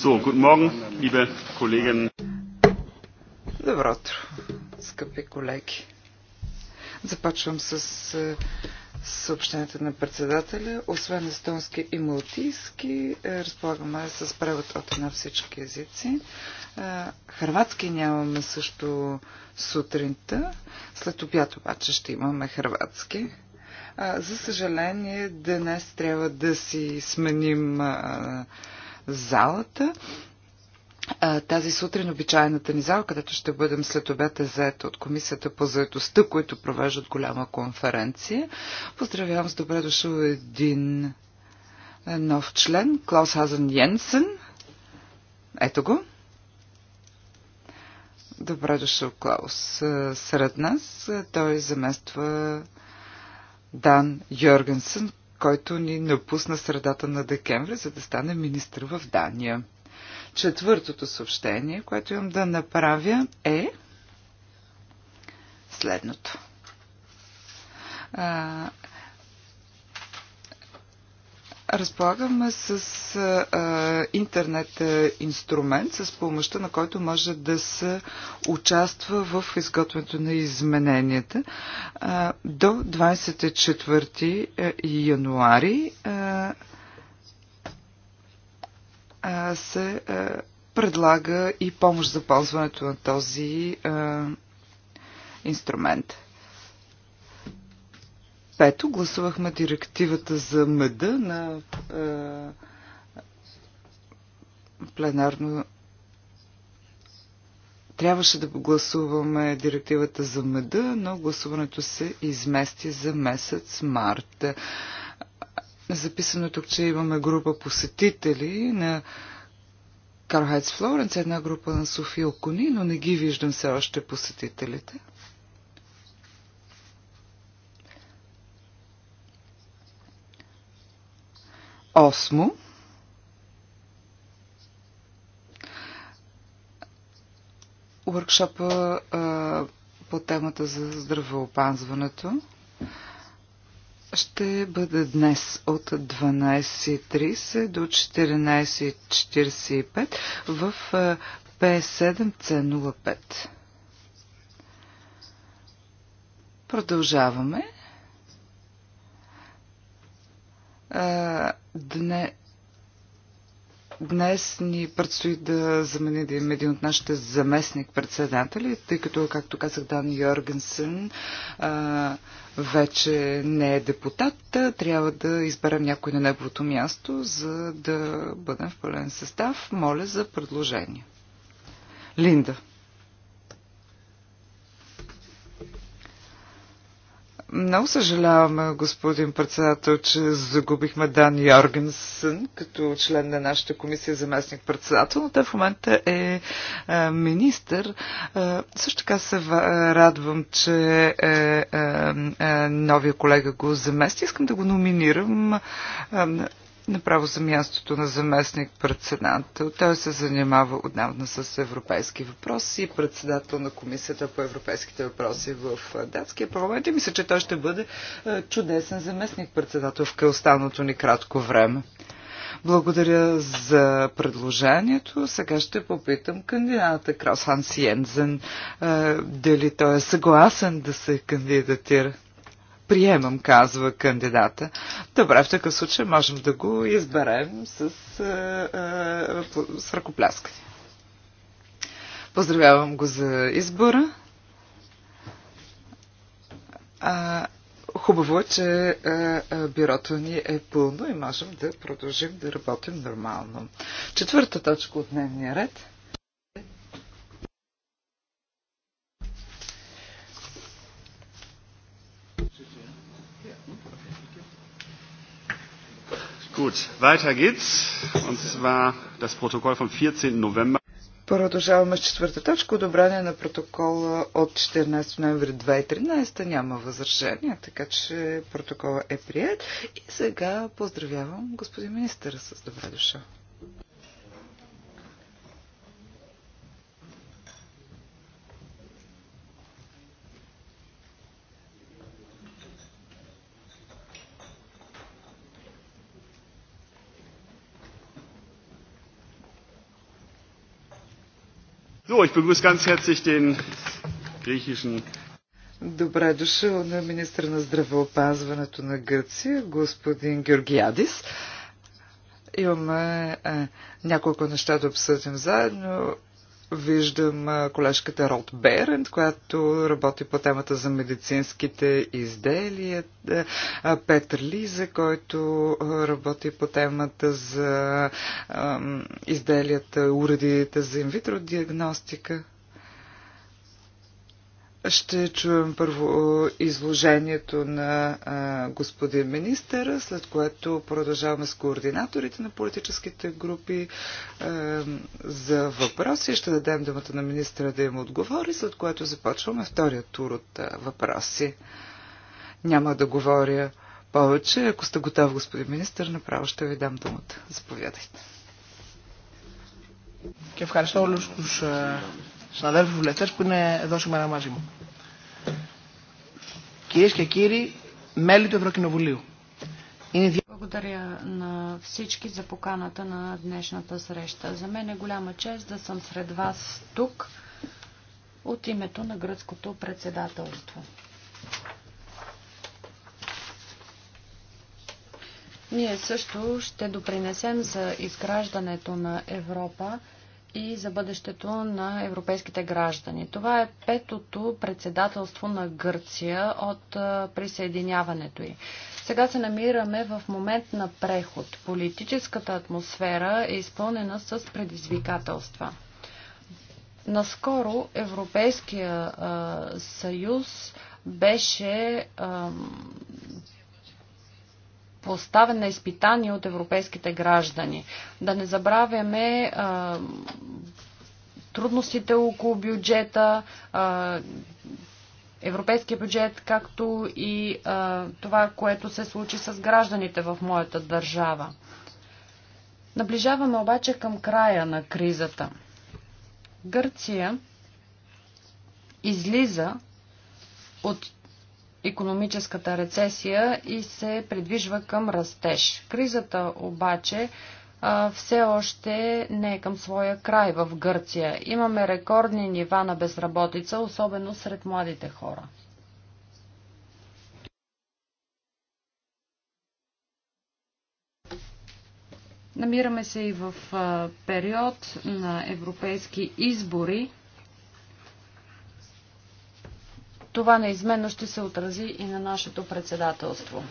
So, guten Morgen, liebe Kolleginnen. Добро утро, скъпи колеги. Започвам с е, съобщенията на председателя. Освен естонски и малтийски, е, разполагаме с превод от на всички езици. Е, хрватски нямаме също сутринта. След обяд обаче ще имаме хрватски. За съжаление, днес трябва да си сменим залата. Тази сутрин обичайната ни зала, където ще бъдем след обед е заета от Комисията по заетостта, които провеждат голяма конференция. Поздравявам с добре дошъл един е, нов член, Клаус Хазен Йенсен. Ето го. Добре дошъл, Клаус. Е, сред нас е, той замества Дан Йоргенсен, който ни напусна средата на декември, за да стане министр в Дания. Четвъртото съобщение, което имам да направя е следното. Разполагаме с а, интернет инструмент, с помощта на който може да се участва в изготвянето на измененията. А, до 24 януари а, а, се а, предлага и помощ за ползването на този а, инструмент пето гласувахме директивата за меда на е, пленарно. Трябваше да гласуваме директивата за меда, но гласуването се измести за месец март. Записано е тук, че имаме група посетители на Кархайц Флоренц, една група на София Окони, но не ги виждам все още посетителите. Осмо. Уркшопа по темата за здравеопазването ще бъде днес от 12.30 до 14.45 в P7C05. Продължаваме. Дне, днес ни предстои да заменим един от нашите заместник-председатели, тъй като, както казах, Дан Йоргенсен вече не е депутат. Трябва да изберем някой на неговото място, за да бъдем в пълен състав. Моля за предложение. Линда. Много съжалявам, господин председател, че загубихме Дан Йоргенсън като член на нашата комисия заместник председател, но той в момента е, е министър. Е, също така се радвам, че е, новия колега го замести. Искам да го номинирам направо за мястото на заместник председател. Той се занимава отдавна с европейски въпроси и председател на комисията по европейските въпроси в датския парламент и мисля, че той ще бъде чудесен заместник председател в останалото ни кратко време. Благодаря за предложението. Сега ще попитам кандидата Крас Ханс Йензен дали той е съгласен да се кандидатира приемам, казва кандидата. Добре, в такъв случай можем да го изберем с, а, е, а, е, с ръкопляскане. Поздравявам го за избора. А, хубаво е, че а, е, бюрото ни е пълно и можем да продължим да работим нормално. Четвърта точка от дневния ред – Gut, weiter geht's. Und zwar das Protokoll vom 14. November. Продължаваме с четвърта точка. Одобрение на протокола от 14 ноември 2013. Няма възражения, така че протокола е прият. И сега поздравявам господин министър с добре дошъл. So, ich begrüße ganz herzlich den griechischen Добре дошъл на министра на здравеопазването на Гърция, господин Георгиадис. Имаме е, няколко неща да обсъдим заедно. Виждам колежката Рот Берент, която работи по темата за медицинските изделия. Е, Петър Лиза, който работи по темата за изделията, уредите за инвитро диагностика. Ще чуем първо изложението на а, господин министър, след което продължаваме с координаторите на политическите групи а, за въпроси. Ще дадем думата на министъра да им отговори, след което започваме втория тур от а, въпроси. Няма да говоря повече. Ако сте готов, господин министър, направо ще ви дам думата. Заповядайте συναδέλφου βουλευτέ που είναι εδώ σήμερα μαζί μου. Κυρίε και κύριοι, μέλη του Ευρωκοινοβουλίου. Είναι... Благодаря на всички за поканата на днешната среща. За мен е голяма чест да съм сред вас тук от името на гръцкото председателство. Ние също ще допринесем за изграждането на Европа и за бъдещето на европейските граждани. Това е петото председателство на Гърция от присъединяването й. Сега се намираме в момент на преход. Политическата атмосфера е изпълнена с предизвикателства. Наскоро Европейския съюз беше поставен на изпитание от европейските граждани. Да не забравяме а, трудностите около бюджета, а, европейския бюджет, както и а, това, което се случи с гражданите в моята държава. Наближаваме обаче към края на кризата. Гърция излиза от економическата рецесия и се придвижва към растеж. Кризата обаче все още не е към своя край в Гърция. Имаме рекордни нива на безработица, особено сред младите хора. Намираме се и в период на европейски избори, това неизменно ще се отрази и на нашето председателство.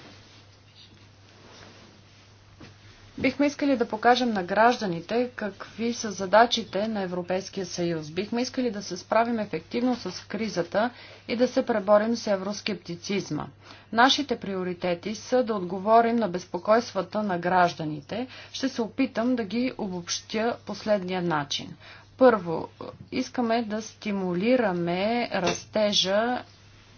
Бихме искали да покажем на гражданите какви са задачите на Европейския съюз. Бихме искали да се справим ефективно с кризата и да се преборим с евроскептицизма. Нашите приоритети са да отговорим на безпокойствата на гражданите. Ще се опитам да ги обобщя последния начин. Първо, искаме да стимулираме растежа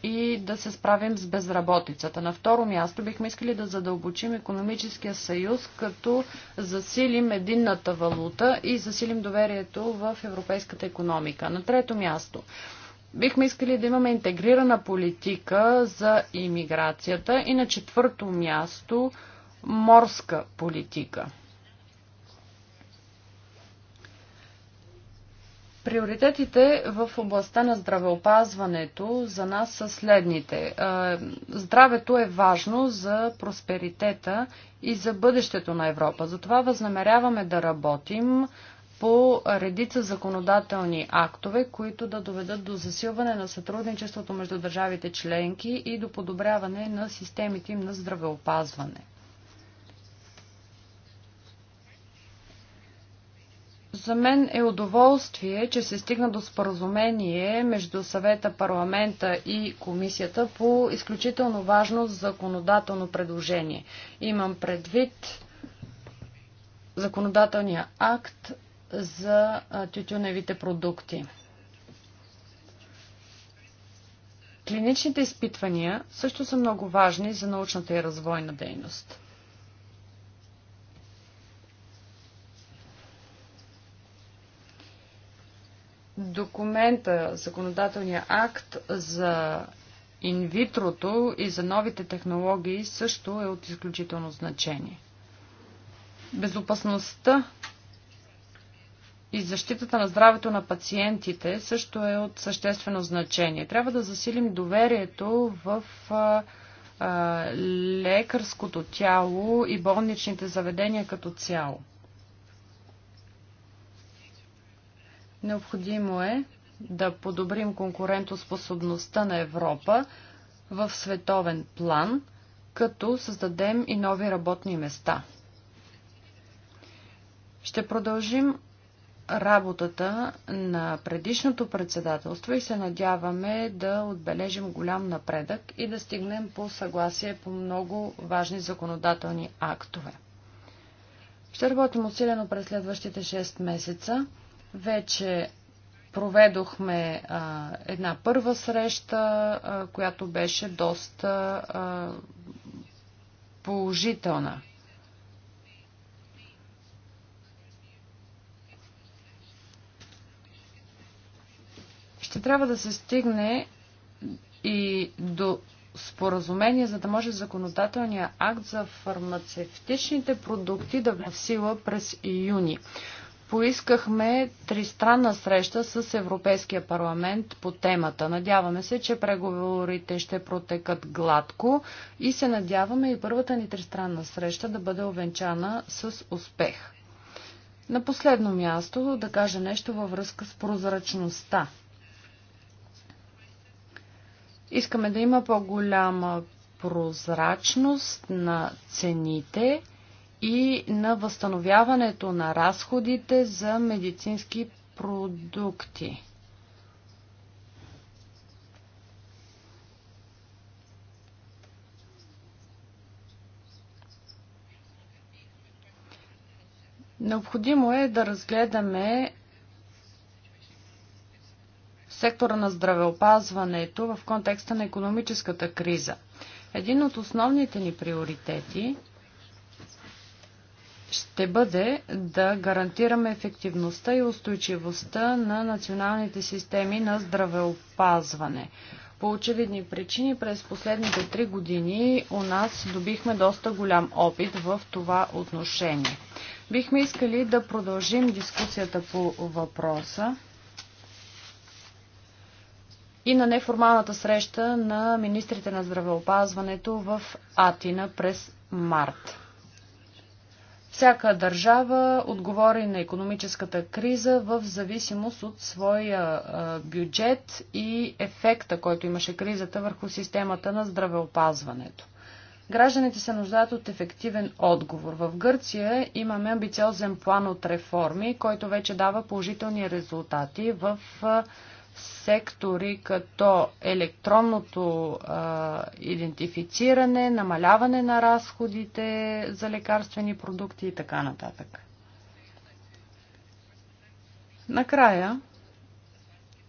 и да се справим с безработицата. На второ място бихме искали да задълбочим економическия съюз, като засилим единната валута и засилим доверието в европейската економика. На трето място бихме искали да имаме интегрирана политика за имиграцията и на четвърто място морска политика. Приоритетите в областта на здравеопазването за нас са следните. Здравето е важно за просперитета и за бъдещето на Европа. Затова възнамеряваме да работим по редица законодателни актове, които да доведат до засилване на сътрудничеството между държавите членки и до подобряване на системите им на здравеопазване. За мен е удоволствие, че се стигна до споразумение между съвета, парламента и комисията по изключително важно законодателно предложение. Имам предвид законодателния акт за тютюневите продукти. Клиничните изпитвания също са много важни за научната и развойна дейност. документа, законодателния акт за инвитрото и за новите технологии също е от изключително значение. Безопасността и защитата на здравето на пациентите също е от съществено значение. Трябва да засилим доверието в а, а, лекарското тяло и болничните заведения като цяло. Необходимо е да подобрим конкурентоспособността на Европа в световен план, като създадем и нови работни места. Ще продължим работата на предишното председателство и се надяваме да отбележим голям напредък и да стигнем по съгласие по много важни законодателни актове. Ще работим усилено през следващите 6 месеца. Вече проведохме а, една първа среща, а, която беше доста а, положителна. Ще трябва да се стигне и до споразумение, за да може законодателния акт за фармацевтичните продукти да в сила през юни поискахме тристранна среща с Европейския парламент по темата. Надяваме се, че преговорите ще протекат гладко и се надяваме и първата ни тристранна среща да бъде овенчана с успех. На последно място да кажа нещо във връзка с прозрачността. Искаме да има по-голяма прозрачност на цените и на възстановяването на разходите за медицински продукти. Необходимо е да разгледаме сектора на здравеопазването в контекста на економическата криза. Един от основните ни приоритети – ще бъде да гарантираме ефективността и устойчивостта на националните системи на здравеопазване. По очевидни причини през последните три години у нас добихме доста голям опит в това отношение. Бихме искали да продължим дискусията по въпроса и на неформалната среща на министрите на здравеопазването в Атина през март. Всяка държава отговори на економическата криза в зависимост от своя бюджет и ефекта, който имаше кризата върху системата на здравеопазването. Гражданите се нуждаят от ефективен отговор. В Гърция имаме амбициозен план от реформи, който вече дава положителни резултати в сектори като електронното а, идентифициране, намаляване на разходите за лекарствени продукти и така нататък. Накрая,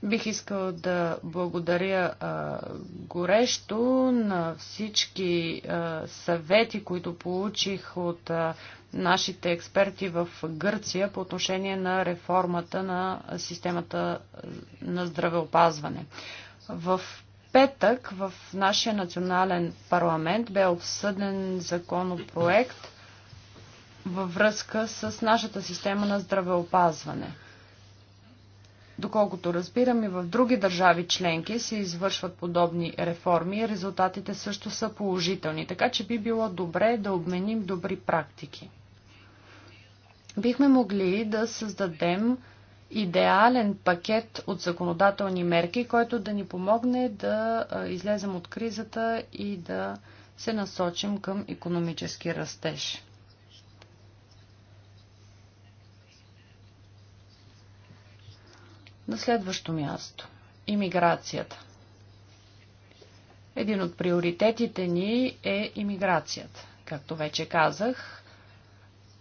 Бих искал да благодаря а, горещо на всички а, съвети, които получих от а, нашите експерти в Гърция по отношение на реформата на системата на здравеопазване. В петък в нашия национален парламент бе обсъден законопроект във връзка с нашата система на здравеопазване. Доколкото разбирам и в други държави членки се извършват подобни реформи и резултатите също са положителни, така че би било добре да обменим добри практики. Бихме могли да създадем идеален пакет от законодателни мерки, който да ни помогне да излезем от кризата и да се насочим към економически растеж. На следващо място – имиграцията. Един от приоритетите ни е имиграцията. Както вече казах,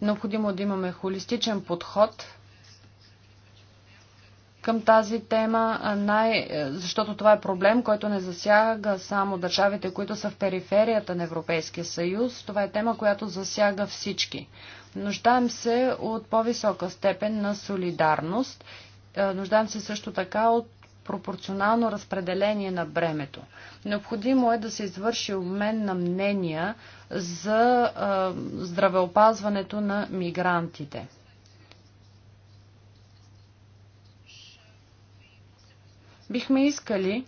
необходимо е да имаме холистичен подход към тази тема, най... защото това е проблем, който не засяга само държавите, които са в периферията на Европейския съюз. Това е тема, която засяга всички. Нуждаем се от по-висока степен на солидарност е, нуждаем се също така от пропорционално разпределение на бремето. Необходимо е да се извърши обмен на мнения за е, здравеопазването на мигрантите. Бихме искали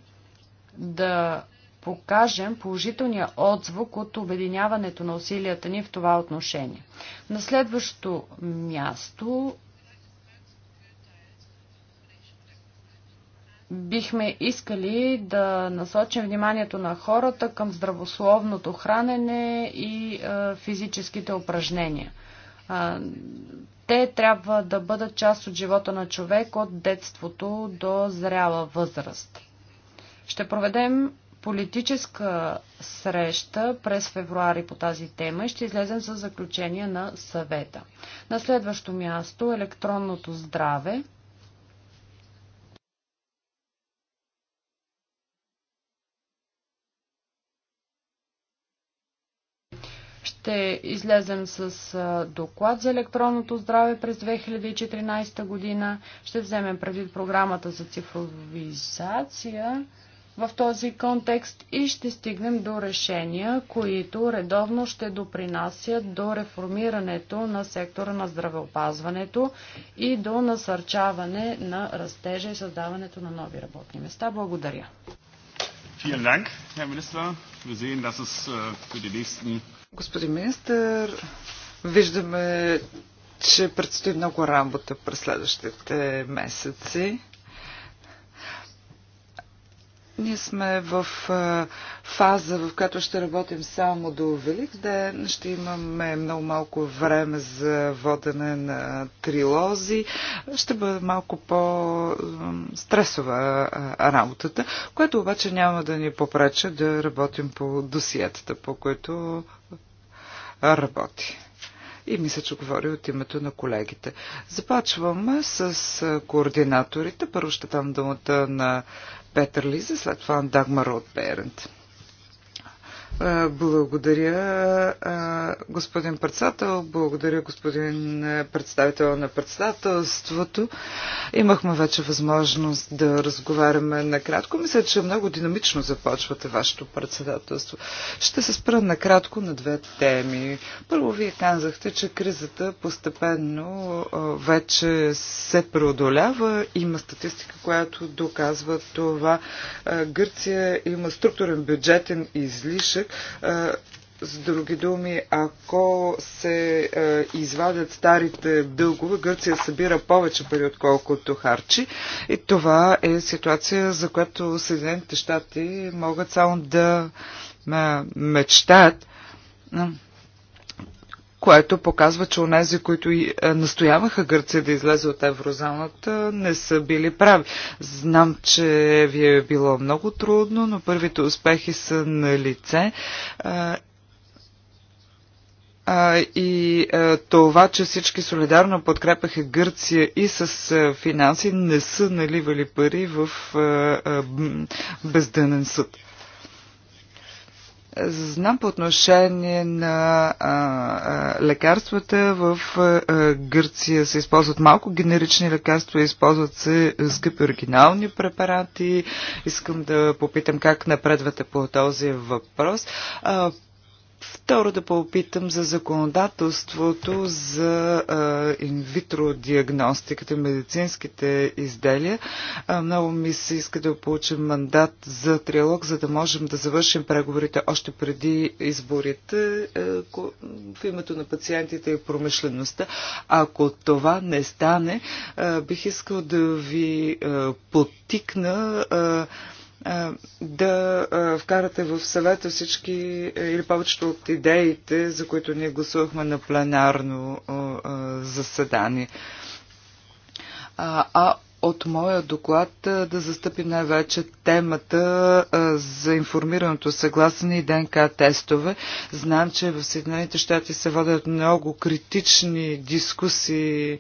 да покажем положителния отзвук от обединяването на усилията ни в това отношение. На следващото място бихме искали да насочим вниманието на хората към здравословното хранене и е, физическите упражнения. Те трябва да бъдат част от живота на човек от детството до зряла възраст. Ще проведем политическа среща през февруари по тази тема и ще излезем с заключение на съвета. На следващо място електронното здраве – Ще излезем с доклад за електронното здраве през 2014 година. Ще вземем предвид програмата за цифровизация в този контекст и ще стигнем до решения, които редовно ще допринасят до реформирането на сектора на здравеопазването и до насърчаване на растежа и създаването на нови работни места. Благодаря. Vielen Dank, Herr Minister. Wir sehen, dass es äh, für die nächsten Господин министър, виждаме, че предстои много работа през следващите месеци. Ние сме в фаза, в която ще работим само до Велик ден. Ще имаме много малко време за водене на трилози. Ще бъде малко по-стресова работата, което обаче няма да ни попреча да работим по досиетата, по които работи и мисля, че говори от името на колегите. Започваме с координаторите. Първо ще дам думата на Петър Лиза, след това Дагмар от Берент. Благодаря, господин председател. Благодаря, господин представител на председателството. Имахме вече възможност да разговаряме накратко. Мисля, че много динамично започвате вашето председателство. Ще се спра накратко на две теми. Първо, вие казахте, че кризата постепенно вече се преодолява. Има статистика, която доказва това. Гърция има структурен бюджетен излишък е, с други думи, ако се е, извадят старите дългове, Гърция събира повече пари, отколкото харчи. И това е ситуация, за която Съединените щати могат само да мечтаят което показва, че онези, които е, настояваха Гърция да излезе от еврозоната, не са били прави. Знам, че ви е било много трудно, но първите успехи са на лице. А, и а, е, това, че всички солидарно подкрепяха Гърция и с а, е, финанси, не са наливали пари в а, а, бездънен съд. Знам по отношение на а, а, лекарствата в а, Гърция се използват малко генерични лекарства, използват се скъпи оригинални препарати. Искам да попитам как напредвате по този въпрос. А, Второ да поопитам за законодателството за инвитро диагностиката, медицинските изделия. А, много ми се иска да получим мандат за триалог, за да можем да завършим преговорите още преди изборите а, в името на пациентите и промишлеността. Ако това не стане, а, бих искал да ви а, потикна. А, да вкарате в съвета всички е, или повечето от идеите, за които ние гласувахме на пленарно заседание. А, а от моя доклад да застъпим най-вече темата за информираното съгласие и ДНК тестове. Знам, че в Съединените щати се водят много критични дискусии е,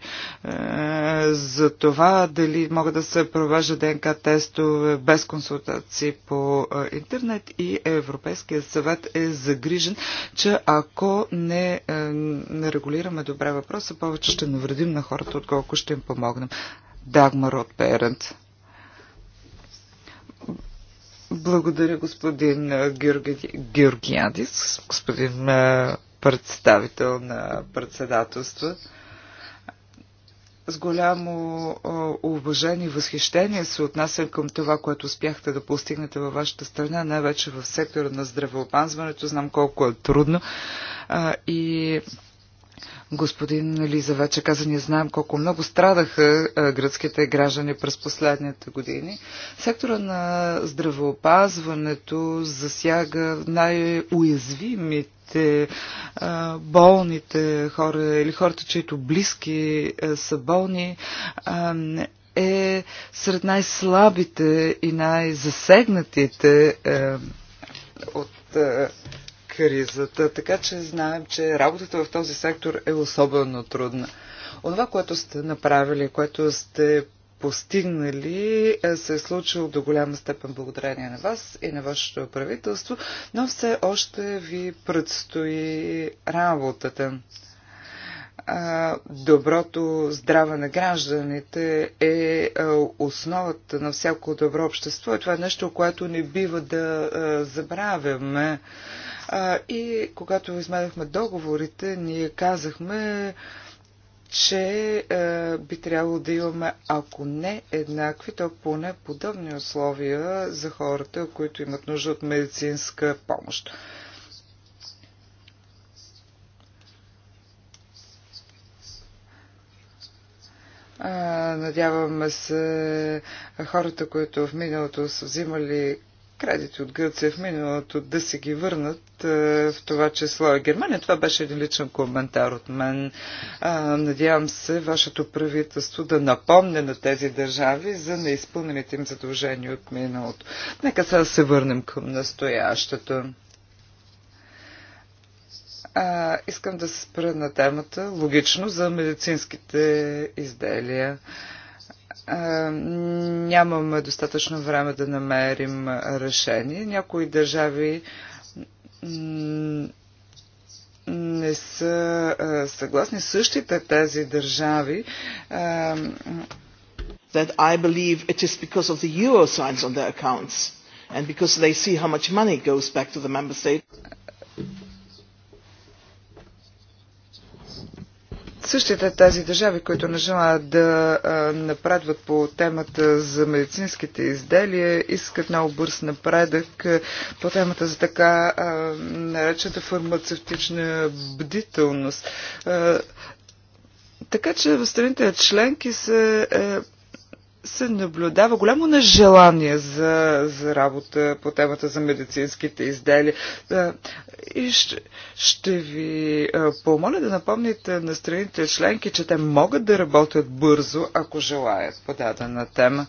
за това дали могат да се провежда ДНК тестове без консултации по интернет и Европейския съвет е загрижен, че ако не, е, не регулираме добре въпроса, повече ще навредим на хората, отколко ще им помогнем. Дагмар от Перент. Благодаря, господин Георги... Георгиадис, господин представител на председателство. С голямо уважение и възхищение се отнасям към това, което успяхте да постигнете във вашата страна, най-вече в сектора на здравеопазването. Знам колко е трудно. И Господин Лиза вече каза, ние знаем колко много страдаха гръцките граждани през последните години. Сектора на здравеопазването засяга най-уязвимите болните хора или хората, чието близки са болни е сред най-слабите и най-засегнатите е, от е, кризата, така че знаем, че работата в този сектор е особено трудна. Онова, което сте направили, което сте постигнали, е, се е случило до голяма степен благодарение на вас и на вашето правителство, но все още ви предстои работата доброто здраве на гражданите е, е основата на всяко добро общество и това е нещо, което не бива да забравяме. И когато измедахме договорите, ние казахме, че а, би трябвало да имаме, ако не еднакви, то поне подобни условия за хората, които имат нужда от медицинска помощ. Надяваме се хората, които в миналото са взимали кредити от Гърция в миналото, да се ги върнат в това число и Германия. Това беше един личен коментар от мен. Надявам се вашето правителство да напомне на тези държави за неизпълнените им задължения от миналото. Нека сега да се върнем към настоящето. А, искам да се спра на темата, логично, за медицинските изделия. А, нямаме достатъчно време да намерим решение. Някои държави не са а, съгласни. Същите тези държави а, that I believe it is because of the euro signs on their accounts and because they see how much money goes back to the member state. Същите тези държави, които не желаят да напредват по темата за медицинските изделия, искат много бърз напредък по темата за така наречената фармацевтична бдителност. Така че в страните членки се се наблюдава голямо нежелание за, за работа по темата за медицинските изделия. И ще, ще ви помоля да напомните на страните членки, че те могат да работят бързо, ако желаят по дадена тема.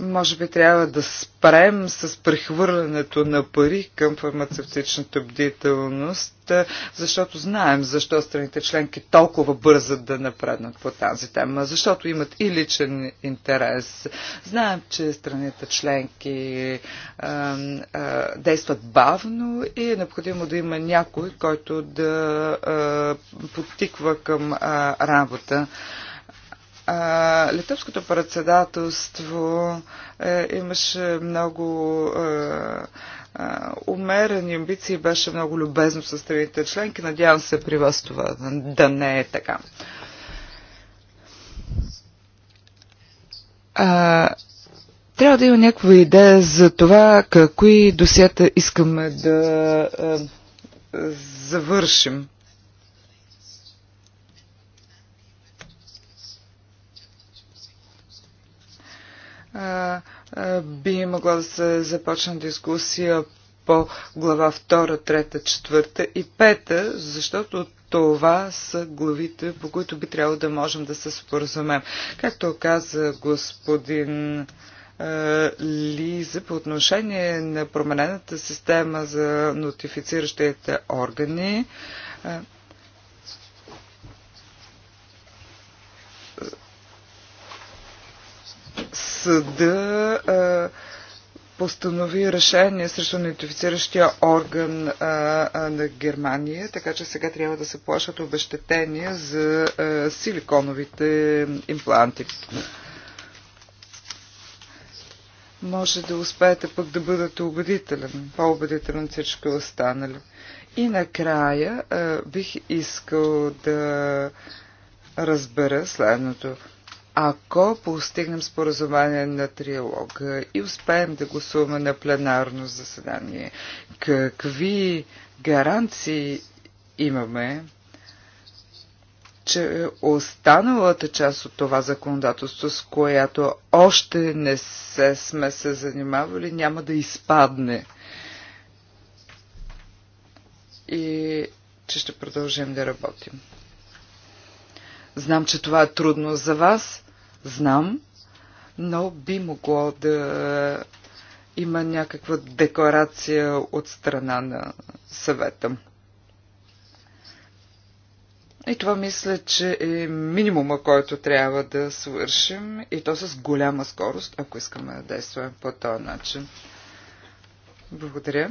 Може би трябва да спрем с прехвърлянето на пари към фармацевтичната бдителност, е, защото знаем защо страните членки толкова бързат да напреднат по тази тема, защото имат и личен интерес. Знаем, че страните членки а, е, а, е, действат бавно и е необходимо да има някой, който да а, подтиква към а, работа. Литовското председателство е, имаше много е, е, умерени амбиции, беше много любезно със страните членки. Надявам се при вас това да не е така. А, трябва да има някаква идея за това, кои досията искаме да е, завършим. би могла да се започне дискусия по глава 2, 3, 4 и 5, защото това са главите, по които би трябвало да можем да се споразумем. Както каза господин Лиза по отношение на променената система за нотифициращите органи, съда а, постанови решение срещу нотифициращия орган а, а, на Германия, така че сега трябва да се плащат обещетения за а, силиконовите импланти. Може да успеете пък да бъдете убедителен, по-убедителен всички останали. И накрая а, бих искал да разбера следното ако постигнем споразумение на триалога и успеем да гласуваме на пленарно заседание, какви гаранции имаме, че останалата част от това законодателство, с която още не се, сме се занимавали, няма да изпадне. И че ще продължим да работим. Знам, че това е трудно за вас. Знам, но би могло да има някаква декларация от страна на съвета. И това мисля, че е минимума, който трябва да свършим и то с голяма скорост, ако искаме да действаме по този начин. Благодаря.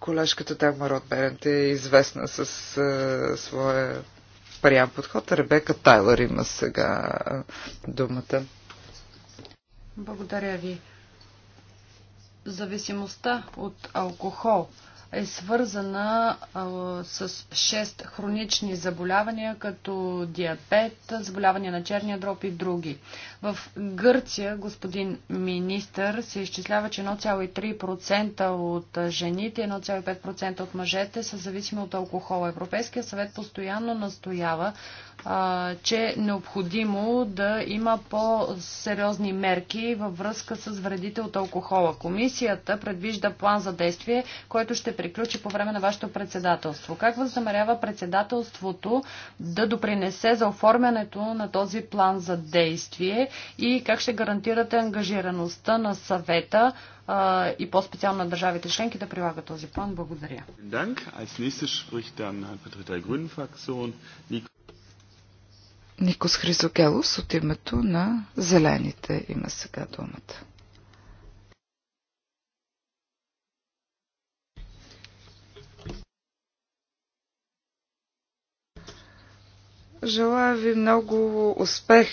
Колежката Дагмар от Берент е известна с а, е, своя прям подход. Ребека Тайлър има сега е, думата. Благодаря ви. Зависимостта от алкохол – е свързана а, с 6 хронични заболявания, като диабет, заболявания на черния дроб и други. В Гърция, господин министър, се изчислява, че 1,3% от жените и 1,5% от мъжете са зависими от алкохола. Европейския съвет постоянно настоява, а, че е необходимо да има по-сериозни мерки във връзка с вредите от алкохола. Комисията предвижда план за действие, който ще приключи по време на вашето председателство. Как възнамерява председателството да допринесе за оформянето на този план за действие и как ще гарантирате ангажираността на съвета а, и по-специално на държавите членки да прилагат този план? Благодаря. Никос Хризогелос от името на Зелените има сега думата. Желая ви много успех,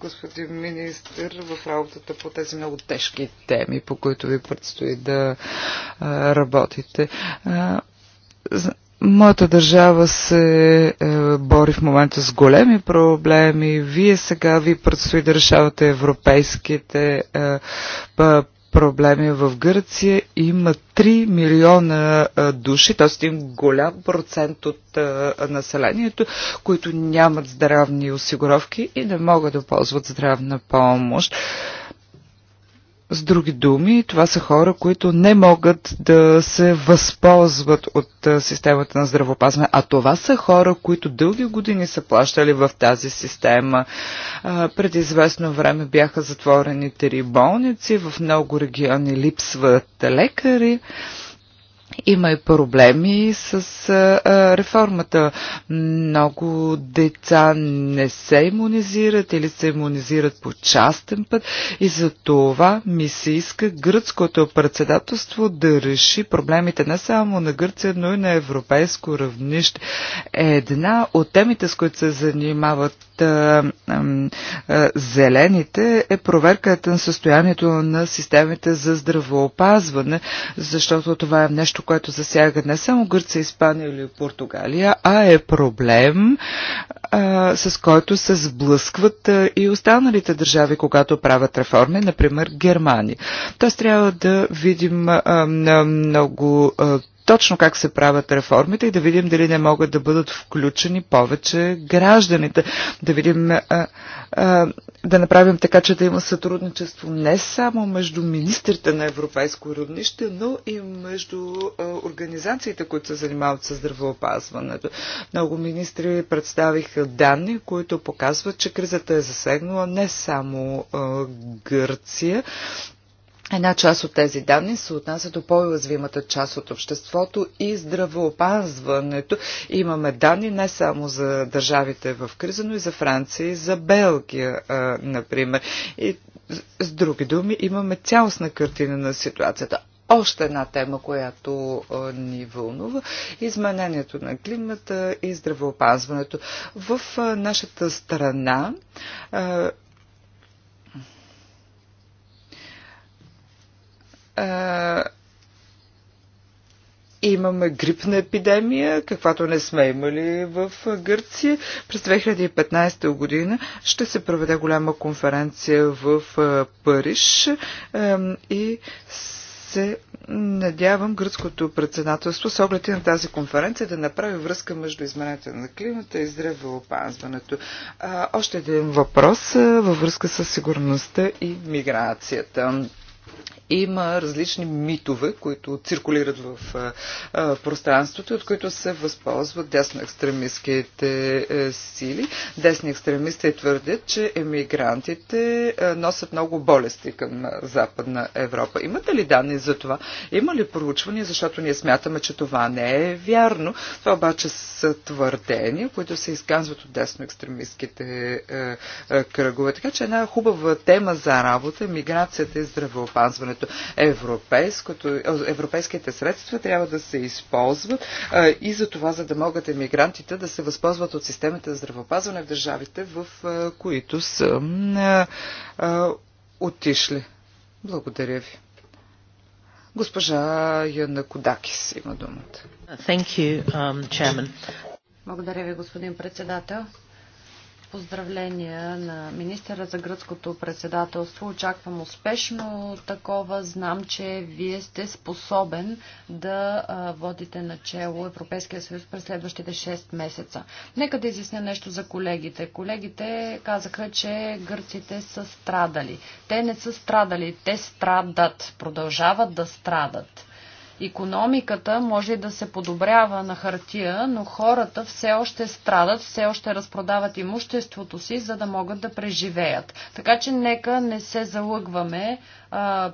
господин министр, в работата по тези много тежки теми, по които ви предстои да работите. Моята държава се е, бори в момента с големи проблеми. Вие сега ви предстои да решавате европейските е, проблеми в Гърция. Има 3 милиона души, т.е. им голям процент от населението, които нямат здравни осигуровки и не могат да ползват здравна помощ. С други думи, това са хора, които не могат да се възползват от системата на здравеопазване, а това са хора, които дълги години са плащали в тази система. Преди известно време бяха затворени три болници, в много региони липсват лекари. Има и проблеми с а, реформата. Много деца не се иммунизират или се иммунизират по частен път и за това ми се иска гръцкото председателство да реши проблемите не само на Гърция, но и на европейско равнище. Една от темите, с които се занимават е, е, е, зелените е проверката на състоянието на системите за здравоопазване, защото това е нещо, което засяга не само Гърция, Испания или Португалия, а е проблем, а, с който се сблъскват а, и останалите държави, когато правят реформи, например Германия. Тоест трябва да видим а, много а, точно как се правят реформите и да видим дали не могат да бъдат включени повече гражданите. Да видим, а, а, да направим така, че да има сътрудничество не само между министрите на европейско роднище, но и между а, организациите, които се занимават с здравеопазването. Много министри представиха данни, които показват, че кризата е засегнала не само а, Гърция, Една част от тези данни се отнася до по-уязвимата част от обществото и здравеопазването. Имаме данни не само за държавите в криза, но и за Франция и за Белгия, например. И с други думи, имаме цялостна картина на ситуацията още една тема, която а, ни вълнува изменението на климата и здравеопазването. В а, нашата страна а, а, имаме грипна епидемия, каквато не сме имали в Гърция. През 2015 година ще се проведе голяма конференция в Париж и се надявам гръцкото председателство с оглед на тази конференция да направи връзка между изменението на климата и здравеопазването. още един въпрос във връзка с сигурността и миграцията. Има различни митове, които циркулират в пространството, от които се възползват екстремистските е, сили. Десни екстремисти твърдят, че емигрантите е, носят много болести към Западна Европа. Имате ли данни за това? Има ли проучвания, защото ние смятаме, че това не е вярно? Това обаче са твърдения, които се изказват от екстремистските е, кръгове. Така че една хубава тема за работа е миграцията и здравеопазването здравеопазването. Европейските средства трябва да се използват а, и за това, за да могат емигрантите да се възползват от системата за здравеопазване в държавите, в а, които са а, отишли. Благодаря ви. Госпожа Яна Кодакис има думата. Um, Благодаря ви, господин председател. Поздравления на министъра за гръцкото председателство. Очаквам успешно такова. Знам, че вие сте способен да водите начало Европейския съюз през следващите 6 месеца. Нека да изясня нещо за колегите. Колегите казаха, че гърците са страдали. Те не са страдали, те страдат, продължават да страдат. Економиката може да се подобрява на хартия, но хората все още страдат, все още разпродават имуществото си, за да могат да преживеят. Така че нека не се залъгваме.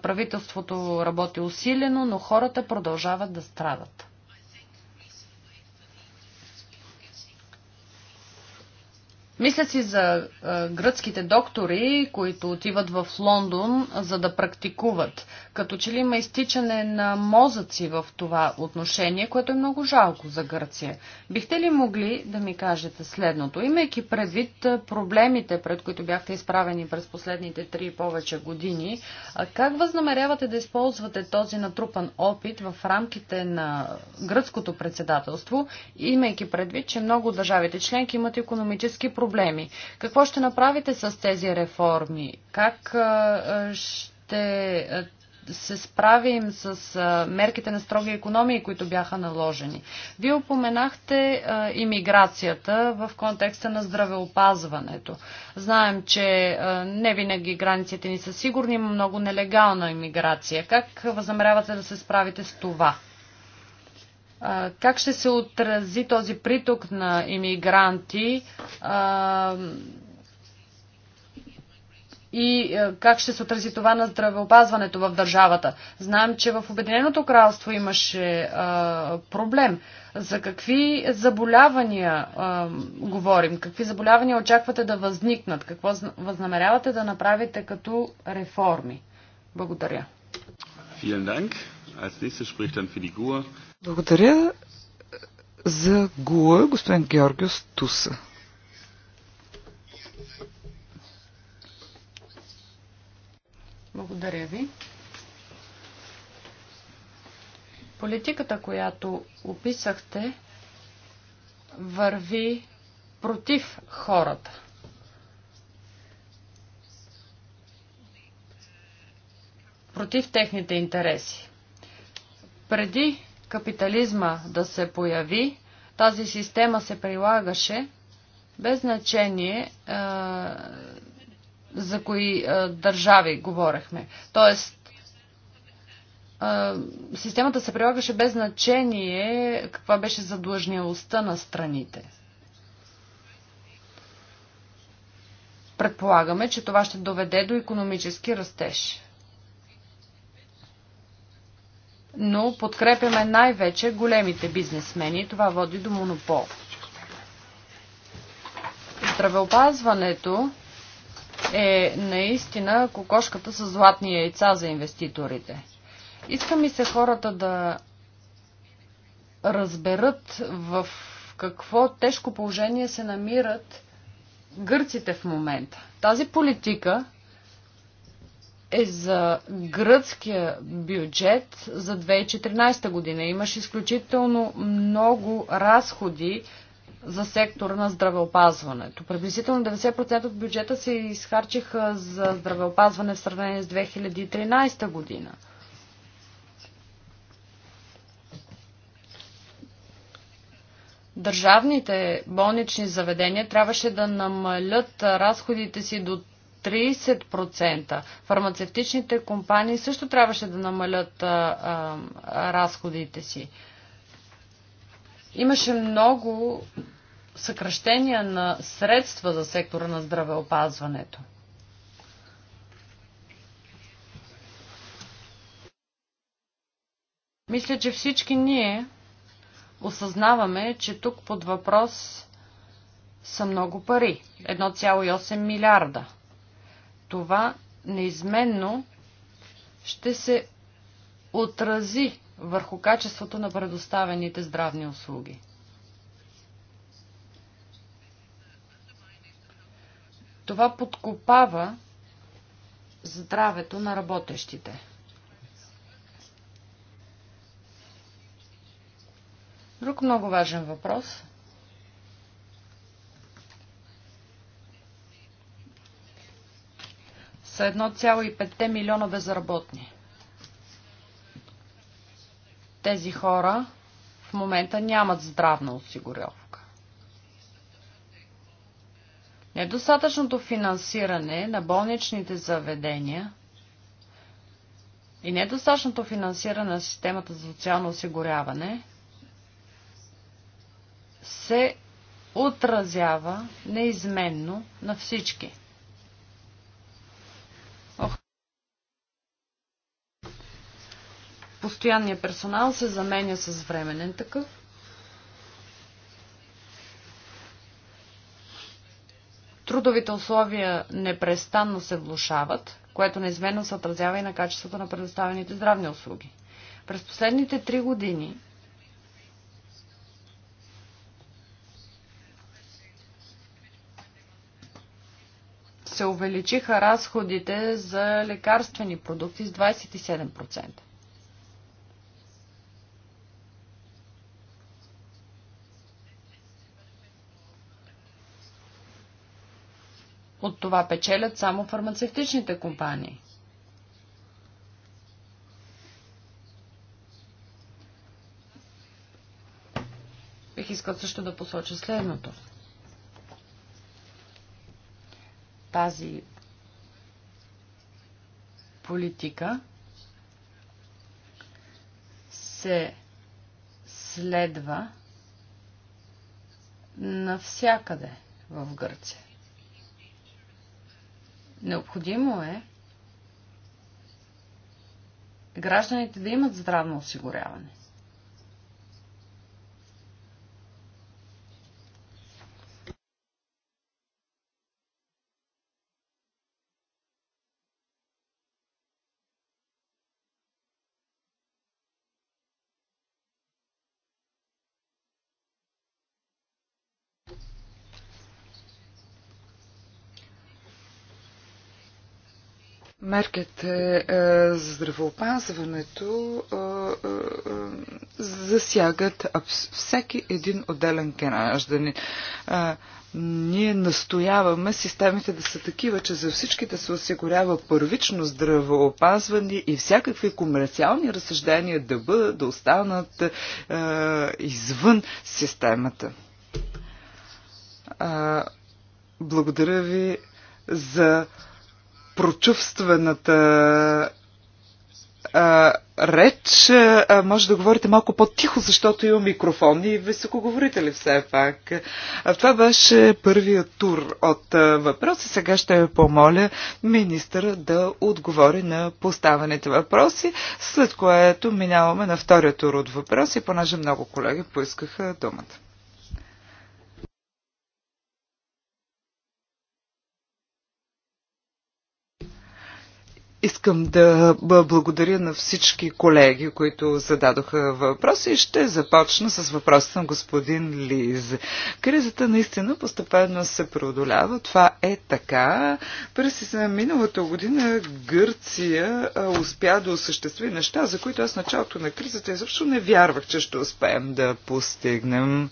Правителството работи усилено, но хората продължават да страдат. Мисля си за гръцките доктори, които отиват в Лондон, за да практикуват. Като че ли има изтичане на мозъци в това отношение, което е много жалко за Гърция. Бихте ли могли да ми кажете следното? Имайки предвид проблемите, пред които бяхте изправени през последните три и повече години, как възнамерявате да използвате този натрупан опит в рамките на гръцкото председателство, имайки предвид, че много държавите членки имат економически проблеми? Какво ще направите с тези реформи? Как ще се справим с а, мерките на строги економии, които бяха наложени. Вие упоменахте а, иммиграцията в контекста на здравеопазването. Знаем, че а, не винаги границите ни са сигурни, има много нелегална иммиграция. Как възнамерявате да се справите с това? Как ще се отрази този приток на иммигранти и е, как ще се отрази това на здравеопазването в държавата. Знаем, че в Обединеното кралство имаше е, проблем. За какви заболявания а, е, говорим? Какви заболявания очаквате да възникнат? Какво възнамерявате да направите като реформи? Благодаря. E. Благодаря за ГУА, e, господин Георгиус Туса. Благодаря ви. Политиката, която описахте, върви против хората. Против техните интереси. Преди капитализма да се появи, тази система се прилагаше без значение е, за кои а, държави говорехме. Тоест, а, системата се прилагаше без значение каква беше задлъжнялостта на страните. Предполагаме, че това ще доведе до економически растеж. Но подкрепяме най-вече големите бизнесмени. Това води до монопол. Здравеопазването е наистина кокошката с златни яйца за инвеститорите. Искам и се хората да разберат в какво тежко положение се намират гърците в момента. Тази политика е за гръцкия бюджет за 2014 година. Имаш изключително много разходи за сектор на здравеопазването. Приблизително 90% от бюджета се изхарчиха за здравеопазване в сравнение с 2013 година. Държавните болнични заведения трябваше да намалят разходите си до 30%. Фармацевтичните компании също трябваше да намалят а, а, разходите си. Имаше много съкръщения на средства за сектора на здравеопазването. Мисля, че всички ние осъзнаваме, че тук под въпрос са много пари 1,8 милиарда. Това неизменно ще се отрази върху качеството на предоставените здравни услуги. Това подкопава здравето на работещите. Друг много важен въпрос са 1,5 милиона безработни. Тези хора в момента нямат здравна осигуровка. Недостатъчното финансиране на болничните заведения и недостатъчното финансиране на системата за социално осигуряване се отразява неизменно на всички. Постоянният персонал се заменя с временен такъв. Трудовите условия непрестанно се влушават, което неизменно се отразява и на качеството на предоставените здравни услуги. През последните три години се увеличиха разходите за лекарствени продукти с 27%. От това печелят само фармацевтичните компании. Бих искал също да посоча следното. Тази политика се следва навсякъде в Гърция. Необходимо е гражданите да имат здравно осигуряване – мерките е, за здравеопазването е, е, засягат всеки един отделен гражданин. Ние настояваме системите да са такива, че за всички да се осигурява първично здравеопазване и всякакви комерциални разсъждения да, бъдат, да останат е, извън системата. Е, благодаря ви за прочувствената а, реч, а, може да говорите малко по-тихо, защото има микрофон и високоговорители все пак. А, това беше първият тур от а, въпроси. Сега ще ви помоля министъра да отговори на поставените въпроси, след което минаваме на втория тур от въпроси, понеже много колеги поискаха думата. Искам да благодаря на всички колеги, които зададоха въпроси и ще започна с въпроса на господин Лиз. Кризата наистина постепенно се преодолява. Това е така. През миналата година Гърция успя да осъществи неща, за които аз началото на кризата изобщо не вярвах, че ще успеем да постигнем.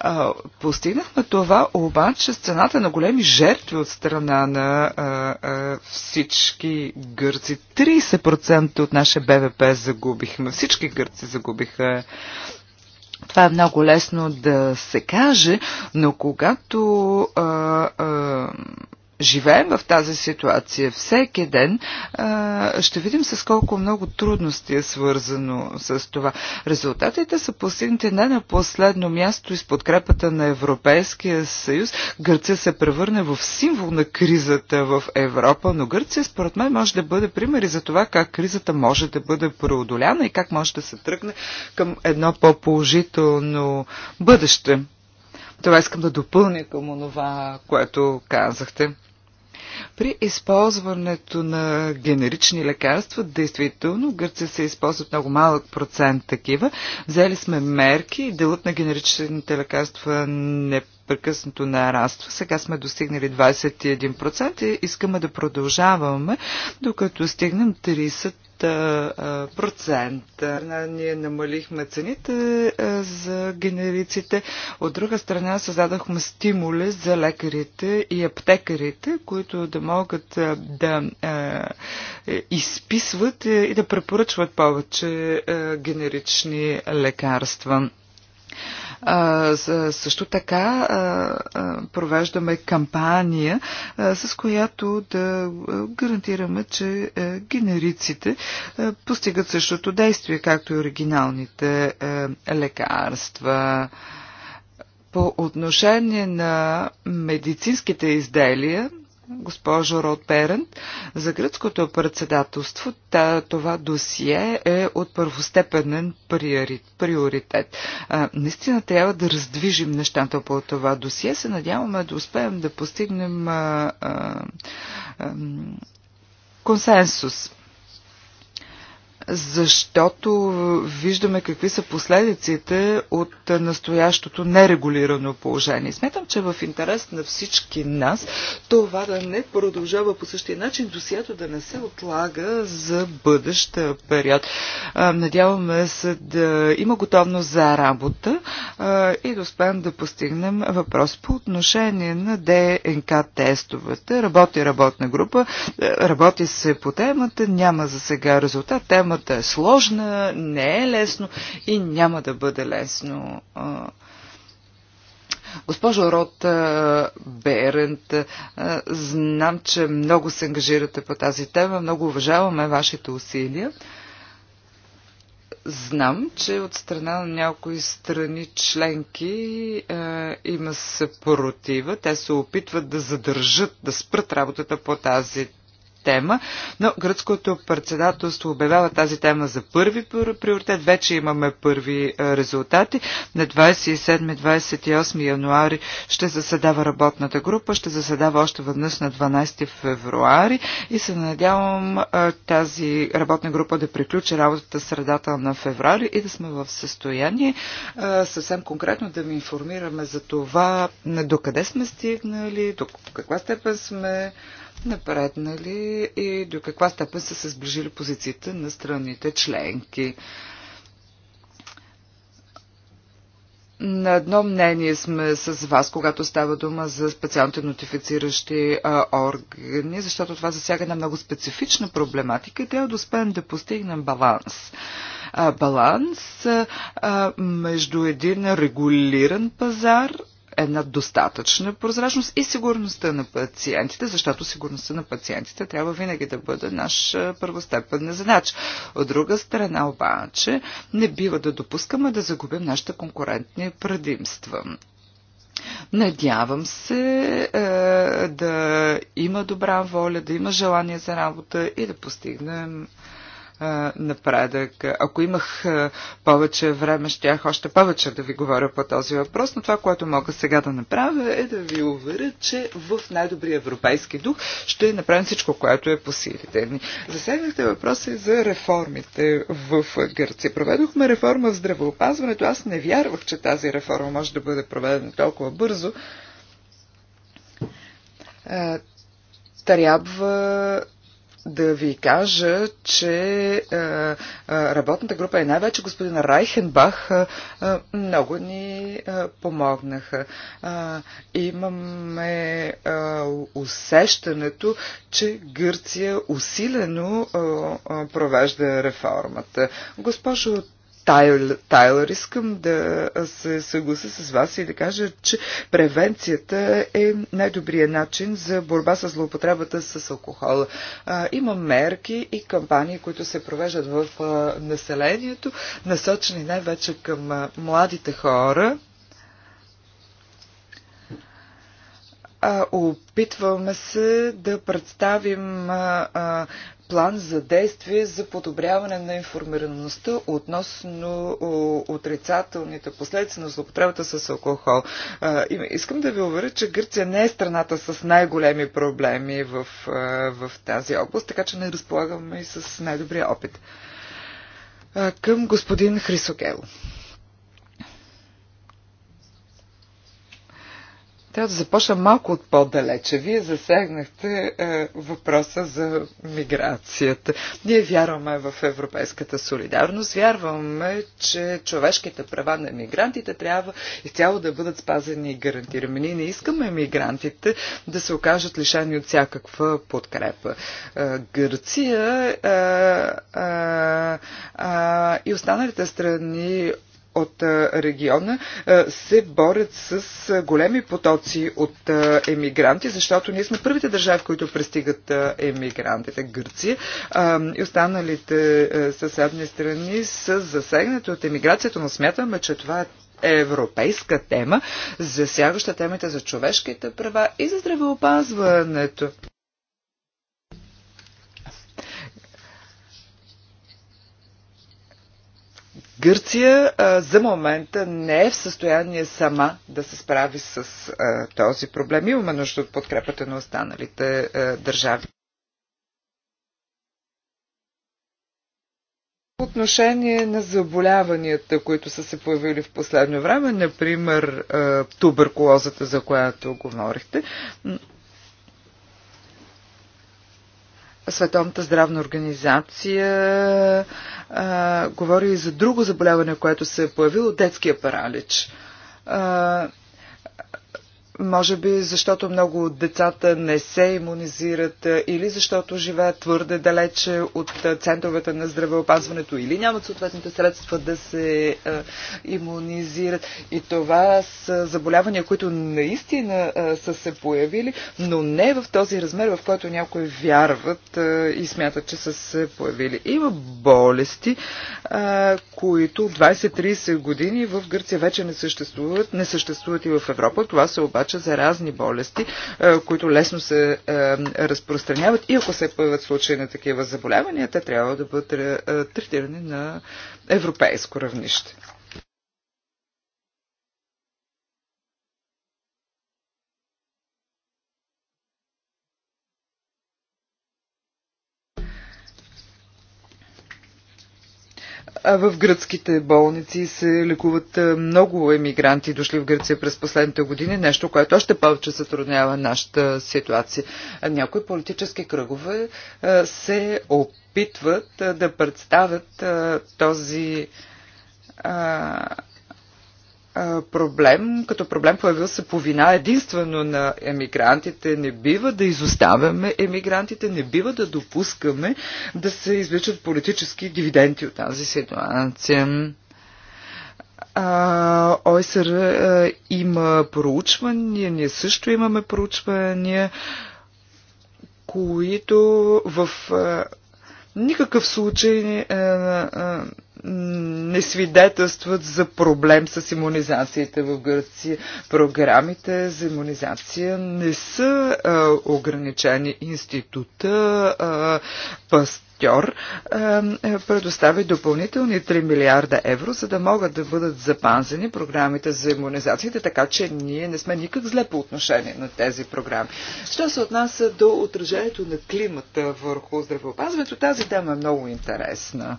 А, постигнахме това обаче с цената на големи жертви от страна на а, а, всички гърци. 30% от нашия БВП загубихме. Всички гърци загубиха това е много лесно да се каже, но когато а, а, живеем в тази ситуация всеки ден, ще видим с колко много трудности е свързано с това. Резултатите са постигнати не на последно място и с подкрепата на Европейския съюз. Гърция се превърне в символ на кризата в Европа, но Гърция според мен може да бъде пример и за това как кризата може да бъде преодоляна и как може да се тръгне към едно по-положително бъдеще. Това искам да допълня към онова, което казахте. При използването на генерични лекарства, действително, Гърция се използват много малък процент такива. Взели сме мерки и делът на генеричните лекарства не непрекъснато нараства. Сега сме достигнали 21% и искаме да продължаваме, докато стигнем 30 процента. Ние намалихме цените за генериците. От друга страна създадохме стимули за лекарите и аптекарите, които да могат да е, изписват и да препоръчват повече генерични лекарства. Също така провеждаме кампания, с която да гарантираме, че генериците постигат същото действие, както и оригиналните лекарства. По отношение на медицинските изделия, госпожо Ротперент, за гръцкото председателство това досие е от първостепенен приоритет. Наистина трябва да раздвижим нещата по това досие. Се надяваме да успеем да постигнем консенсус защото виждаме какви са последиците от настоящото нерегулирано положение. Смятам, че е в интерес на всички нас това да не продължава по същия начин, досието да не се отлага за бъдеща период. Надяваме се да има готовност за работа и да успеем да постигнем въпрос по отношение на ДНК тестовете. Работи работна група, работи се по темата, няма за сега резултат. Темата Темата е сложна, не е лесно и няма да бъде лесно. Госпожо Рот Берент, знам, че много се ангажирате по тази тема, много уважаваме вашите усилия. Знам, че от страна на някои страни членки е, има съпротива. Те се опитват да задържат, да спрат работата по тази тема, но гръцкото председателство обявява тази тема за първи приоритет. Вече имаме първи е, резултати. На 27-28 януари ще заседава работната група, ще заседава още веднъж на 12 февруари и се надявам е, тази работна група да приключи работата средата на февруари и да сме в състояние е, съвсем конкретно да ви информираме за това докъде сме стигнали, до каква степен сме напреднали и до каква степен са се сближили позициите на страните членки. На едно мнение сме с вас, когато става дума за специалните нотифициращи а, органи, защото това засяга една много специфична проблематика и трябва да успеем да постигнем баланс. А, баланс а, между един регулиран пазар една достатъчна прозрачност и сигурността на пациентите, защото сигурността на пациентите трябва винаги да бъде наш първостепен задач. От друга страна обаче не бива да допускаме да загубим нашите конкурентни предимства. Надявам се е, да има добра воля, да има желание за работа и да постигнем напредък. Ако имах повече време, щях още повече да ви говоря по този въпрос, но това, което мога сега да направя е да ви уверя, че в най-добрия европейски дух ще направим всичко, което е по силите ни. Засегнахте въпроси за реформите в Гърция. Проведохме реформа в здравеопазването. Аз не вярвах, че тази реформа може да бъде проведена толкова бързо. Трябва да ви кажа, че е, е, работната група и е най-вече господин Райхенбах много ни помогнаха. Имаме усещането, че Гърция усилено провежда реформата. Госпожо Тайл, Тайлър искам да се съглася с вас и да кажа, че превенцията е най-добрият начин за борба с злоупотребата с алкохола. Има мерки и кампании, които се провеждат в населението, насочени най-вече към младите хора. а, опитваме се да представим а, а, план за действие за подобряване на информираността относно отрицателните последствия на злоупотребата с алкохол. Искам да ви уверя, че Гърция не е страната с най-големи проблеми в, в тази област, така че не разполагаме и с най-добрия опит. Към господин Хрисогел. Трябва да започна малко от по-далече. Вие засегнахте е, въпроса за миграцията. Ние вярваме в европейската солидарност, вярваме, че човешките права на мигрантите трябва изцяло да бъдат спазени и гарантирани. Ние не искаме мигрантите да се окажат лишени от всякаква подкрепа. Е, Гърция е, е, е, и останалите страни от региона се борят с големи потоци от емигранти, защото ние сме първите държави, в които пристигат емигрантите. Гърция и останалите съседни страни са засегнати от емиграцията, но смятаме, че това е европейска тема, засягаща темите за човешките права и за здравеопазването. Гърция а, за момента не е в състояние сама да се справи с а, този проблем. Имаме нужда от подкрепата на останалите а, държави. По отношение на заболяванията, които са се появили в последно време, например туберкулозата, за която говорихте, Световната здравна организация а, говори и за друго заболяване, което се е появило детския паралич. А, може би защото много от децата не се иммунизират или защото живеят твърде далече от центровете на здравеопазването или нямат съответните средства да се иммунизират. И това са заболявания, които наистина са се появили, но не в този размер, в който някои вярват и смятат, че са се появили. Има болести, които 20-30 години в Гърция вече не съществуват, не съществуват и в Европа. Това се обаче за разни болести, е, които лесно се е, разпространяват и ако се появят случаи на такива заболявания, те трябва да бъдат е, третирани на европейско равнище. В гръцките болници се лекуват много емигранти, дошли в Гърция през последните години, нещо, което още повече затруднява нашата ситуация. Някои политически кръгове се опитват да представят този проблем, като проблем появил се по вина единствено на емигрантите. Не бива да изоставяме емигрантите, не бива да допускаме да се извличат политически дивиденти от тази ситуация. ОСР има проучвания, ние също имаме проучвания, които в никакъв случай не свидетелстват за проблем с иммунизацията в Гърция. Програмите за иммунизация не са а, ограничени. Института а, Пастьор а, предостави допълнителни 3 милиарда евро, за да могат да бъдат запазени програмите за иммунизацията, така че ние не сме никак зле по отношение на тези програми. Що се отнася до отражението на климата върху здравеопазването, тази тема е много интересна.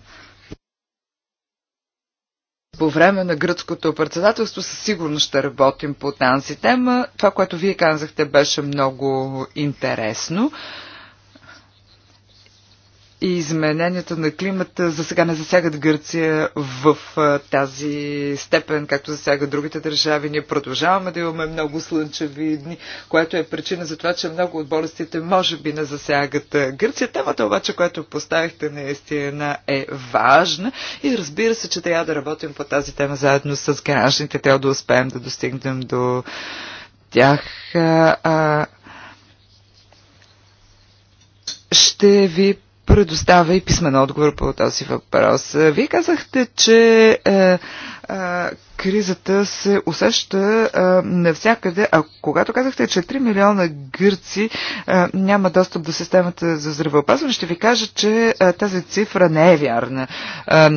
По време на гръцкото председателство със сигурност ще работим по тази тема. Това, което вие казахте, беше много интересно и измененията на климата за сега не засягат Гърция в тази степен, както засягат другите държави. Ние продължаваме да имаме много слънчеви дни, което е причина за това, че много от болестите може би не засягат Гърция. Темата обаче, която поставихте наистина е важна и разбира се, че трябва да работим по тази тема заедно с гражданите. Трябва да успеем да достигнем до тях. Ще ви предоставя и писмен отговор по този въпрос. Вие казахте, че е, е кризата се усеща е, навсякъде. А когато казахте, че 3 милиона гърци е, няма достъп до системата за здравеопазване, ще ви кажа, че е, тази цифра не е вярна. Е,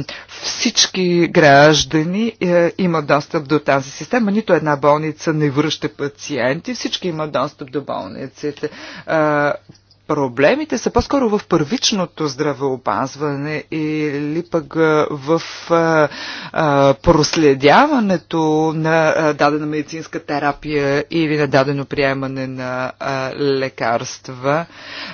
всички граждани е, имат достъп до тази система. Нито една болница не връща пациенти. Всички имат достъп до болниците. Е, Проблемите са по-скоро в първичното здравеопазване или пък в а, а, проследяването на а, дадена медицинска терапия или на дадено приемане на а, лекарства.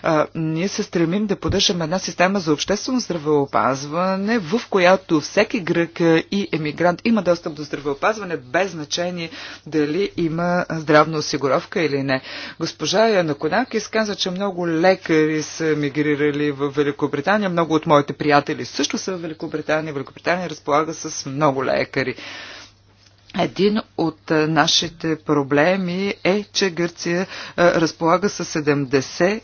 А, ние се стремим да поддържаме една система за обществено здравеопазване, в която всеки грък и емигрант има достъп до здравеопазване, без значение дали има здравна осигуровка или не. Госпожа Янаконак изказа, че много лекари са мигрирали в Великобритания. Много от моите приятели също са в Великобритания. Великобритания разполага с много лекари. Един от нашите проблеми е, че Гърция разполага с 70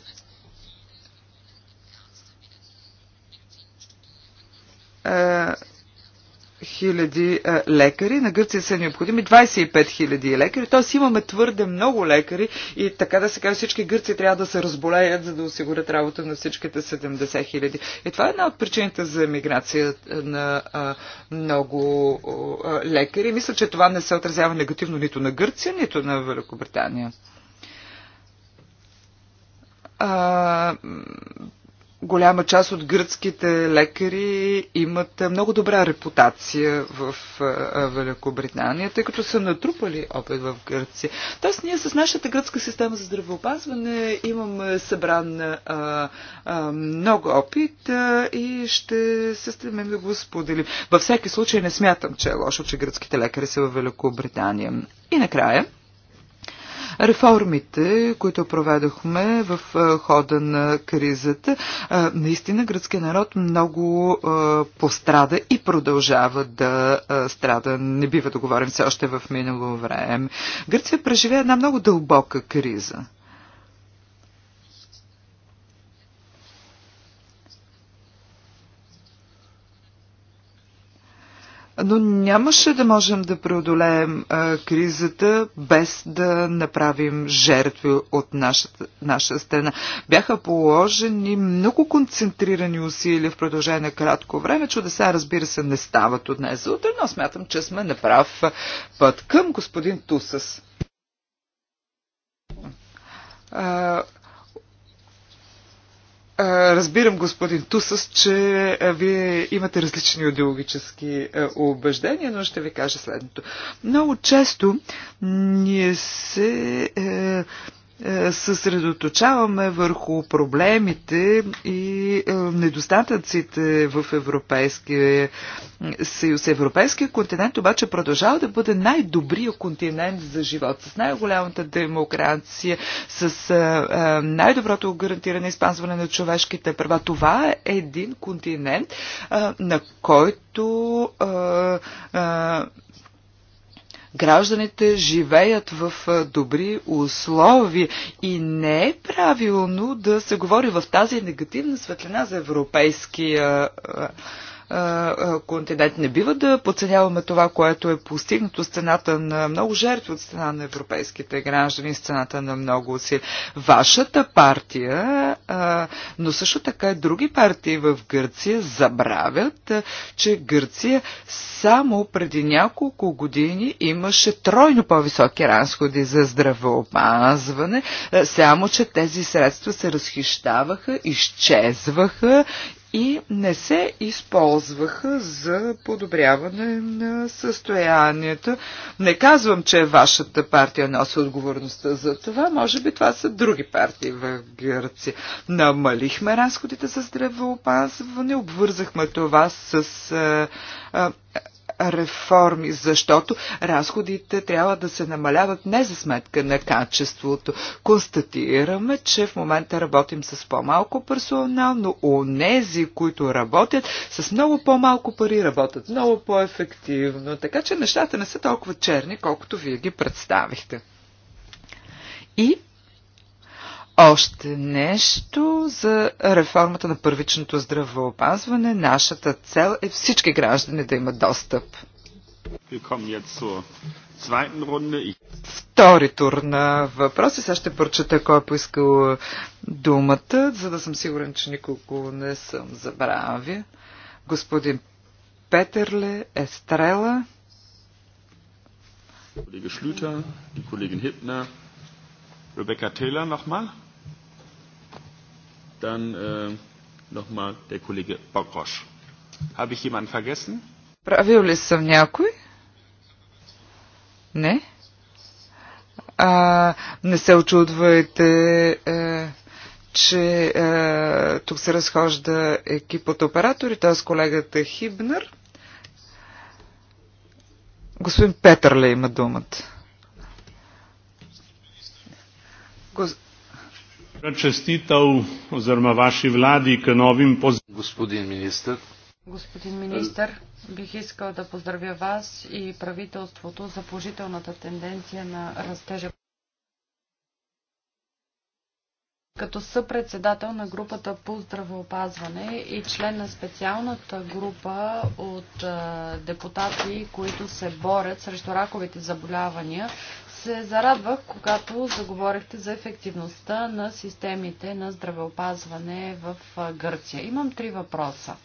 Хиляди лекари, на Гърция са необходими 25 000 лекари, Тоест имаме твърде много лекари и така да се каже всички гърци трябва да се разболеят, за да осигурят работа на всичките 70 хиляди. И това е една от причините за емиграция на а, много а, лекари. Мисля, че това не се отразява негативно нито на Гърция, нито на Великобритания. А, голяма част от гръцките лекари имат е, много добра репутация в е, е, Великобритания, тъй като са натрупали опит в Гърция. Тоест ние с нашата гръцка система за здравеопазване имаме събран а, а, много опит а, и ще се стремим да го споделим. Във всеки случай не смятам, че е лошо, че гръцките лекари са в Великобритания. И накрая, Реформите, които проведохме в хода на кризата, наистина гръцкият народ много пострада и продължава да страда. Не бива да говорим все още в минало време. Гърция преживя една много дълбока криза. но нямаше да можем да преодолеем а, кризата без да направим жертви от нашата, наша страна. Бяха положени много концентрирани усилия в продължение на кратко време. Чудеса, разбира се, не стават от днес за утре, но смятам, че сме на прав път към господин Тусас е, разбирам, господин Тусас, че е, вие имате различни идеологически е, убеждения, но ще ви кажа следното. Много често ние се е, е, съсредоточаваме върху проблемите и е, недостатъците в Европейския съюз. Европейския континент обаче продължава да бъде най-добрия континент за живот, с най-голямата демокрация, с е, най-доброто гарантиране изпазване на човешките права. Това е един континент, на който гражданите живеят в добри условия и не е правилно да се говори в тази негативна светлина за Европейския континент. Не бива да подценяваме това, което е постигнато с цената на много жертви от страна на европейските граждани, с цената на много си. Вашата партия, но също така и други партии в Гърция забравят, че Гърция само преди няколко години имаше тройно по-високи разходи за здравеопазване, само че тези средства се разхищаваха, изчезваха и не се използваха за подобряване на състоянието. Не казвам, че вашата партия носи отговорността за това. Може би това са други партии в Гърция. Намалихме разходите за здравеопазване, обвързахме това с а, а, реформи, защото разходите трябва да се намаляват не за сметка на качеството. Констатираме, че в момента работим с по-малко персонал, но онези, които работят, с много по-малко пари работят много по-ефективно. Така че нещата не са толкова черни, колкото вие ги представихте. И още нещо за реформата на първичното здравеопазване. Нашата цел е всички граждани да имат достъп. Втори тур на въпроси. Сега ще прочета кой е поискал думата, за да съм сигурен, че никого не съм забравя. Господин Петерле, Естрела. Колега Шлютер, die Хипнер, Ребека Тейлер, нахмал. Dann äh, nochmal der Kollege Bokosch. Habe ich jemanden vergessen? Правил ли съм някой? Не? А, не се очудвайте, е, че е, тук се разхожда екип от оператори, т.е. колегата Хибнер. Господин Петър ли има думата? Гос ваши влади к новим Господин министр. Господин министр, бих искал да поздравя вас и правителството за положителната тенденция на растежа. Като съпредседател на групата по здравеопазване и член на специалната група от депутати, които се борят срещу раковите заболявания, се зарадвах, когато заговорихте за ефективността на системите на здравеопазване в Гърция. Имам три въпроса.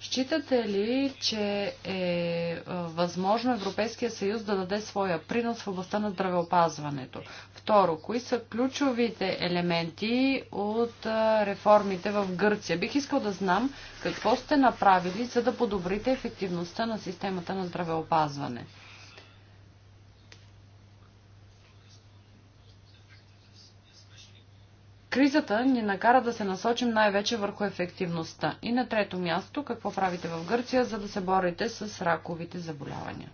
Считате ли, че е възможно Европейския съюз да даде своя принос в областта на здравеопазването? Второ, кои са ключовите елементи от реформите в Гърция? Бих искал да знам какво сте направили, за да подобрите ефективността на системата на здравеопазване. Кризата ни накара да се насочим най-вече върху ефективността. И на трето място, какво правите в Гърция, за да се борите с раковите заболявания?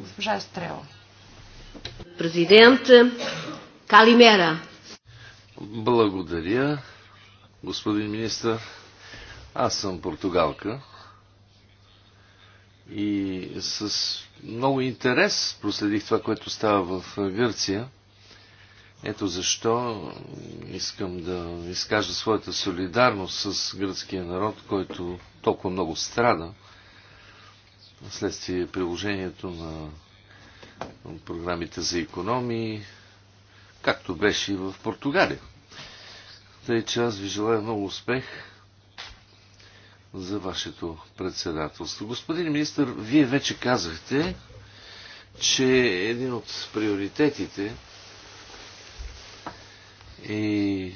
Госпожа Естрела. Президент Калимера. Благодаря, господин министр. Аз съм португалка и с много интерес проследих това, което става в Гърция – ето защо искам да изкажа своята солидарност с гръцкия народ, който толкова много страда следствие приложението на програмите за економии, както беше и в Португалия. Тъй, че аз ви желая много успех за вашето председателство. Господин министр, вие вече казахте, че един от приоритетите и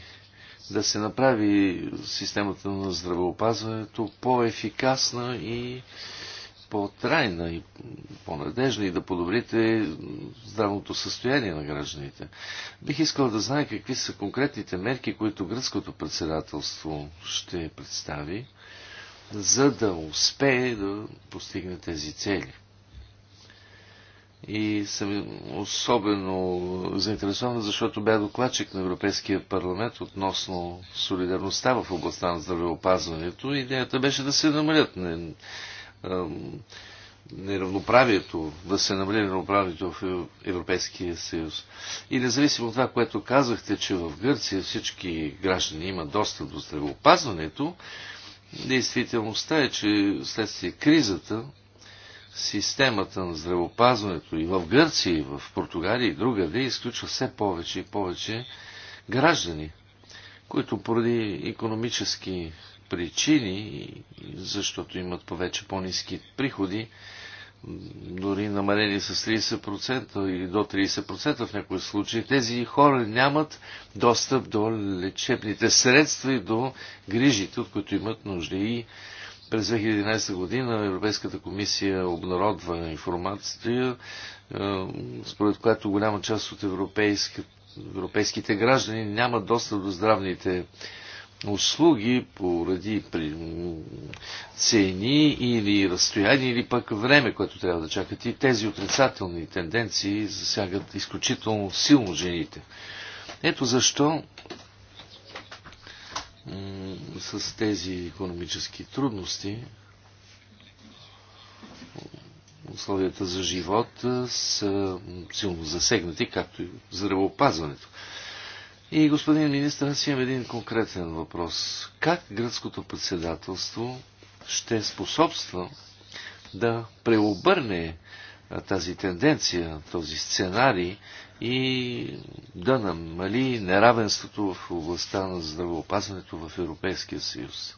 да се направи системата на здравеопазването по-ефикасна и по-трайна и по-надежна и да подобрите здравното състояние на гражданите. Бих искал да знае какви са конкретните мерки, които гръцкото председателство ще представи, за да успее да постигне тези цели и съм особено заинтересован, защото бях докладчик на Европейския парламент относно солидарността в областта на здравеопазването. Идеята беше да се намалят не, неравноправието, да се намали неравноправието в Европейския съюз. И независимо от това, което казахте, че в Гърция всички граждани имат достъп до здравеопазването, действителността е, че следствие кризата системата на здравеопазването и в Гърция, и в Португалия, и другаде изключва все повече и повече граждани, които поради економически причини, защото имат повече по-низки приходи, дори намалени с 30% или до 30% в някои случаи, тези хора нямат достъп до лечебните средства и до грижите, от които имат нужда. И през 2011 година Европейската комисия обнародва информация, е, според която голяма част от европейските граждани нямат достъп до здравните услуги поради при цени или разстояние или пък време, което трябва да чакат. И тези отрицателни тенденции засягат изключително силно жените. Ето защо с тези економически трудности, условията за живот са силно засегнати, както и здравеопазването. И господин министр, аз имам един конкретен въпрос. Как гръцкото председателство ще способства да преобърне тази тенденция, този сценарий и да намали неравенството в областта на здравеопазването в Европейския съюз.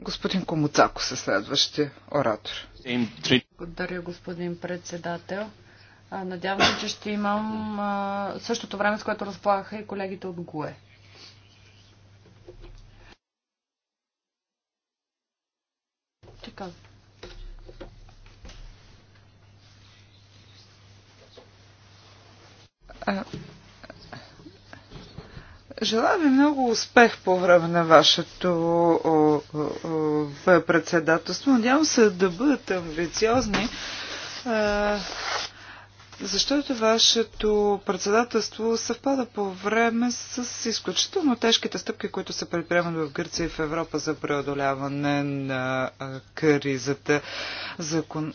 Господин Комуцако се следващи оратор. Благодаря, господин председател. Надявам се, че ще имам същото време, с което разполагаха и колегите от ГУЕ. Така. Желая ви много успех по време на вашето председателство. Надявам се да бъдат амбициозни. А, защото е вашето председателство съвпада по време с изключително тежките стъпки, които се предприемат в Гърция и в Европа за преодоляване на кризата. Закон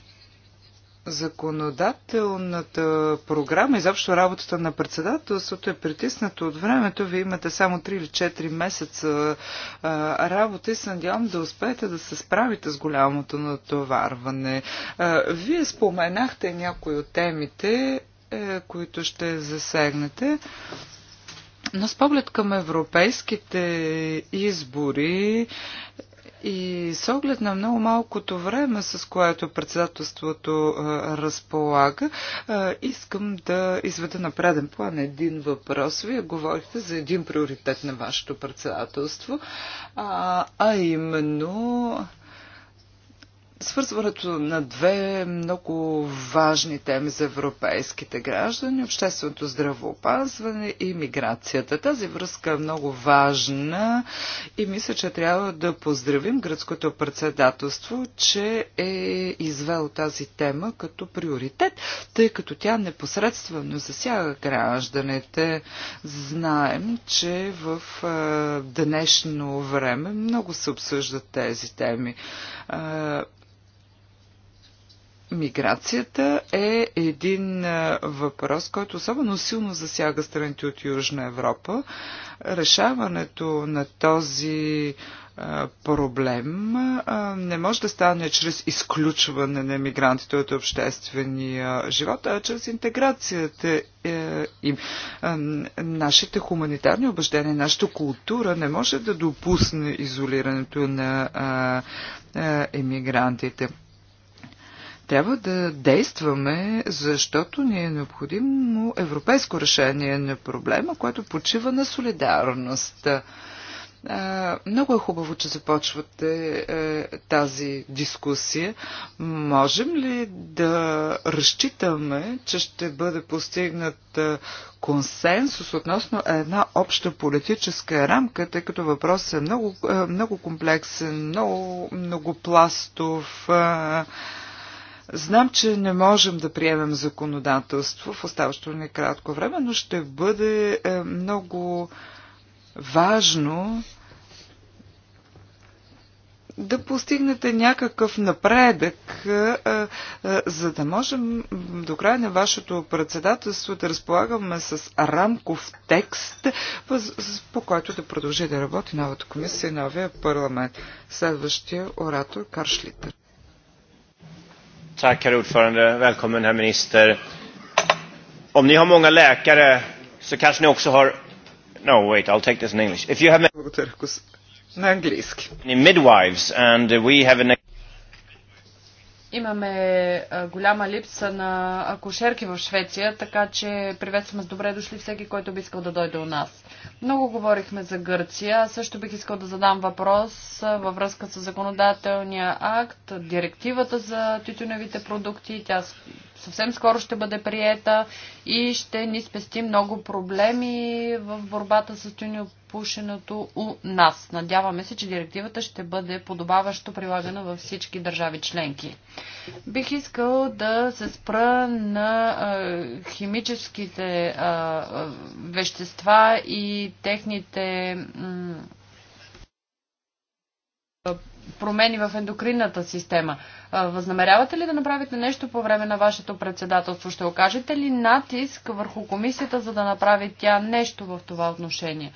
законодателната програма, изобщо работата на председателството е притиснато от времето. Вие имате само 3 или 4 месеца а, работа и се надявам да успеете да се справите с голямото натоварване. А, вие споменахте някои от темите, е, които ще засегнете. Но с поглед към европейските избори и с оглед на много малкото време, с което председателството а, разполага, а, искам да изведа на преден план един въпрос. Вие говорихте за един приоритет на вашето председателство, а, а именно свързването на две много важни теми за европейските граждани общественото здравеопазване и миграцията. Тази връзка е много важна и мисля, че трябва да поздравим гръцкото председателство, че е извел тази тема като приоритет, тъй като тя непосредствено засяга гражданите. Знаем, че в днешно време много се обсъждат тези теми Миграцията е един въпрос, който особено силно засяга страните от Южна Европа. Решаването на този проблем не може да стане чрез изключване на мигрантите от обществения живот, а чрез интеграцията е, им. Нашите хуманитарни убеждения, нашата култура не може да допусне изолирането на емигрантите. Трябва да действаме, защото ни е необходимо европейско решение на проблема, което почива на солидарност. Много е хубаво, че започвате е, тази дискусия. Можем ли да разчитаме, че ще бъде постигнат е, консенсус относно една обща политическа рамка, тъй като въпросът е много, е, много комплексен, много многопластов. пластов. Знам, че не можем да приемем законодателство в оставащото ни кратко време, но ще бъде е, много важно да постигнете някакъв напредък, е, е, за да можем до края на вашето председателство да разполагаме с рамков текст, по който да продължи да работи новата комисия и новия парламент. Следващия оратор Каршлитър. Tack, herr ordförande. Välkommen, herr minister. Om ni har många läkare så kanske ni också har... No, wait, I'll take this in English. If you have... Ni Midwives and we have an... Имаме голяма липса на акушерки в Швеция, така че приветстваме с добре дошли всеки, който би искал да дойде у нас. Много говорихме за Гърция. Също бих искал да задам въпрос във връзка с законодателния акт, директивата за тютюневите продукти. Тя съвсем скоро ще бъде приета и ще ни спести много проблеми в борбата с тюнеопушенето у нас. Надяваме се, че директивата ще бъде подобаващо прилагана във всички държави членки. Бих искал да се спра на химическите вещества и техните. Е, промени в ендокринната система. Възнамерявате ли да направите нещо по време на вашето председателство? Ще окажете ли натиск върху комисията, за да направи тя нещо в това отношение?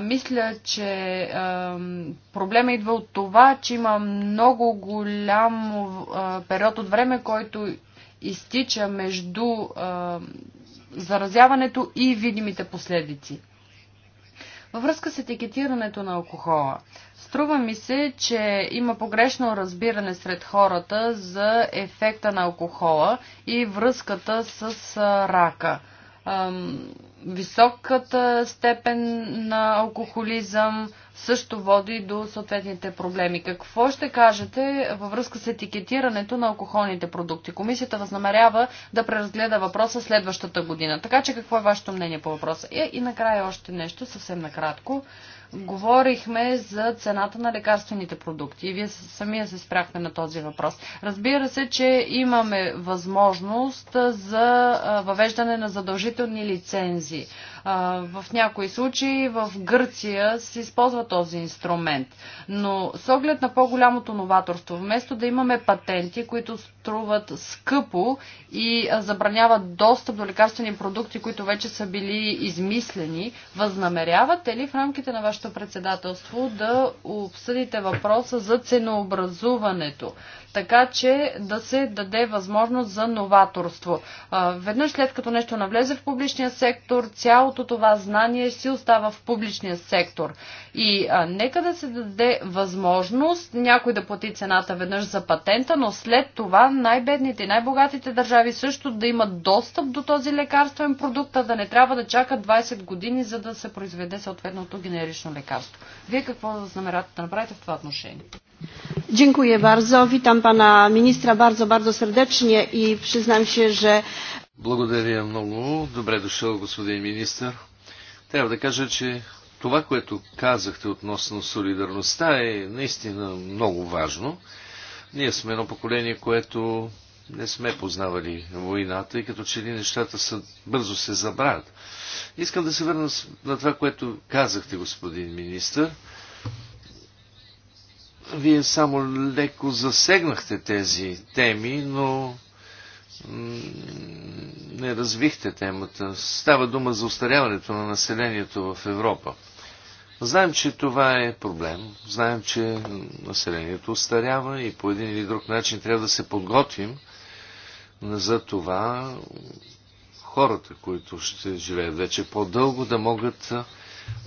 мисля, че проблема идва от това, че има много голям период от време, който изтича между заразяването и видимите последици. Във връзка с етикетирането на алкохола. Струва ми се, че има погрешно разбиране сред хората за ефекта на алкохола и връзката с рака. Високата степен на алкохолизъм, също води до съответните проблеми. Какво ще кажете във връзка с етикетирането на алкохолните продукти? Комисията възнамерява да преразгледа въпроса следващата година. Така че какво е вашето мнение по въпроса? И, е, и накрая още нещо, съвсем накратко. Говорихме за цената на лекарствените продукти и вие самия се спряхме на този въпрос. Разбира се, че имаме възможност за въвеждане на задължителни лицензии. В някои случаи в Гърция се използва този инструмент. Но с оглед на по-голямото новаторство, вместо да имаме патенти, които струват скъпо и забраняват достъп до лекарствени продукти, които вече са били измислени, възнамерявате ли в рамките на вашето председателство да обсъдите въпроса за ценообразуването? така че да се даде възможност за новаторство. Веднъж след като нещо навлезе в публичния сектор, цялото това знание си остава в публичния сектор. И а, нека да се даде възможност някой да плати цената веднъж за патента, но след това най-бедните и най-богатите държави също да имат достъп до този лекарствен продукт, а да не трябва да чакат 20 години, за да се произведе съответното генерично лекарство. Вие какво намерате да направите в това отношение? Dziękuję bardzo. Witam pana ministra bardzo, bardzo serdecznie i przyznam się, że... Благодаря много. Добре дошъл, господин министр. Трябва да кажа, че това, което казахте относно солидарността е наистина много важно. Ние сме едно поколение, което не сме познавали войната и като че ли нещата са, бързо се забравят. Искам да се върна на това, което казахте, господин министър. Вие само леко засегнахте тези теми, но не развихте темата. Става дума за устаряването на населението в Европа. Знаем, че това е проблем. Знаем, че населението устарява и по един или друг начин трябва да се подготвим за това хората, които ще живеят вече по-дълго, да могат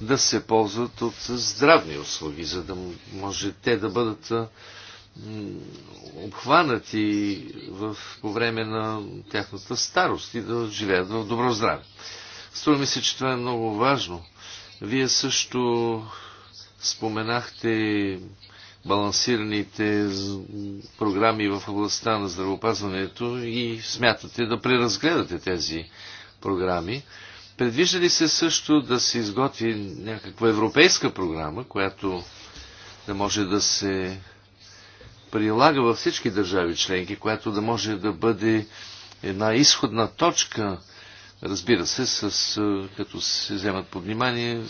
да се ползват от здравни услуги, за да може те да бъдат обхванати в, по време на тяхната старост и да живеят в добро здраве. Струва ми се, че това е много важно. Вие също споменахте балансираните програми в областта на здравопазването и смятате да преразгледате тези програми. Предвижда ли се също да се изготви някаква европейска програма, която да може да се прилага във всички държави членки, която да може да бъде една изходна точка, разбира се, с, като се вземат под внимание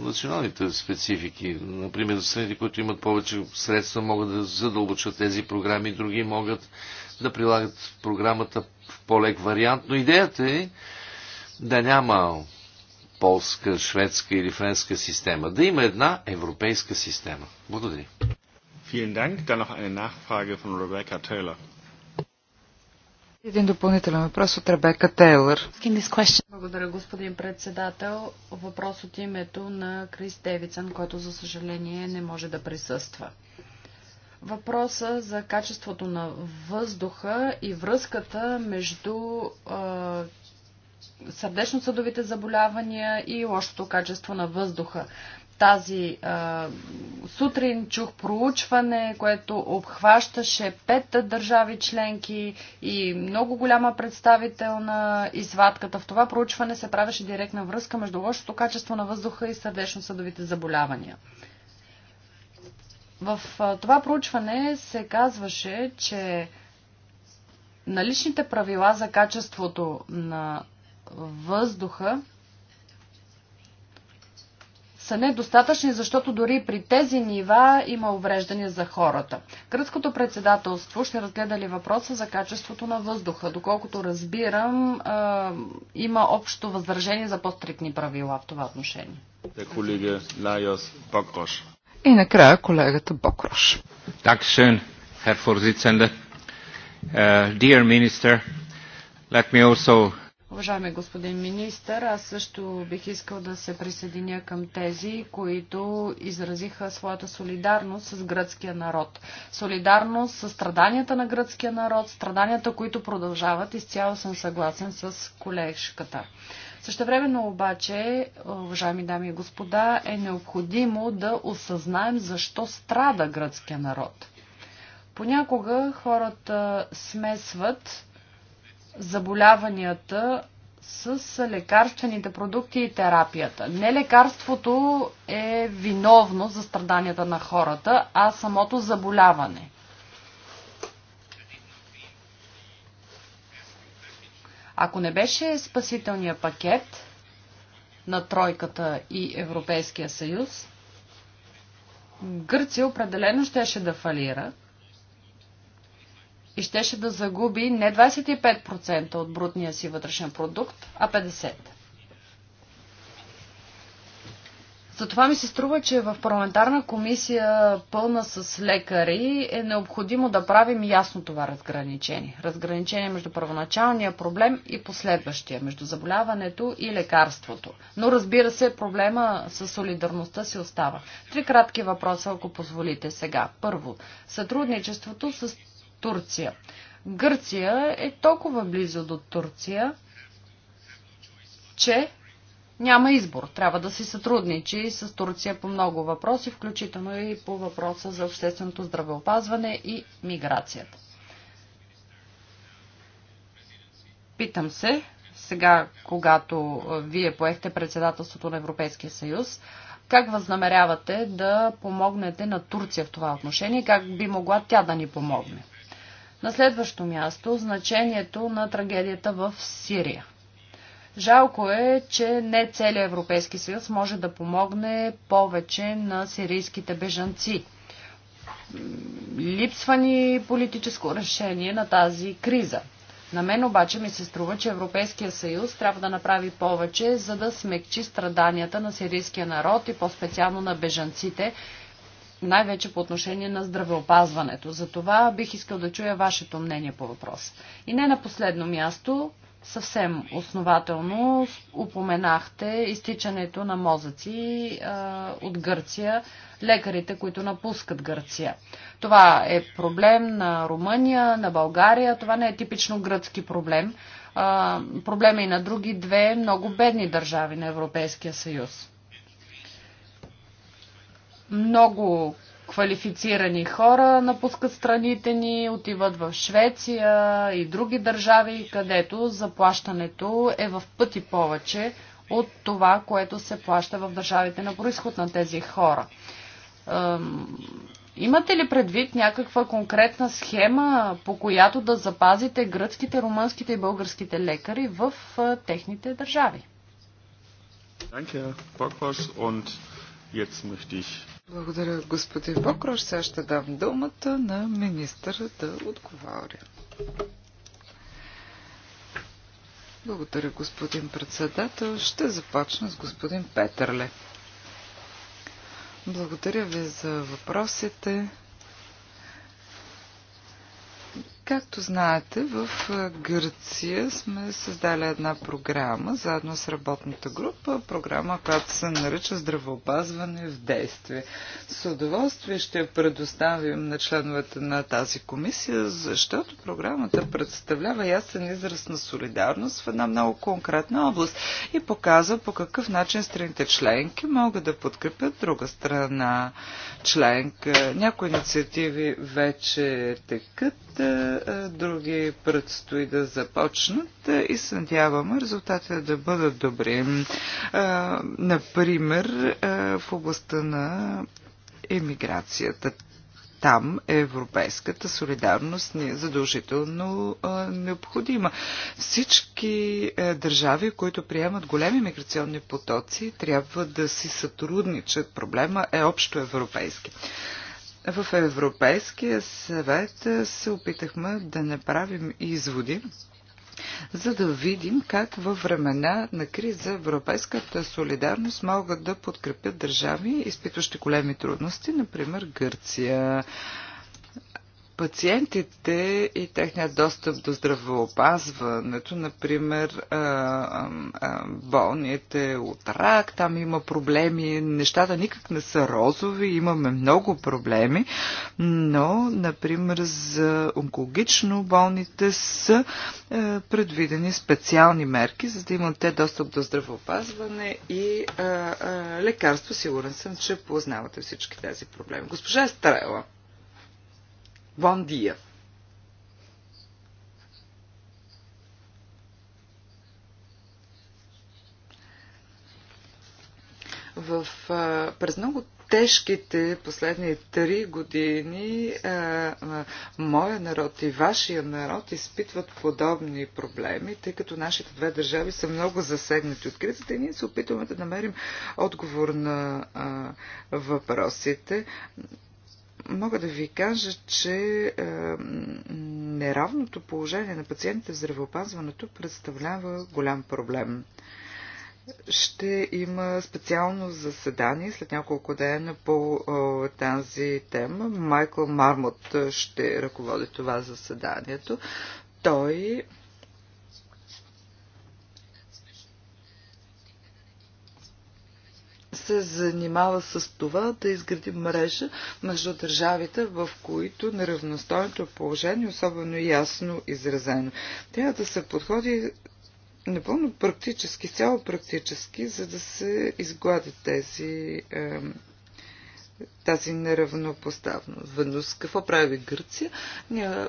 националните специфики. Например, страните, които имат повече средства, могат да задълбочат тези програми, други могат да прилагат програмата в по-лег вариант, но идеята е да няма полска, шведска или френска система. Да има една европейска система. Благодаря. Един допълнителен въпрос от Ребека Тейлър. Благодаря, господин председател. Въпрос от името на Крис Девицън, който за съжаление не може да присъства въпроса за качеството на въздуха и връзката между сърдечно-съдовите заболявания и лошото качество на въздуха. Тази а, сутрин чух проучване, което обхващаше пет държави членки и много голяма представителна извадката. В това проучване се правеше директна връзка между лошото качество на въздуха и сърдечно-съдовите заболявания. В а, това проучване се казваше, че наличните правила за качеството на въздуха са недостатъчни, защото дори при тези нива има увреждания за хората. Кръцкото председателство ще разгледа ли въпроса за качеството на въздуха? Доколкото разбирам, има общо възражение за по-стрикни правила в това отношение. И накрая колегата Бокрош. Dankeschön, хер Vorsitzender. Е, uh, let me also Уважаеми господин министър, аз също бих искал да се присъединя към тези, които изразиха своята солидарност с гръцкия народ. Солидарност с страданията на гръцкия народ, страданията, които продължават. Изцяло съм съгласен с колежката. Същевременно обаче, уважаеми дами и господа, е необходимо да осъзнаем защо страда гръцкия народ. Понякога хората смесват заболяванията с лекарствените продукти и терапията. Не лекарството е виновно за страданията на хората, а самото заболяване. Ако не беше спасителния пакет на Тройката и Европейския съюз, Гърция определено щеше да фалира – и щеше да загуби не 25% от брутния си вътрешен продукт, а 50%. Затова ми се струва, че в парламентарна комисия пълна с лекари е необходимо да правим ясно това разграничение. Разграничение между първоначалния проблем и последващия, между заболяването и лекарството. Но разбира се, проблема с солидарността си остава. Три кратки въпроса, ако позволите сега. Първо, сътрудничеството с Турция. Гърция е толкова близо до Турция, че няма избор. Трябва да си сътрудничи с Турция по много въпроси, включително и по въпроса за общественото здравеопазване и миграцията. Питам се, сега, когато вие поехте председателството на Европейския съюз, как възнамерявате да помогнете на Турция в това отношение? Как би могла тя да ни помогне? На следващо място значението на трагедията в Сирия. Жалко е, че не целият Европейски съюз може да помогне повече на сирийските бежанци. Липсва ни политическо решение на тази криза. На мен обаче ми се струва, че Европейския съюз трябва да направи повече, за да смекчи страданията на сирийския народ и по-специално на бежанците най-вече по отношение на здравеопазването. За това бих искал да чуя вашето мнение по въпрос. И не на последно място, съвсем основателно упоменахте изтичането на мозъци а, от Гърция, лекарите, които напускат Гърция. Това е проблем на Румъния, на България, това не е типично гръцки проблем. А, проблем е и на други две много бедни държави на Европейския съюз. Много квалифицирани хора напускат страните ни, отиват в Швеция и други държави, където заплащането е в пъти повече от това, което се плаща в държавите на происход на тези хора. Имате ли предвид някаква конкретна схема, по която да запазите гръцките, румънските и българските лекари в техните държави? Danke, Herr Und jetzt möchte ich благодаря, господин Покрош. Сега ще дам думата на министъра да отговоря. Благодаря, господин председател. Ще започна с господин Петърле. Благодаря ви за въпросите. Както знаете, в Гърция сме създали една програма, заедно с работната група, програма, която се нарича Здравеопазване в действие. С удоволствие ще предоставим на членовете на тази комисия, защото програмата представлява ясен израз на солидарност в една много конкретна област и показва по какъв начин страните членки могат да подкрепят друга страна членка. Някои инициативи вече текат е, други предстои да започнат е, и се надяваме резултатите да бъдат добри. Е, например, в областта на емиграцията. Там европейската солидарност ни е задължително а, необходима. Всички е, държави, които приемат големи миграционни потоци, трябва да си сътрудничат. Проблема е общо европейски. В Европейския съвет се опитахме да направим изводи, за да видим как във времена на криза европейската солидарност могат да подкрепят държави, изпитващи големи трудности, например Гърция пациентите и техният достъп до здравеопазването, например болните от рак, там има проблеми, нещата никак не са розови, имаме много проблеми, но, например, за онкологично болните са предвидени специални мерки, за да имат те достъп до здравеопазване и лекарство. Сигурен съм, че познавате всички тези проблеми. Госпожа Старела. Bom dia. В, а, през много тежките последни три години а, а, моя народ и вашия народ изпитват подобни проблеми, тъй като нашите две държави са много засегнати от кризата и ние се опитваме да намерим отговор на а, въпросите мога да ви кажа, че е, неравното положение на пациентите в здравеопазването представлява голям проблем. Ще има специално заседание след няколко дена по о, е, тази тема. Майкъл Мармот ще ръководи това заседанието. Той се занимава с това да изгради мрежа между държавите, в които неравностойното положение е особено ясно изразено. Трябва да се подходи напълно практически, цяло практически, за да се изглади тези, е, тази неравнопоставност. какво прави Гърция? Ние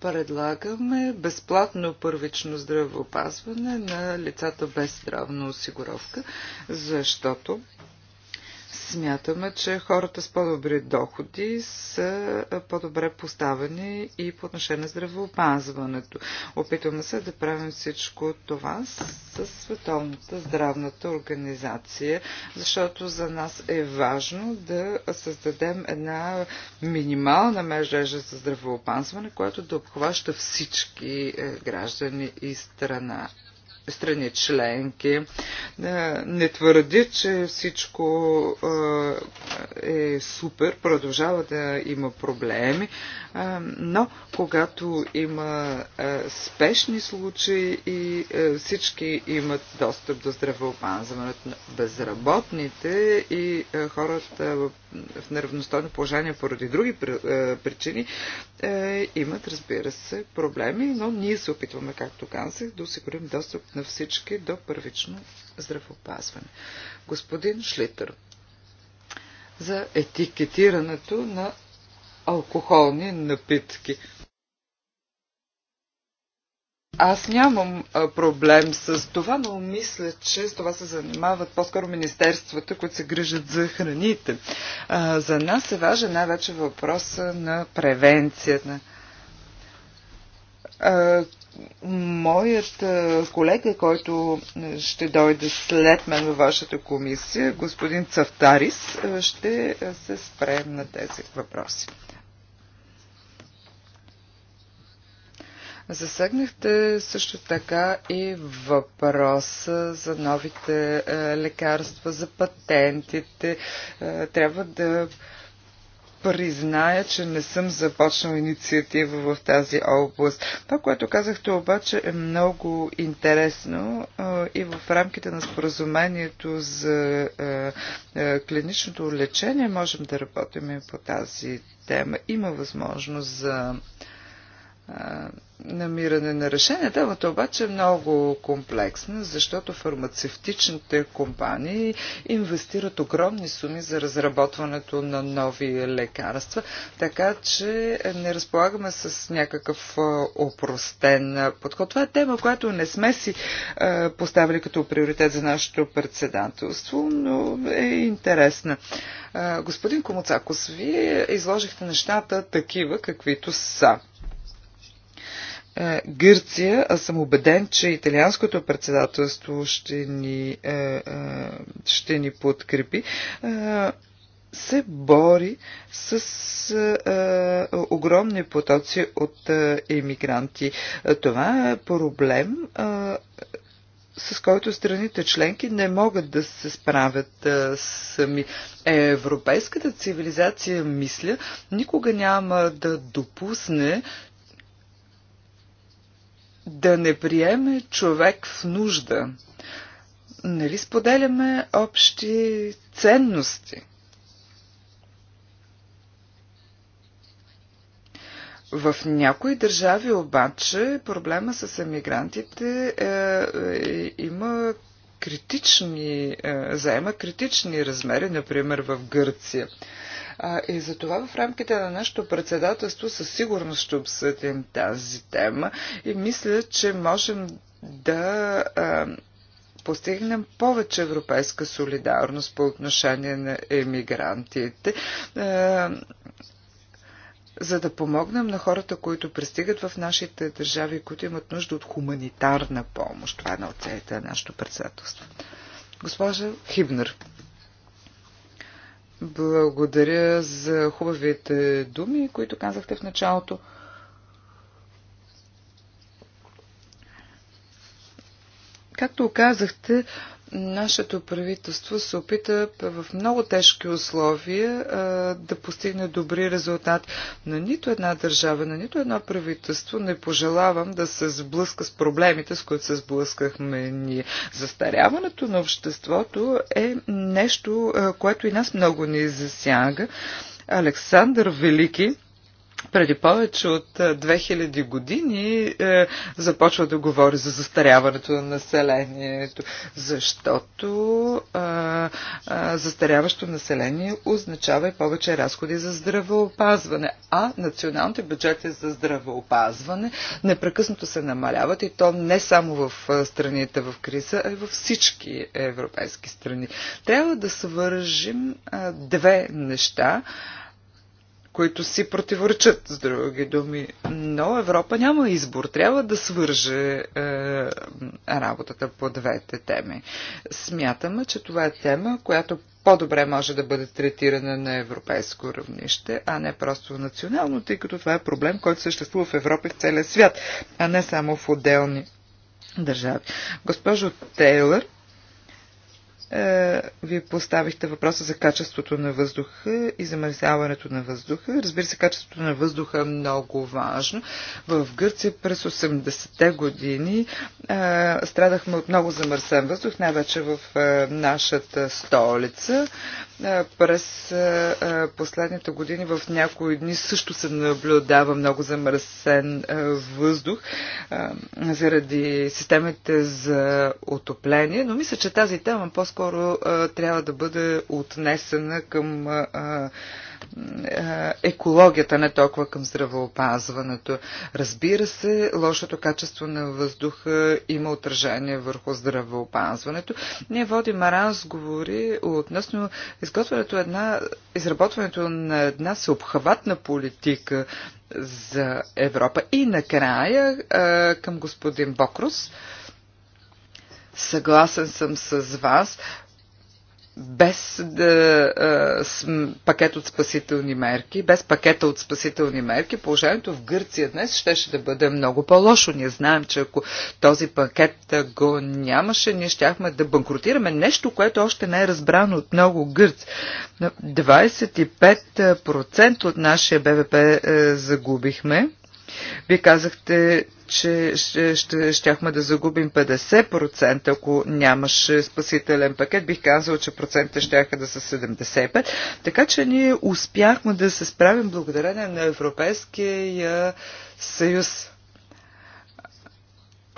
предлагаме безплатно първично здравеопазване на лицата без здравна осигуровка, защото Смятаме, че хората с по-добри доходи са по-добре поставени и по отношение на здравеопазването. Опитваме се да правим всичко това с Световната здравната организация, защото за нас е важно да създадем една минимална мрежа за здравеопазване, която да обхваща всички е, граждани и страна страни членки. Е, не твърди, че всичко е, е супер, продължава да има проблеми, е, но когато има спешни случаи и всички имат достъп до здравеопазването, безработните и хората в в неравностойно положение поради други е, причини, е, имат, разбира се, проблеми, но ние се опитваме, както казах, да осигурим достъп на всички до първично здравеопазване. Господин Шлитър, за етикетирането на алкохолни напитки. Аз нямам а, проблем с това, но мисля, че с това се занимават по-скоро министерствата, които се грижат за храните. А, за нас е важен най-вече въпроса на превенцията. А, моят колега, който ще дойде след мен във вашата комисия, господин Цавтарис, ще се спрем на тези въпроси. Засегнахте също така и въпроса за новите е, лекарства, за патентите. Е, трябва да призная, че не съм започнал инициатива в тази област. Това, което казахте обаче е много интересно е, и в рамките на споразумението за клиничното лечение можем да работим и по тази тема. Има възможност за намиране на решение. Темата обаче е много комплексна, защото фармацевтичните компании инвестират огромни суми за разработването на нови лекарства, така че не разполагаме с някакъв опростен подход. Това е тема, която не сме си поставили като приоритет за нашето председателство, но е интересна. Господин Комуцакос, вие изложихте нещата такива, каквито са. Е, Гърция, аз съм убеден, че италианското председателство ще ни, е, е, ще ни подкрепи, се бори с а, огромни потоци от а, емигранти. Това е проблем, а, с който страните членки не могат да се справят а, сами. Европейската цивилизация, мисля, никога няма да допусне, да не приеме човек в нужда. Нали споделяме общи ценности? В някои държави обаче проблема с емигрантите е, е, има критични, е, заема критични размери, например в Гърция. А, и за това в рамките на нашето председателство със сигурност ще обсъдим тази тема и мисля, че можем да а, постигнем повече европейска солидарност по отношение на емигрантите. А, за да помогнем на хората, които пристигат в нашите държави, които имат нужда от хуманитарна помощ. Това е на оцелите на нашето председателство. Госпожа Хибнер. Благодаря за хубавите думи, които казахте в началото. Както казахте, нашето правителство се опита в много тежки условия да постигне добри резултати. На нито една държава, на нито едно правителство не пожелавам да се сблъска с проблемите, с които се сблъскахме ние. Застаряването на обществото е нещо, което и нас много ни засяга. Александър Велики преди повече от 2000 години е, започва да говори за застаряването на населението, защото е, е, застаряващо население означава и повече разходи за здравеопазване, а националните бюджети за здравеопазване непрекъснато се намаляват и то не само в страните в криза, а и във всички европейски страни. Трябва да свържим е, две неща. Е, които си противоречат, с други думи. Но Европа няма избор. Трябва да свърже е, работата по двете теми. Смятаме, че това е тема, която по-добре може да бъде третирана на европейско равнище, а не просто национално, тъй като това е проблем, който съществува в Европа и в целия свят, а не само в отделни държави. Госпожо Тейлър, е, вие поставихте въпроса за качеството на въздуха и замърсяването на въздуха. Разбира се, качеството на въздуха е много важно. В Гърция през 80-те години а, е, страдахме от много замърсен въздух, най-вече в а, е, нашата столица. А, през а, последните години в някои дни също се наблюдава много замърсен а, въздух а, заради системите за отопление, но мисля, че тази тема по по-скоро трябва да бъде отнесена към екологията, не толкова към здравеопазването. Разбира се, лошото качество на въздуха има отражение върху здравеопазването. Ние водим разговори относно изготвянето една, изработването на една съобхватна политика за Европа. И накрая към господин Бокрус. Съгласен съм с вас, без да, а, с, пакет от спасителни мерки, без пакета от спасителни мерки, положението в Гърция днес ще, ще да бъде много по-лошо. Ние знаем, че ако този пакет го нямаше, ние щяхме да банкротираме нещо, което още не е разбрано от много гърци. 25% от нашия БВП е, загубихме вие казахте, че ще, ще, щяхме да загубим 50%, ако нямаше спасителен пакет. Бих казал, че процентите щяха да са 75%. Така че ние успяхме да се справим благодарение на Европейския съюз.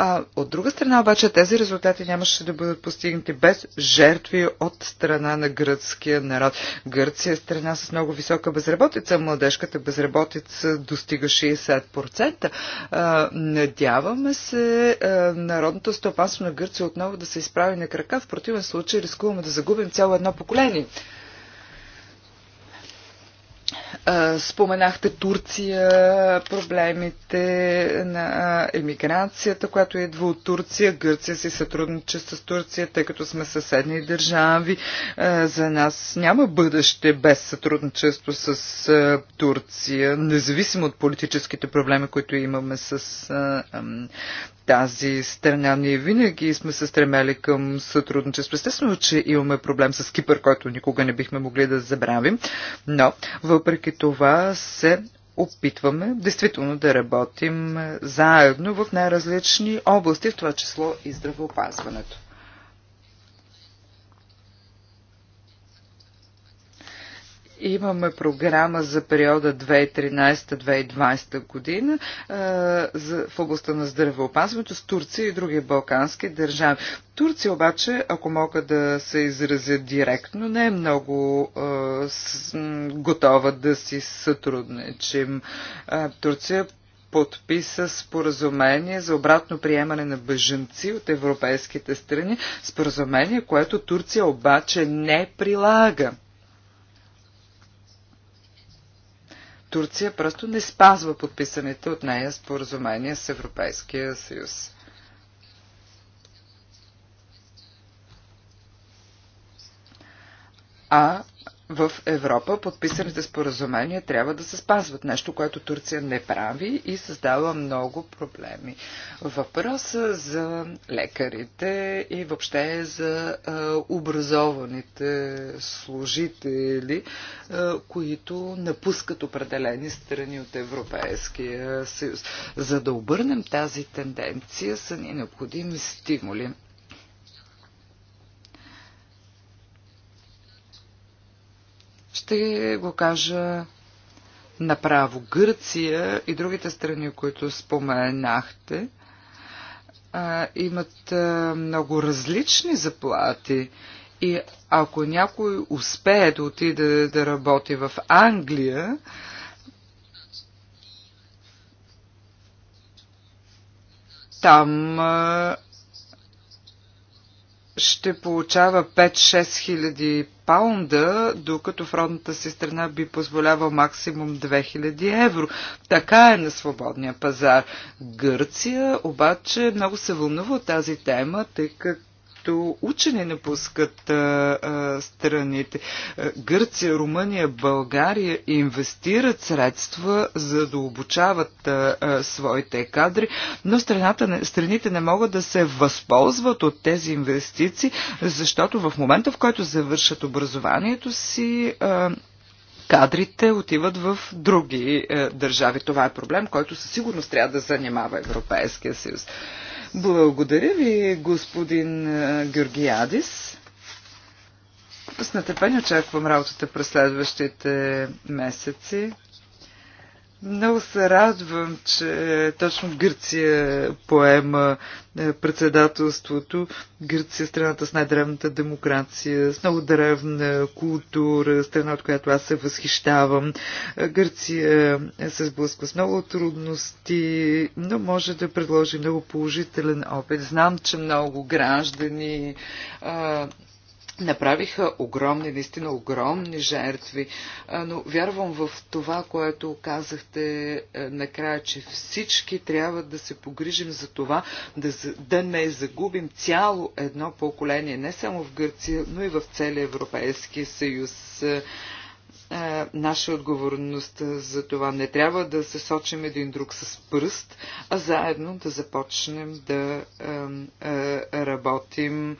А от друга страна обаче тези резултати нямаше да бъдат постигнати без жертви от страна на гръцкия народ. Гърция е страна с много висока безработица. Младежката безработица достига 60%. А, надяваме се а, народното стопанство на Гърция отново да се изправи на крака. В противен случай рискуваме да загубим цяло едно поколение. Споменахте Турция, проблемите на емиграцията, която идва от Турция. Гърция си сътрудничи с Турция, тъй като сме съседни държави. За нас няма бъдеще без сътрудничество с Турция, независимо от политическите проблеми, които имаме с тази страна. Ние винаги сме се стремели към сътрудничество. Естествено, че имаме проблем с Кипър, който никога не бихме могли да забравим, но въпреки това се опитваме действително да работим заедно в най-различни области, в това число и здравеопазването. Имаме програма за периода 2013-2020 година в областта на здравеопазването с Турция и други балкански държави. Турция обаче, ако мога да се изразя директно, не е много а, с, готова да си сътрудничим. А, Турция подписа споразумение за обратно приемане на бъженци от европейските страни, споразумение, което Турция обаче не прилага. Турция просто не спазва подписаните от нея споразумения с Европейския съюз. А в Европа подписаните споразумения трябва да се спазват. Нещо, което Турция не прави и създава много проблеми. Въпроса за лекарите и въобще за образованите служители, които напускат определени страни от Европейския съюз. За да обърнем тази тенденция са ни необходими стимули. Ще го кажа направо. Гърция и другите страни, които споменахте, имат много различни заплати. И ако някой успее да отиде да работи в Англия, там ще получава 5-6 хиляди паунда, докато фронтната си страна би позволявал максимум 2000 евро. Така е на свободния пазар. Гърция обаче много се вълнува от тази тема, тъй като като учени напускат а, а, страните. Гърция, Румъния, България инвестират средства за да обучават а, а, своите кадри, но страната, страните не могат да се възползват от тези инвестиции, защото в момента, в който завършат образованието си, а, кадрите отиват в други е, държави. Това е проблем, който със сигурност трябва да занимава Европейския съюз. Благодаря ви, господин Георгиадис. С нетърпение очаквам работата през следващите месеци. Много се радвам, че точно Гърция поема е, председателството. Гърция е страната с най-древната демокрация, с много древна култура, страна, от която аз се възхищавам. Е, Гърция се сблъсква с много трудности, но може да предложи много положителен опит. Знам, че много граждани е, направиха огромни, наистина огромни жертви, но вярвам в това, което казахте накрая, че всички трябва да се погрижим за това, да, да не загубим цяло едно поколение, не само в Гърция, но и в целия Европейски съюз наша отговорност за това. Не трябва да се сочим един друг с пръст, а заедно да започнем да работим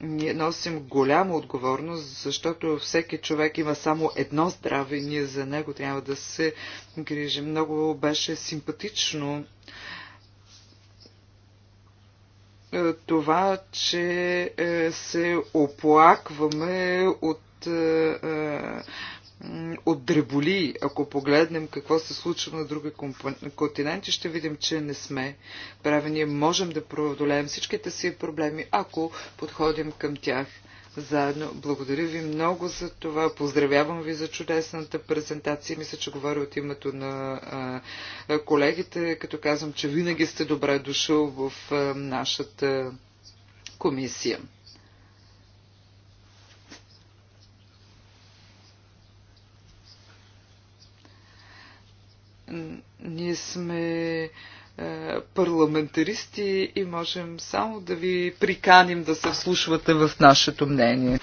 ние носим голяма отговорност, защото всеки човек има само едно здраве и ние за него трябва да се грижим. Много беше симпатично това, че е, се оплакваме от е, е, от дреболи, ако погледнем какво се случва на други континенти, ще видим, че не сме прави. Ние можем да преодолеем всичките си проблеми, ако подходим към тях заедно. Благодаря ви много за това. Поздравявам ви за чудесната презентация. Мисля, че говоря от името на колегите, като казвам, че винаги сте добре дошъл в нашата комисия. Ние сме е, парламентаристи и можем само да ви приканим да се вслушвате в нашето мнение.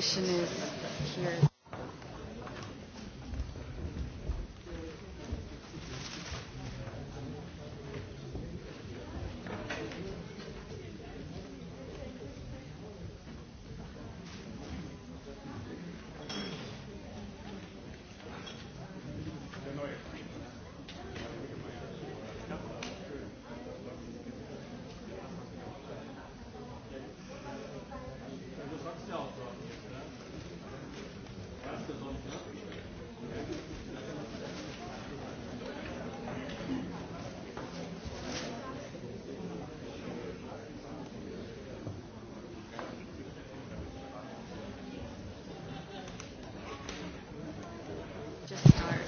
commission is here.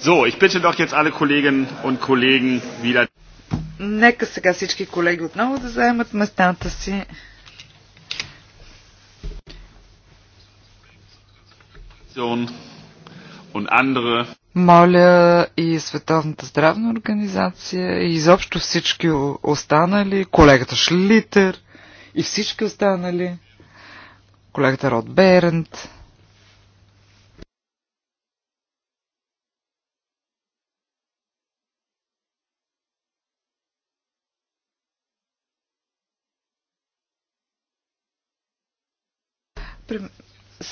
So, ich bitte doch jetzt alle Kolleginnen und Kollegen wieder. Нека сега всички колеги отново да заемат местата си. Моля и Световната здравна организация, и изобщо всички останали, колегата Шлитер и всички останали, колегата Род Берент,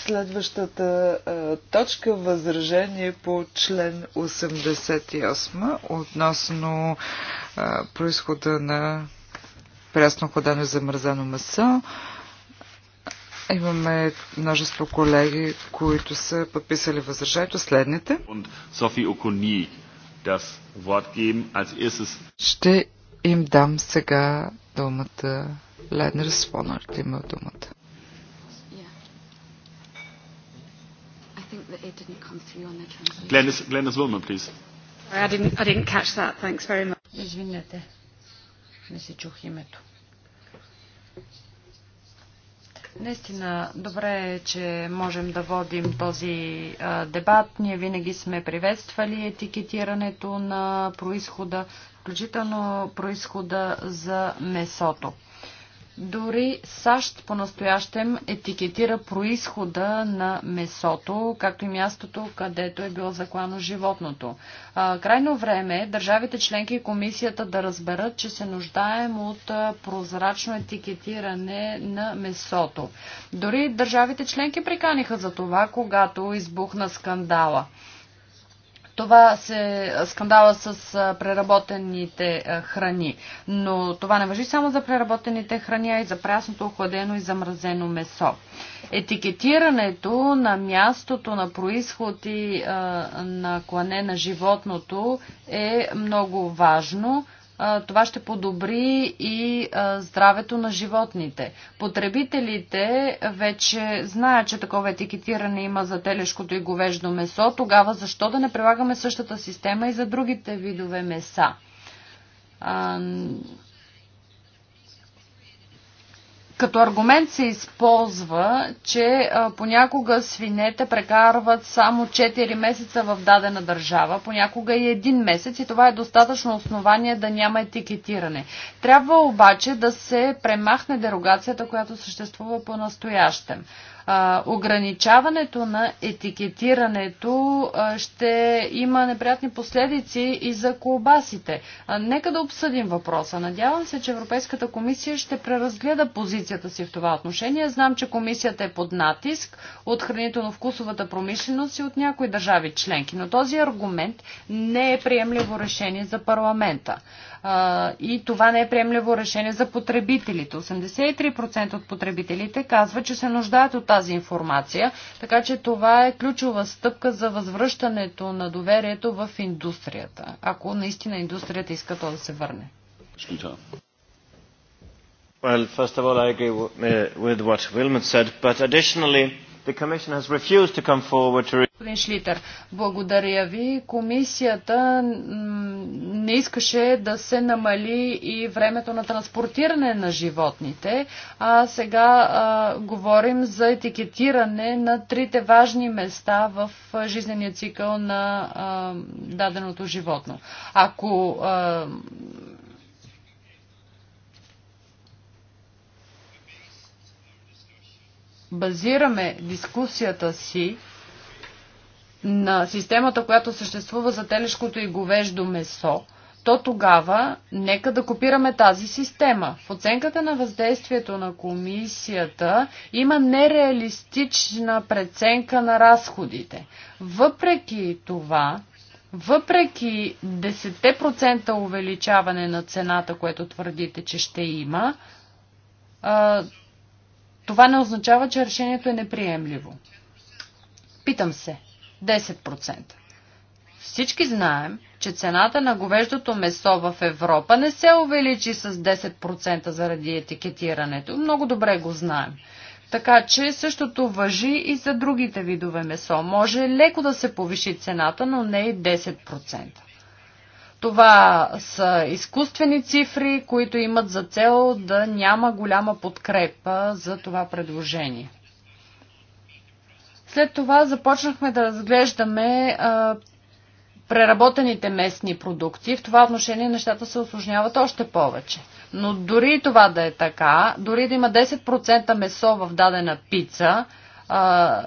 Следващата а, точка възражение по член 88 относно а, происхода на прясно ходено и замързано месо. Имаме множество колеги, които са подписали възражението. Следните. Ще им дам сега думата. Леднер Свонард има думата. that it didn't come through on the translation. Glennis, Glennis Wilman, please. Sorry, I didn't, I didn't catch that. Thanks very much. Извинете, не си чух името. Наистина, добре е, че можем да водим този а, дебат. Ние винаги сме приветствали етикетирането на происхода, включително происхода за месото. Дори САЩ по-настоящем етикетира происхода на месото, както и мястото, където е било заклано животното. А, крайно време е държавите членки и комисията да разберат, че се нуждаем от прозрачно етикетиране на месото. Дори държавите членки приканиха за това, когато избухна скандала. Това се скандала с преработените храни. Но това не въжи само за преработените храни, а и за прясното, охладено и замразено месо. Етикетирането на мястото на происход и на клане на животното е много важно това ще подобри и здравето на животните. Потребителите вече знаят, че такова етикетиране има за телешкото и говеждо месо. Тогава защо да не прилагаме същата система и за другите видове меса? като аргумент се използва, че а, понякога свинете прекарват само 4 месеца в дадена държава, понякога и един месец и това е достатъчно основание да няма етикетиране. Трябва обаче да се премахне дерогацията, която съществува по-настоящем. А, ограничаването на етикетирането а, ще има неприятни последици и за колбасите. А, нека да обсъдим въпроса. Надявам се, че Европейската комисия ще преразгледа позицията си в това отношение. Знам, че комисията е под натиск от хранително-вкусовата промишленост и от някои държави членки, но този аргумент не е приемливо решение за парламента и това не е приемливо решение за потребителите. 83% от потребителите казват, че се нуждаят от тази информация, така че това е ключова стъпка за възвръщането на доверието в индустрията, ако наистина индустрията иска то да се върне. Well, first of all, I agree with uh, what Wilmot said, but additionally, Господин Шлитър, благодаря ви. Комисията не искаше да се намали и времето на транспортиране на животните, а сега а, говорим за етикетиране на трите важни места в жизнения цикъл на а, даденото животно. Ако а, базираме дискусията си на системата, която съществува за телешкото и говеждо месо, то тогава нека да копираме тази система. В оценката на въздействието на комисията има нереалистична преценка на разходите. Въпреки това, въпреки 10% увеличаване на цената, което твърдите, че ще има, това не означава, че решението е неприемливо. Питам се. 10%. Всички знаем, че цената на говеждото месо в Европа не се увеличи с 10% заради етикетирането. Много добре го знаем. Така че същото въжи и за другите видове месо. Може леко да се повиши цената, но не и 10%. Това са изкуствени цифри, които имат за цел да няма голяма подкрепа за това предложение. След това започнахме да разглеждаме а, преработените местни продукти. В това отношение нещата се осложняват още повече. Но дори това да е така, дори да има 10% месо в дадена пица, а,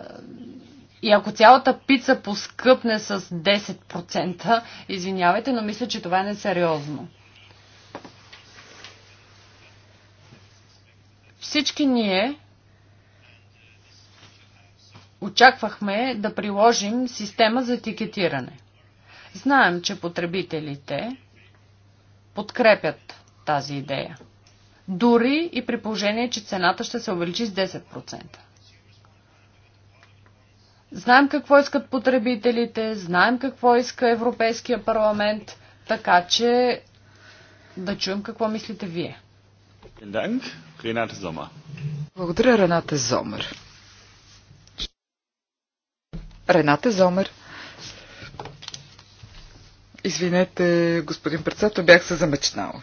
и ако цялата пица поскъпне с 10%, извинявайте, но мисля, че това е несериозно. Всички ние очаквахме да приложим система за етикетиране. Знаем, че потребителите подкрепят тази идея. Дори и при положение, че цената ще се увеличи с 10%. Знаем какво искат потребителите, знаем какво иска Европейския парламент, така че да чуем какво мислите вие. Благодаря, Рената Зомер. Рената Зомер. Извинете, господин председател, бях се замечнала.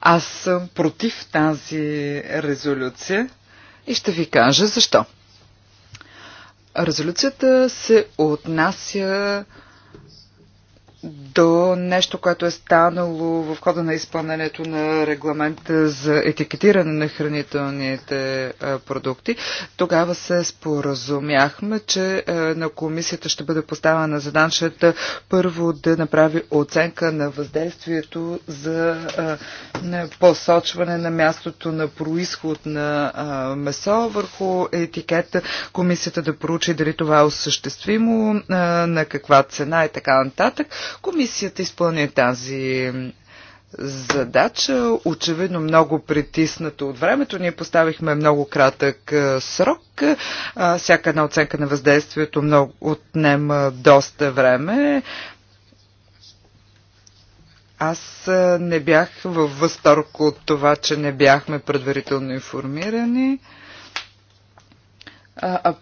Аз съм против тази резолюция и ще ви кажа защо. Резолюцията се отнася до нещо, което е станало в хода на изпълнението на регламента за етикетиране на хранителните продукти. Тогава се споразумяхме, че на комисията ще бъде поставена задачата първо да направи оценка на въздействието за посочване на мястото на происход на месо върху етикета, комисията да проучи дали това е осъществимо, на каква цена и така нататък. Комисията изпълни тази задача, очевидно много притиснато от времето. Ние поставихме много кратък срок. Всяка една оценка на въздействието много отнема доста време. Аз не бях във възторг от това, че не бяхме предварително информирани. а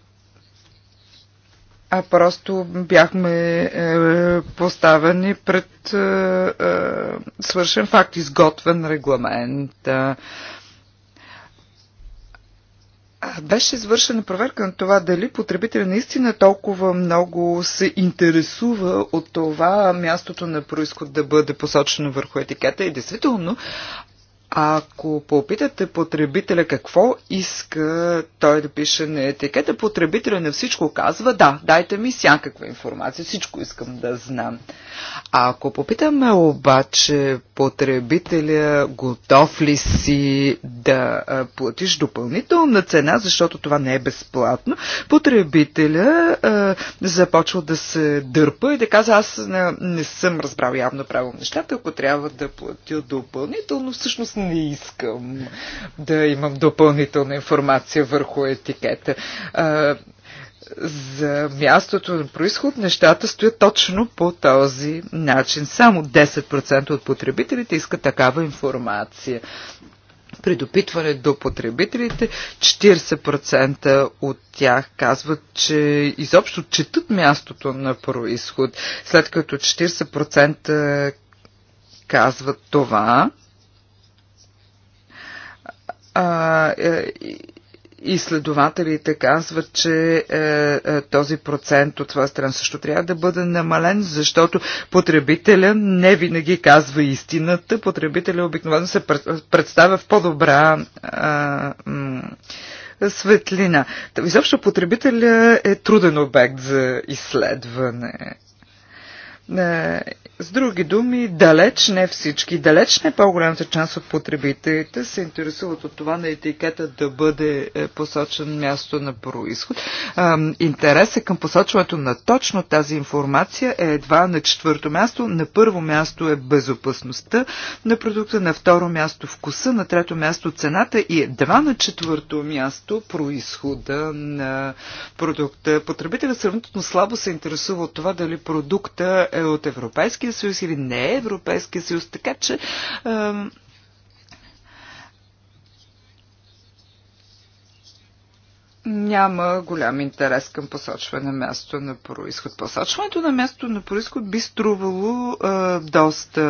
а просто бяхме е, поставени пред е, е, свършен факт, изготвен регламент. Е, беше извършена проверка на това дали потребителя наистина толкова много се интересува от това мястото на происход да бъде посочено върху етикета и действително ако попитате потребителя какво иска той да пише на етикета, потребителя на всичко казва да, дайте ми всякаква информация, всичко искам да знам. А ако попитаме обаче потребителя готов ли си да платиш допълнителна цена, защото това не е безплатно, потребителя а, започва да се дърпа и да казва аз не, не съм разбрал явно правилно нещата, ако трябва да платя допълнително, всъщност не искам да имам допълнителна информация върху етикета. А, за мястото на происход нещата стоят точно по този начин. Само 10% от потребителите искат такава информация предопитване до потребителите. 40% от тях казват, че изобщо четат мястото на происход. След като 40% казват това, а, е, изследователите казват, че е, е, този процент от своя страна също трябва да бъде намален, защото потребителя не винаги казва истината. Потребителя обикновено се представя в по-добра е, светлина. Изобщо потребителя е труден обект за изследване. Е, с други думи, далеч не всички, далеч не по-голямата част от потребителите се интересуват от това на етикета да бъде е, посочен място на происход. Е, Интереса към посочването на точно тази информация е едва на четвърто място. На първо място е безопасността на продукта, на второ място вкуса, на трето място цената и едва на четвърто място происхода на продукта. Потребителят сравнително слабо се интересува от това дали продукта е е от Европейския съюз или не е Европейския съюз. Така че няма голям интерес към посочване на място на происход. Посочването на място на происход би струвало а, доста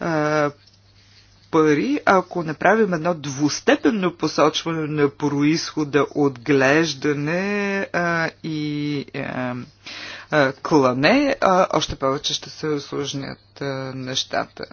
а, пари, ако направим едно двустепенно посочване на происхода, отглеждане а, и а, е, клане, а още повече ще се осложнят е, нещата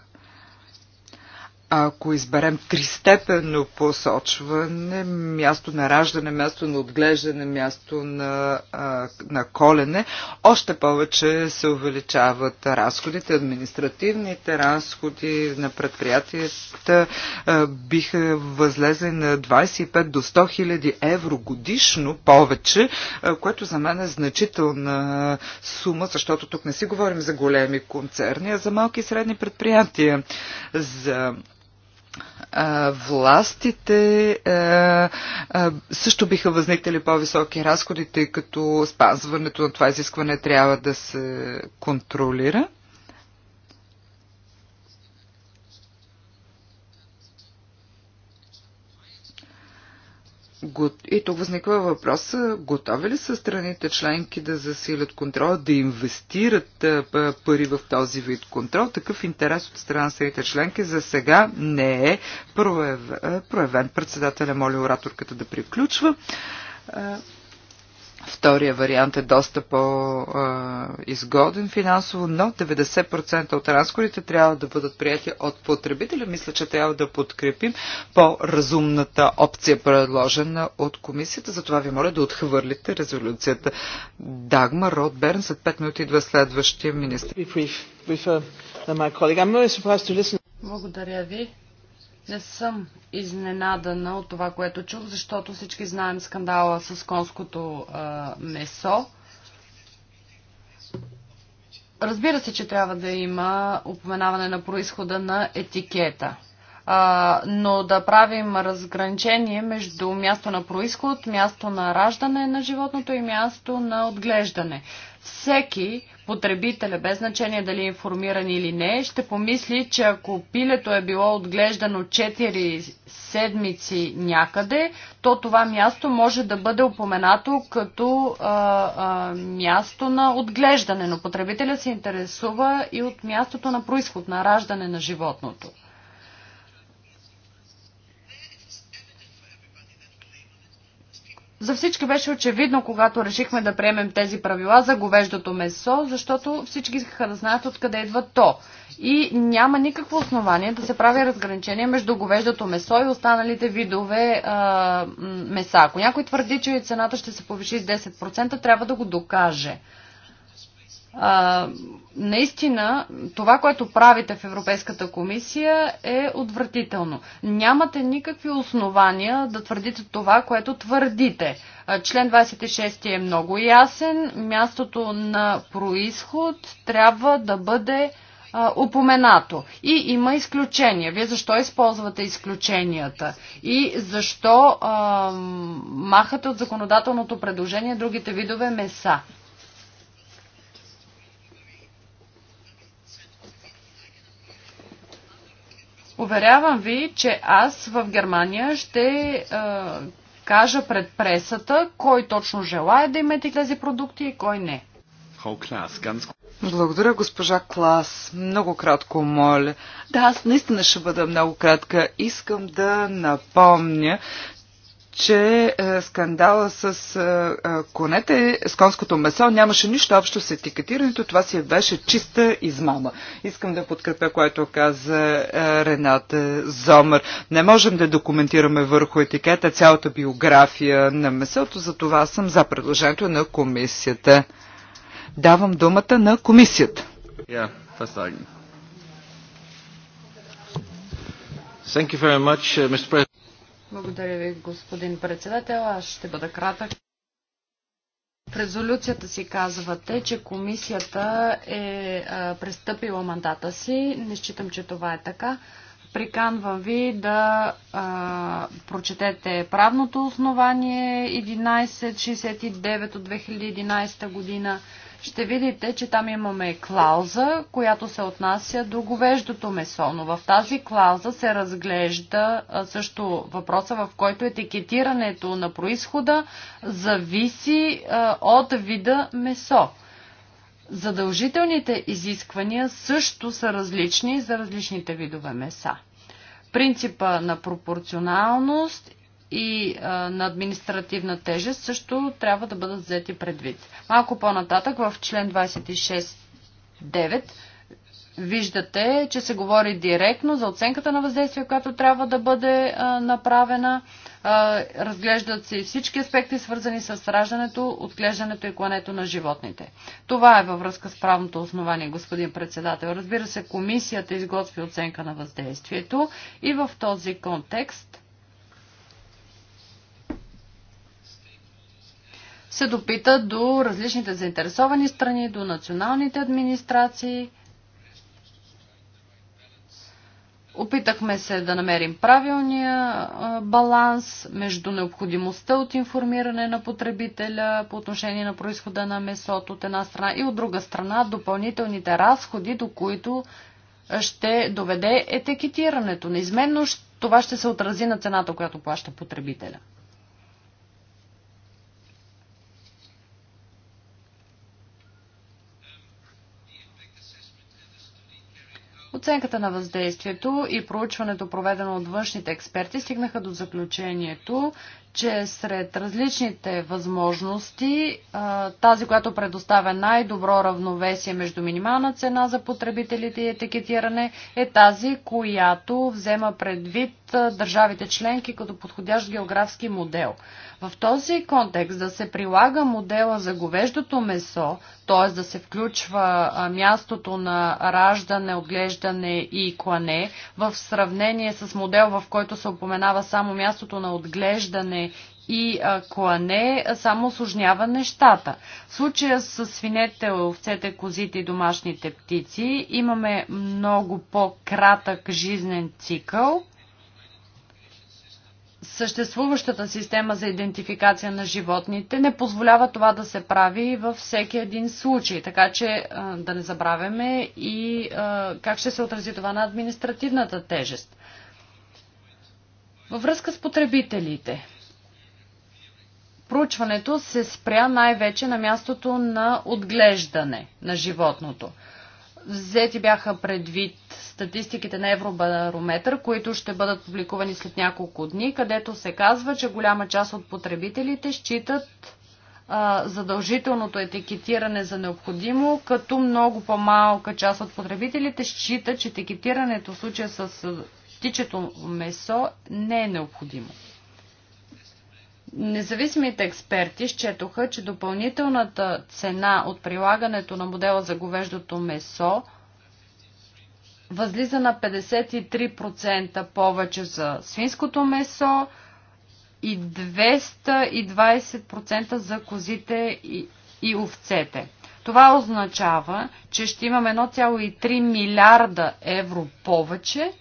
ако изберем тристепенно посочване, място на раждане, място на отглеждане, място на, а, на колене, още повече се увеличават разходите, административните разходи на предприятията а, биха възлезли на 25 до 100 хиляди евро годишно повече, а, което за мен е значителна сума, защото тук не си говорим за големи концерни, а за малки и средни предприятия, за властите също биха възникнали по-високи разходи, тъй като спазването на това изискване трябва да се контролира. И тук възниква въпроса, готови ли са страните членки да засилят контрола, да инвестират пари в този вид контрол? Такъв интерес от страна на страните членки за сега не е проявен. Председателя моли ораторката да приключва. Втория вариант е доста по-изгоден финансово, но 90% от разходите трябва да бъдат прияти от потребителя. Мисля, че трябва да подкрепим по-разумната опция, предложена от комисията. Затова ви моля да отхвърлите резолюцията. Дагма Род Берн, след 5 минути идва следващия министр. Uh, Благодаря ви. Не съм изненадана от това, което чух, защото всички знаем скандала с конското а, месо. Разбира се, че трябва да има упоменаване на происхода на етикета. А, но да правим разграничение между място на происход, място на раждане на животното и място на отглеждане. Всеки потребителя, без значение дали е информиран или не, ще помисли, че ако пилето е било отглеждано 4 седмици някъде, то това място може да бъде упоменато като а, а, място на отглеждане, но потребителя се интересува и от мястото на происход, на раждане на животното. За всички беше очевидно, когато решихме да приемем тези правила за говеждото месо, защото всички искаха да знаят откъде идва то. И няма никакво основание да се прави разграничение между говеждото месо и останалите видове а, меса. Ако някой твърди, че цената ще се повиши с 10%, трябва да го докаже. А, наистина, това, което правите в Европейската комисия е отвратително. Нямате никакви основания да твърдите това, което твърдите. Член 26 е много ясен. Мястото на происход трябва да бъде упоменато. И има изключения. Вие защо използвате изключенията? И защо а, махате от законодателното предложение другите видове меса? Уверявам ви, че аз в Германия ще е, кажа пред пресата кой точно желая да имате тези продукти и кой не. Благодаря, госпожа Клас. Много кратко, моля. Да, аз наистина ще бъда много кратка. Искам да напомня, че е, скандала с е, е, конете, с конското месо нямаше нищо общо с етикетирането. Това си беше чиста измама. Искам да подкрепя, което каза Рената Зомър. Не можем да документираме върху етикета цялата биография на месото, за това съм за предложението на комисията. Давам думата на комисията. Yeah, Thank you very much, uh, Mr. President. Благодаря ви, господин председател. Аз ще бъда кратък. В резолюцията си казвате, че комисията е, е престъпила мандата си. Не считам, че това е така. Приканвам ви да а, прочетете правното основание 1169 от 2011 година ще видите, че там имаме клауза, която се отнася до говеждото месо, но в тази клауза се разглежда също въпроса, в който етикетирането на происхода зависи от вида месо. Задължителните изисквания също са различни за различните видове меса. Принципа на пропорционалност и а, на административна тежест също трябва да бъдат взети предвид. Малко по-нататък в член 26.9 виждате, че се говори директно за оценката на въздействие, която трябва да бъде а, направена. А, разглеждат се и всички аспекти, свързани с раждането, отглеждането и клането на животните. Това е във връзка с правното основание, господин председател. Разбира се, комисията изготви оценка на въздействието и в този контекст се допита до различните заинтересовани страни, до националните администрации. Опитахме се да намерим правилния баланс между необходимостта от информиране на потребителя по отношение на происхода на месото от една страна и от друга страна допълнителните разходи, до които ще доведе етикетирането. Неизменно това ще се отрази на цената, която плаща потребителя. Оценката на въздействието и проучването, проведено от външните експерти, стигнаха до заключението, че сред различните възможности тази, която предоставя най-добро равновесие между минимална цена за потребителите и етикетиране, е тази, която взема предвид държавите членки като подходящ географски модел. В този контекст да се прилага модела за говеждото месо, т.е. да се включва мястото на раждане, отглеждане и клане в сравнение с модел, в който се упоменава само мястото на отглеждане и а, клане само осложнява нещата. В случая с свинете, овцете, козите и домашните птици имаме много по-кратък жизнен цикъл. Съществуващата система за идентификация на животните не позволява това да се прави във всеки един случай, така че да не забравяме и как ще се отрази това на административната тежест. Във връзка с потребителите проучването се спря най-вече на мястото на отглеждане на животното. Взети бяха предвид статистиките на Евробарометър, които ще бъдат публикувани след няколко дни, където се казва, че голяма част от потребителите считат а, задължителното етикетиране за необходимо, като много по-малка част от потребителите считат, че етикетирането в случая с птичето месо не е необходимо. Независимите експерти счетоха, че допълнителната цена от прилагането на модела за говеждото месо възлиза на 53% повече за свинското месо и 220% за козите и, и овцете. Това означава, че ще имаме 1,3 милиарда евро повече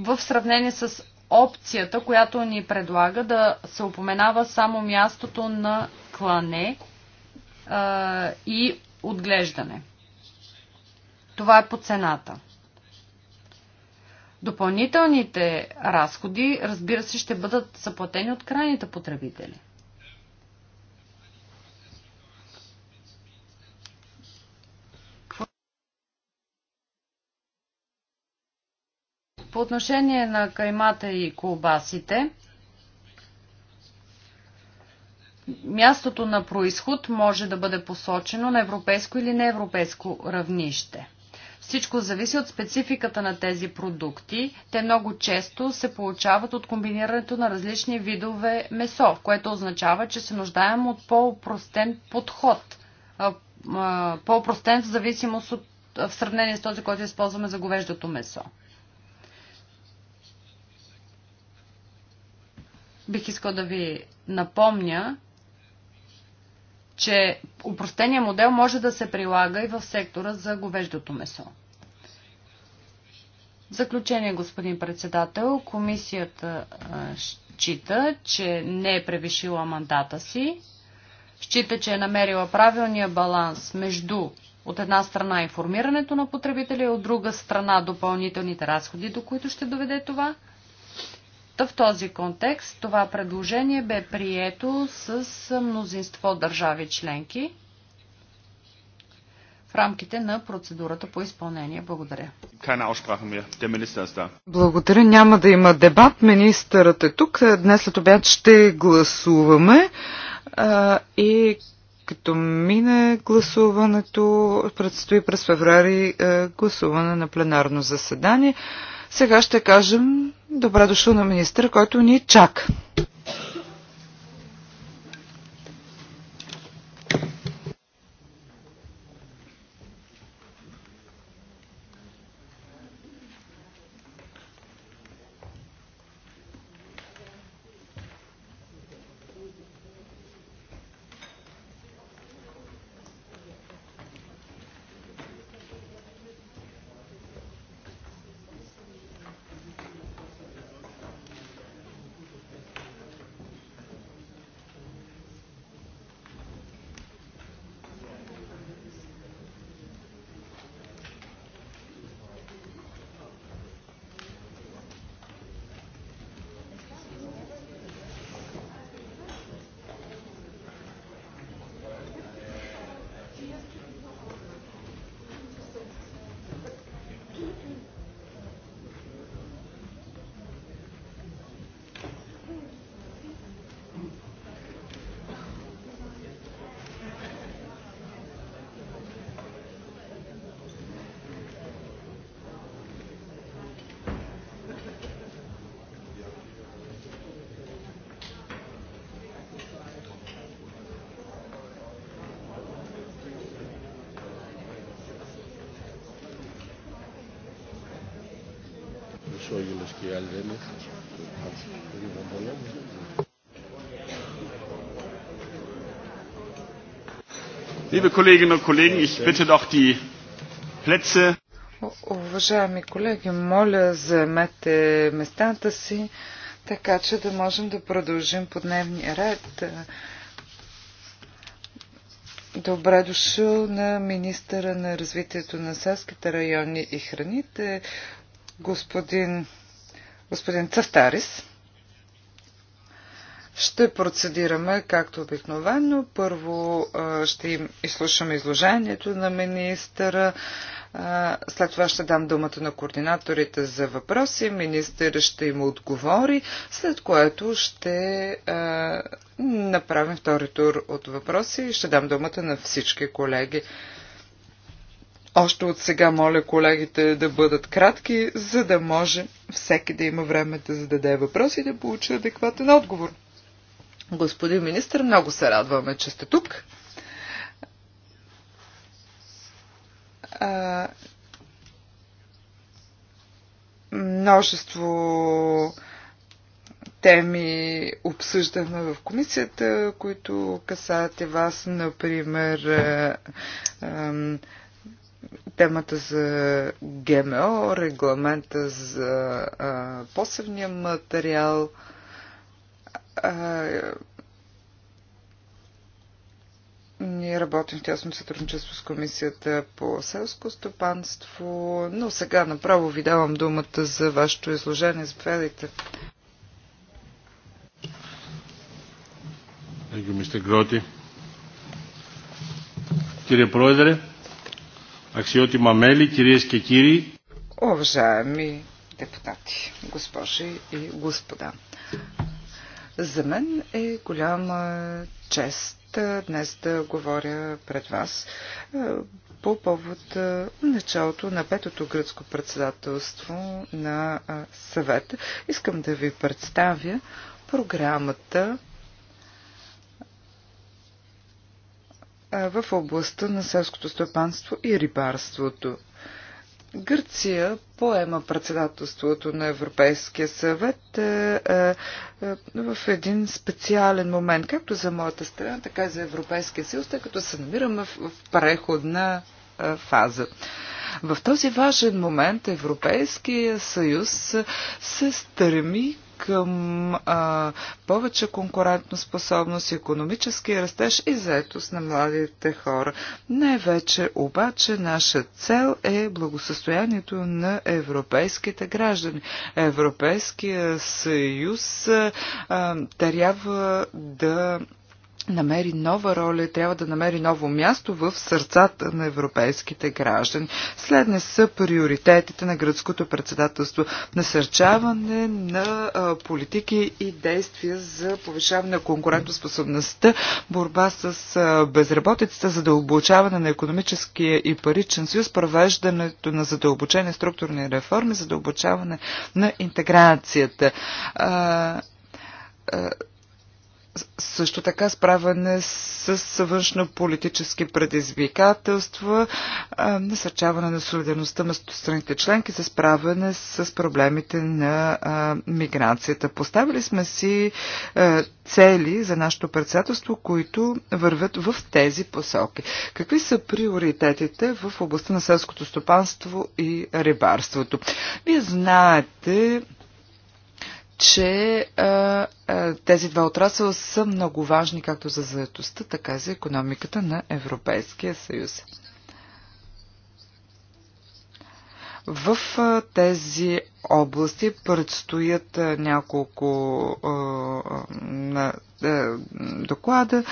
в сравнение с опцията, която ни предлага да се упоменава само мястото на клане а, и отглеждане. Това е по цената. Допълнителните разходи, разбира се, ще бъдат заплатени от крайните потребители. По отношение на каймата и колбасите, мястото на происход може да бъде посочено на европейско или неевропейско равнище. Всичко зависи от спецификата на тези продукти. Те много често се получават от комбинирането на различни видове месо, което означава, че се нуждаем от по-простен подход, по-простен в зависимост от в сравнение с този, който използваме за говеждото месо. бих искал да ви напомня, че упростения модел може да се прилага и в сектора за говеждото месо. В заключение, господин председател, комисията счита, че не е превишила мандата си, счита, че е намерила правилния баланс между от една страна информирането на потребителя и от друга страна допълнителните разходи, до които ще доведе това – Та в този контекст това предложение бе прието с мнозинство държави членки в рамките на процедурата по изпълнение. Благодаря. Благодаря. Няма да има дебат. Министърът е тук. Днес след обяд ще гласуваме. и като мине гласуването, предстои през феврари гласуване на пленарно заседание. Сега ще кажем добре дошъл на министър, който ни чака. Liebe Kolleginnen und Kollegen, ich bitte doch die Plätze. Уважаеми колеги, моля, заемете местата си, така че да можем да продължим по дневния ред. Добре дошъл на министъра на развитието на селските райони и храните, господин Господин Цъфтарис. Ще процедираме както обикновено. Първо ще им изслушаме изложението на министъра. След това ще дам думата на координаторите за въпроси. Министър ще им отговори, след което ще направим втори тур от въпроси и ще дам думата на всички колеги. Още от сега моля колегите да бъдат кратки, за да може всеки да има време да зададе въпрос и да получи адекватен отговор. Господин министр, много се радваме, че сте тук. А, множество теми обсъждаме в комисията, които касаят и вас, например, темата за ГМО, регламента за а, посевния материал. А, ние работим в тясно сътрудничество с Комисията по селско стопанство, но сега направо ви давам думата за вашето изложение. Заповядайте. Thank you, Mr. Grote. Κύριε αξιότιма μέλη, κυρίες και κύριοι. Уважаеми депутати, госпожи и господа, за мен е голяма чест днес да говоря пред вас по повод началото на петото гръцко председателство на съвета. Искам да ви представя програмата в областта на селското стопанство и рибарството. Гърция поема председателството на Европейския съвет е, е, в един специален момент, както за моята страна, така и за Европейския съюз, тъй като се намираме в, в преходна е, фаза. В този важен момент Европейския съюз се стреми към а, повече конкурентоспособност, економически растеж и заетост на младите хора. Най-вече обаче наша цел е благосъстоянието на европейските граждани. Европейския съюз а, трябва да намери нова роля и трябва да намери ново място в сърцата на европейските граждани. Следни са приоритетите на гръцкото председателство. Насърчаване на политики и действия за повишаване на конкурентоспособността, борба с безработицата, задълбочаване на економическия и паричен съюз, провеждането на задълбочени структурни реформи, задълбочаване на интеграцията също така справяне с външно-политически предизвикателства, насърчаване на солидарността между страните членки за справяне с проблемите на миграцията. Поставили сме си цели за нашето председателство, които вървят в тези посоки. Какви са приоритетите в областта на селското стопанство и рибарството? Вие знаете, че а, а, тези два отрасъла са много важни както за заедостта, така и за економиката на Европейския съюз. В а, тези области предстоят а, няколко а, на, доклада,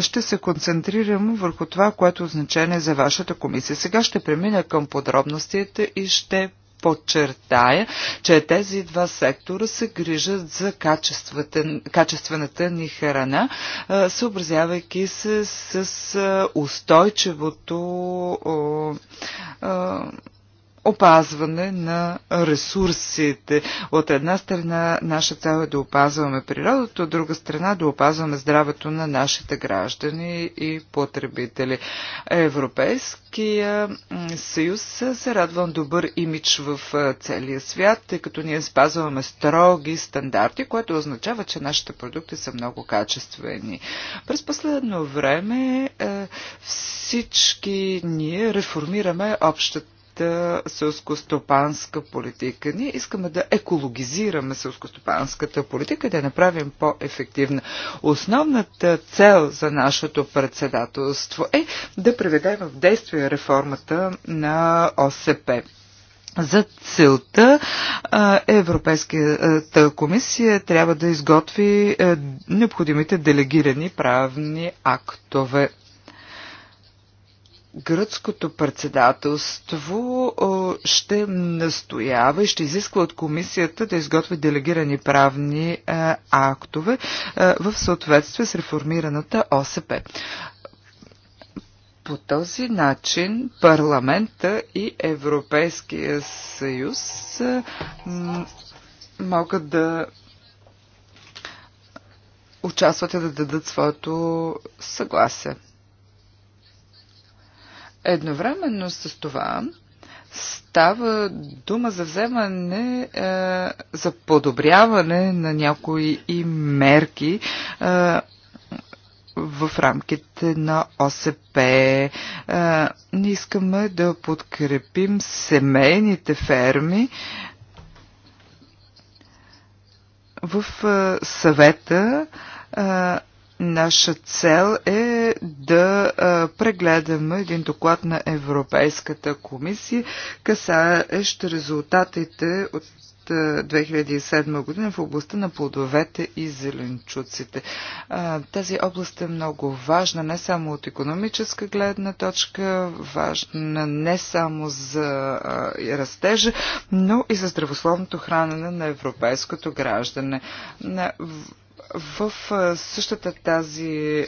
ще се концентрирам върху това, което е значение за вашата комисия. Сега ще премина към подробностите и ще подчертая, че тези два сектора се грижат за качествената ни храна, съобразявайки се с устойчивото опазване на ресурсите. От една страна наша цел е да опазваме природата, от друга страна да опазваме здравето на нашите граждани и потребители. Европейския съюз се радва на добър имидж в целия свят, тъй като ние спазваме строги стандарти, което означава, че нашите продукти са много качествени. През последно време всички ние реформираме общата общата селскостопанска политика. Ние искаме да екологизираме селскостопанската политика и да я направим по-ефективна. Основната цел за нашето председателство е да приведем в действие реформата на ОСП. За целта Европейската комисия трябва да изготви е, необходимите делегирани правни актове гръцкото председателство ще настоява и ще изисква от комисията да изготви делегирани правни актове в съответствие с реформираната ОСП. По този начин парламента и Европейския съюз могат да участват и да дадат своето съгласие. Едновременно с това става дума за вземане, а, е, за подобряване на някои и мерки а, е, в рамките на ОСП. А, е, не искаме да подкрепим семейните ферми в съвета Наша цел е да прегледаме един доклад на Европейската комисия, касаещ резултатите от 2007 година в областта на плодовете и зеленчуците. Тази област е много важна не само от економическа гледна точка, важна не само за растежа, но и за здравословното хранене на европейското граждане в същата тази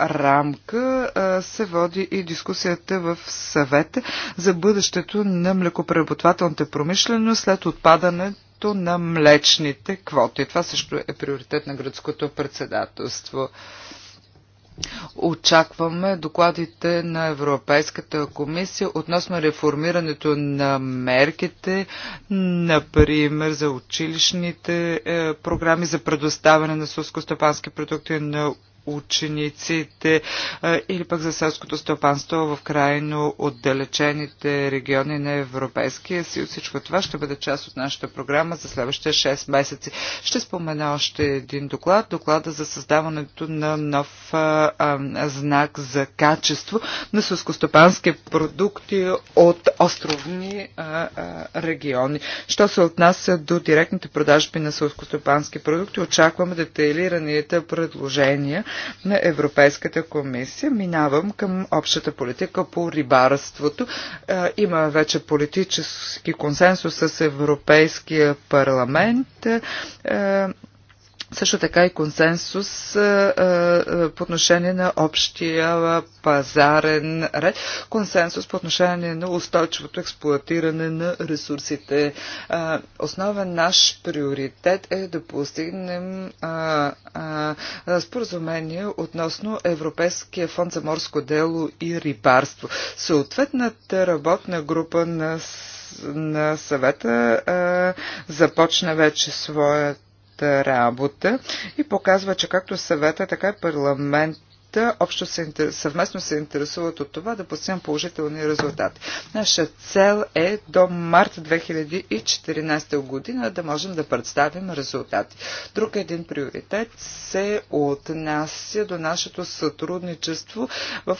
рамка се води и дискусията в съвета за бъдещето на млекопреработвателната промишленост след отпадането на млечните квоти. Това също е приоритет на гръцкото председателство. Очакваме докладите на Европейската комисия относно реформирането на мерките, например за училищните е, програми за предоставяне на сълскостопански продукти на учениците или пък за селското стопанство в крайно отдалечените региони на Европейския съюз. Всичко това ще бъде част от нашата програма за следващите 6 месеци. Ще спомена още един доклад. Доклада за създаването на нов а, а, знак за качество на селскостопански продукти от островни а, а, региони. Що се отнася до директните продажби на селскостопански продукти, очакваме детайлираните предложения на Европейската комисия. Минавам към общата политика по рибарството. Има вече политически консенсус с Европейския парламент също така и консенсус е, е, по отношение на общия пазарен ред, консенсус по отношение на устойчивото експлуатиране на ресурсите. Е, основен наш приоритет е да постигнем споразумение относно Европейския фонд за морско дело и рибарство. Съответната работна група на на съвета а, започна вече своят работа и показва, че както съвета, така и парламент парламента общо се, интер... съвместно се интересуват от това да постигнем положителни резултати. Наша цел е до март 2014 година да можем да представим резултати. Друг един приоритет се отнася до нашето сътрудничество в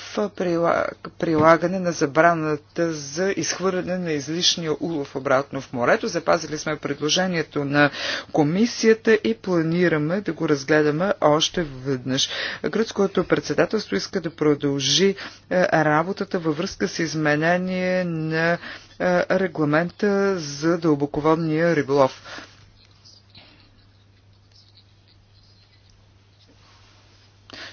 прилагане на забраната за изхвърляне на излишния улов обратно в морето. Запазили сме предложението на комисията и планираме да го разгледаме още веднъж. Гръцкото пред председателство иска да продължи е, работата във връзка с изменение на е, регламента за дълбоководния риболов.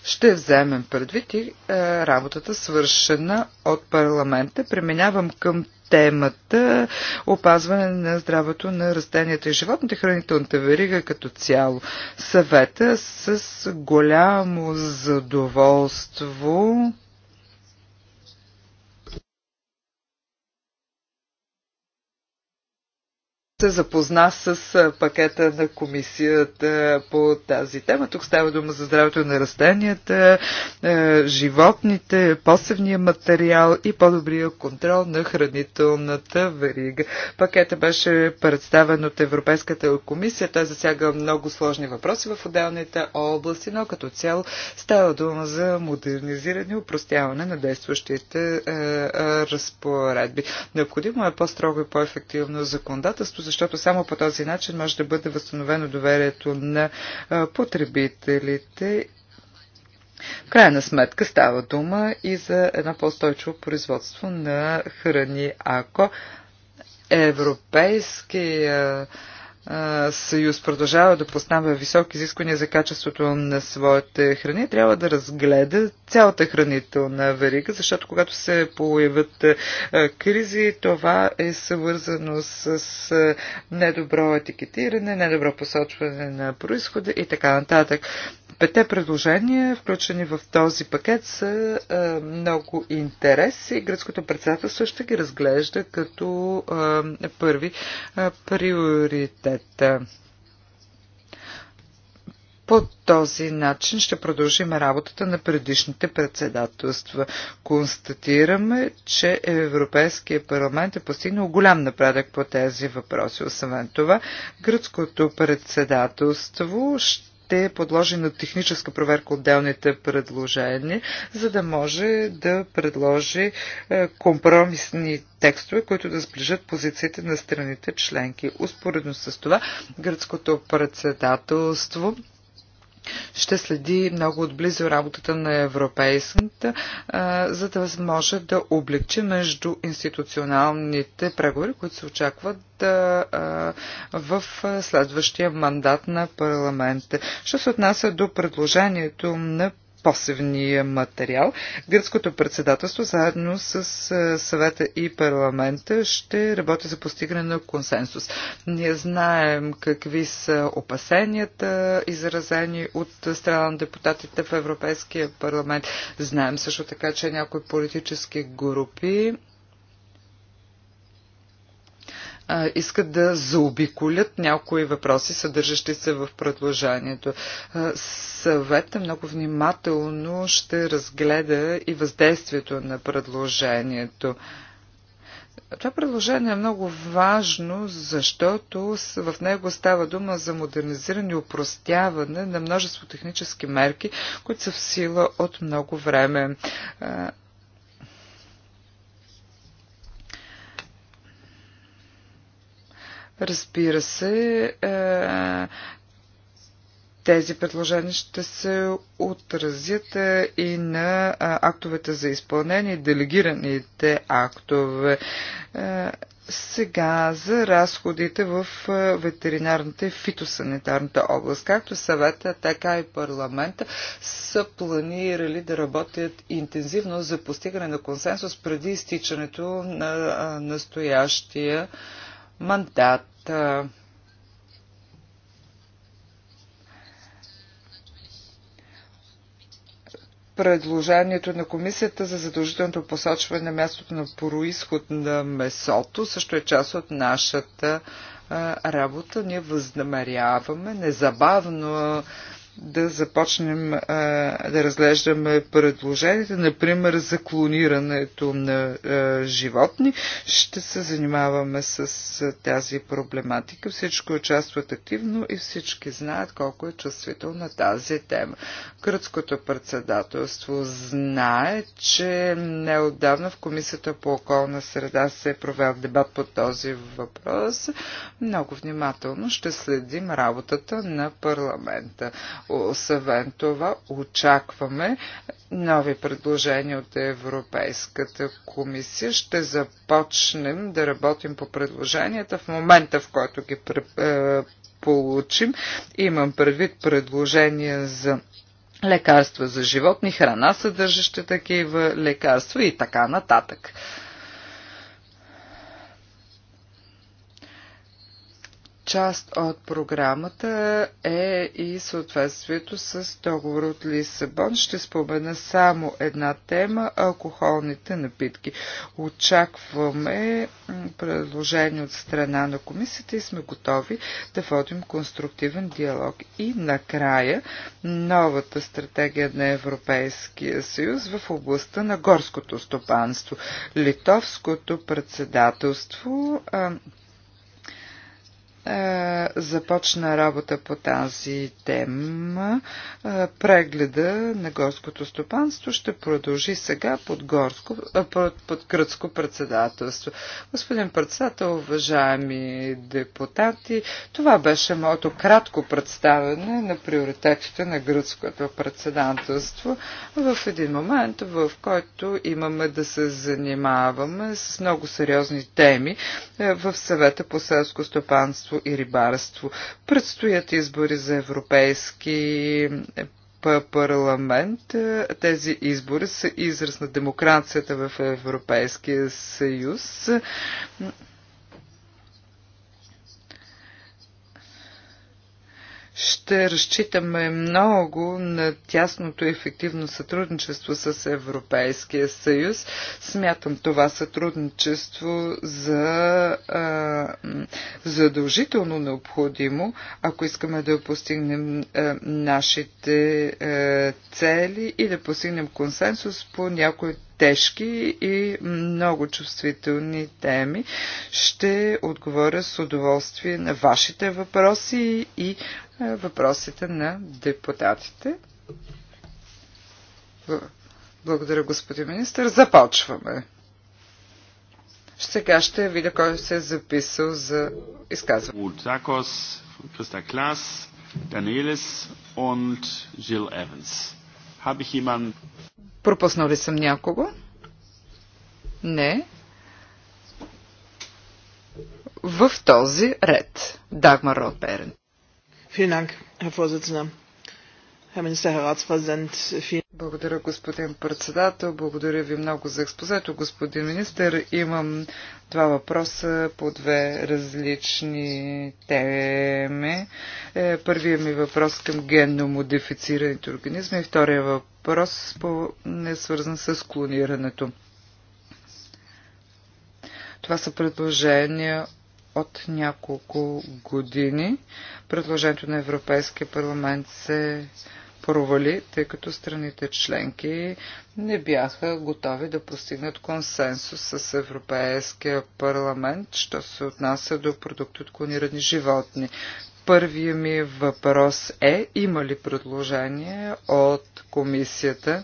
ще вземем предвид и е, работата свършена от парламента. Преминавам към темата опазване на здравето на растенията и животните, хранителната верига като цяло. Съвета с голямо задоволство се запозна с пакета на комисията по тази тема. Тук става дума за здравето на растенията, животните, посевния материал и по-добрия контрол на хранителната верига. Пакета беше представен от Европейската комисия. Той засяга много сложни въпроси в отделните области, но като цяло става дума за модернизиране и упростяване на действащите разпоредби. Необходимо е по-строго и по-ефективно законодателство, защото само по този начин може да бъде възстановено доверието на потребителите. В крайна сметка става дума и за едно по стойчиво производство на храни, ако европейския съюз продължава да поставя високи изисквания за качеството на своите храни, трябва да разгледа цялата хранителна верига, защото когато се появят кризи, това е съвързано с недобро етикетиране, недобро посочване на происхода и така нататък. Пете предложения, включени в този пакет, са е, много интерес и гръцкото председателство ще ги разглежда като е, първи е, приоритет. По този начин ще продължим работата на предишните председателства. Констатираме, че Европейския парламент е постигнал голям напредък по тези въпроси. Освен това, гръцкото председателство ще ще подложи на техническа проверка отделните предложения, за да може да предложи е, компромисни текстове, които да сближат позициите на страните членки. Успоредно с това, гръцкото председателство ще следи много отблизо работата на Европейската, за да може да облегчи между институционалните преговори, които се очакват да, в следващия мандат на парламента. Що се отнася до предложението на посевния материал. Гръцкото председателство заедно с е, съвета и парламента ще работи за постигане на консенсус. Ние знаем какви са опасенията, изразени от страна на депутатите в Европейския парламент. Знаем също така, че някои политически групи а, искат да заобиколят някои въпроси, съдържащи се в предложението. съвета много внимателно ще разгледа и въздействието на предложението. Това предложение е много важно, защото в него става дума за модернизиране и упростяване на множество технически мерки, които са в сила от много време. Разбира се, е, тези предложения ще се отразят е, и на е, актовете за изпълнение, делегираните актове. Сега за разходите в ветеринарната и фитосанитарната област. Както съвета, така и парламента са планирали да работят интензивно за постигане на консенсус преди изтичането на настоящия мандат. предложението на комисията за задължителното посочване на мястото на происход на месото също е част от нашата работа. Ние възнамеряваме незабавно да започнем а, да разглеждаме предложенията, например за клонирането на а, животни. Ще се занимаваме с а, тази проблематика. Всички участват активно и всички знаят колко е чувствителна тази тема. Кръцкото председателство знае, че неодавна в Комисията по околна среда се е провел дебат по този въпрос. Много внимателно ще следим работата на парламента. Освен това, очакваме нови предложения от Европейската комисия. Ще започнем да работим по предложенията в момента, в който ги е, получим. Имам предвид предложения за лекарства за животни, храна съдържаща такива лекарства и така нататък. Част от програмата е и съответствието с договор от Лисабон. Ще спомена само една тема – алкохолните напитки. Очакваме предложение от страна на комисията и сме готови да водим конструктивен диалог. И накрая новата стратегия на Европейския съюз в областта на горското стопанство. Литовското председателство е, започна работа по тази тема. Е, прегледа на горското стопанство ще продължи сега под, горско, е, под, под кръцко председателство. Господин председател, уважаеми депутати, това беше моето кратко представяне на приоритетите на гръцкото председателство в един момент, в който имаме да се занимаваме с много сериозни теми в съвета по селско стопанство селско и рибарство. Предстоят избори за Европейски е, парламент. Е, тези избори са израз на демокрацията в Европейския съюз. ще разчитаме много на тясното и ефективно сътрудничество с Европейския съюз. Смятам това сътрудничество за а, задължително необходимо, ако искаме да постигнем а, нашите а, цели и да постигнем консенсус по някои тежки и много чувствителни теми. Ще отговоря с удоволствие на вашите въпроси и е, въпросите на депутатите. Благодаря, господин министр. Започваме. Сега ще видя кой се е записал за изказване. Криста Клас, и Жил Еванс. Habe ich jemanden? Пропуснал ли съм някого? Не. В този ред. Дагмар Ротберен. Благодаря, господин председател. Благодаря ви много за експозето, господин министр. Имам два въпроса по две различни теми. Е, първият ми въпрос към генно модифицираните организми и втория въпрос въпрос по, е свързан с клонирането. Това са предложения от няколко години. Предложението на Европейския парламент се провали, тъй като страните членки не бяха готови да постигнат консенсус с Европейския парламент, що се отнася до продукти от клонирани животни. Първият ми въпрос е, има ли предложение от комисията?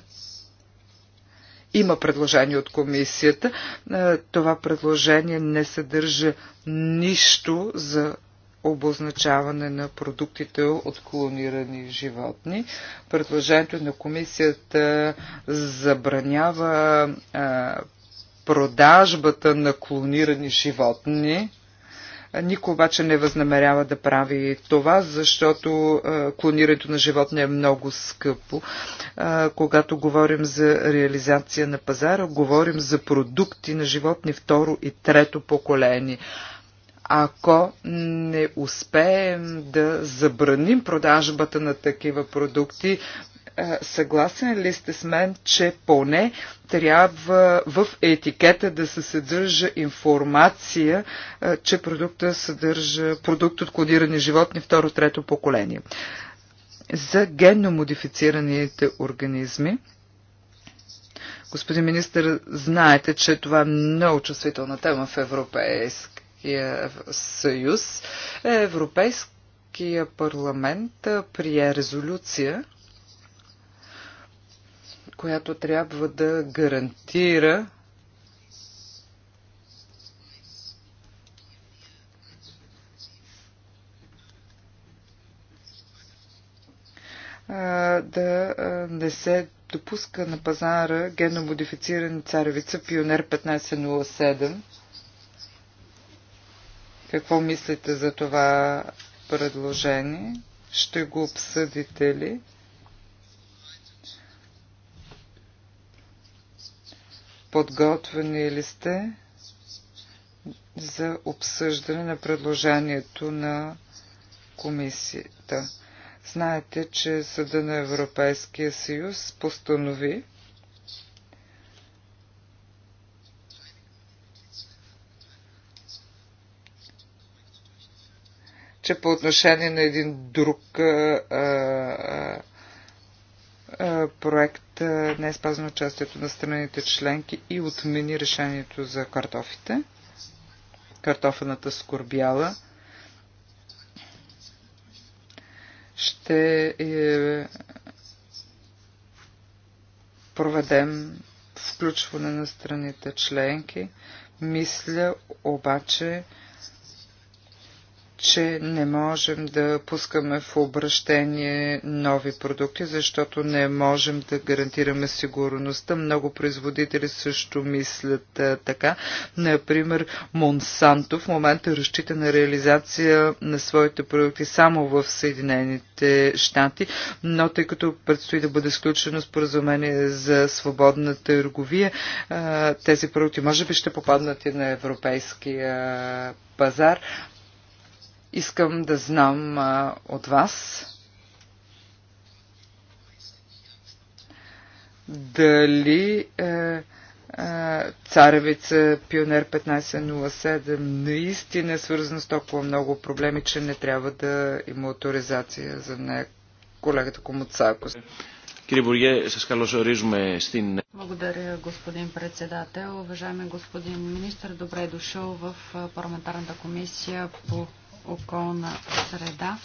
Има предложение от комисията. Е, това предложение не съдържа нищо за обозначаване на продуктите от клонирани животни. Предложението на комисията забранява е, продажбата на клонирани животни никой обаче не възнамерява да прави това, защото клонирането на животни е много скъпо. Когато говорим за реализация на пазара, говорим за продукти на животни второ и трето поколение ако не успеем да забраним продажбата на такива продукти, е, съгласен ли сте с мен, че поне трябва в етикета да се съдържа информация, е, че продукта съдържа продукт от кодирани животни второ-трето поколение? За генно модифицираните организми, господин министр, знаете, че това е много чувствителна тема в Европейския съюз. Европейския парламент прие резолюция която трябва да гарантира да не се допуска на пазара генномодифицирани царевица Пионер 1507. Какво мислите за това предложение? Ще го обсъдите ли? Подготвени ли сте за обсъждане на предложението на комисията? Знаете, че Съда на Европейския съюз постанови, че по отношение на един друг а, а, е, проект е, не е спазено участието на страните членки и отмени решението за картофите, картофената скорбяла. Ще е, проведем включване на страните членки. Мисля обаче, че не можем да пускаме в обращение нови продукти, защото не можем да гарантираме сигурността. Много производители също мислят а, така. Например, Монсанто в момента разчита на реализация на своите продукти само в Съединените щати, но тъй като предстои да бъде сключено споразумение за свободна търговия, а, тези продукти може би ще попаднат и на европейския пазар, Искам да знам а, от вас дали е, е Царевица Пионер 1507 наистина е свързана с толкова много проблеми, че не трябва да има авторизация за нея. Колегата Комуцакос. Κύριε Υπουργέ, σας καλωσορίζουμε Благодаря, господин председател. Уважаеми господин министр, добре е дошъл в парламентарната комисия по околна среда.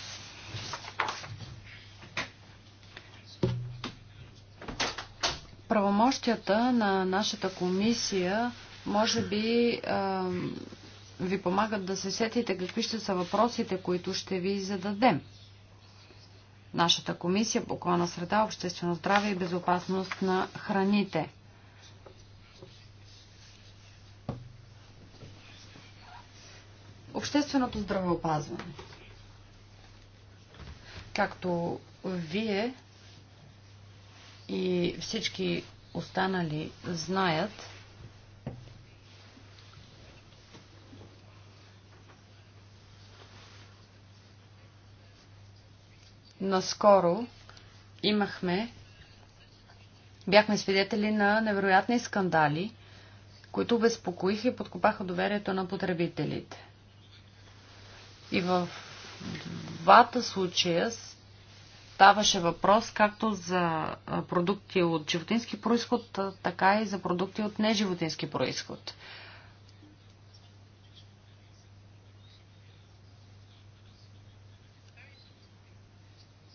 Правомощията на нашата комисия може би ви помагат да се сетите какви ще са въпросите, които ще ви зададем. Нашата комисия по околна среда, обществено здраве и безопасност на храните – Общественото здравеопазване. Както вие и всички останали знаят, наскоро имахме, бяхме свидетели на невероятни скандали, които безпокоиха и подкопаха доверието на потребителите. И в двата случая ставаше въпрос както за продукти от животински происход, така и за продукти от неживотински происход.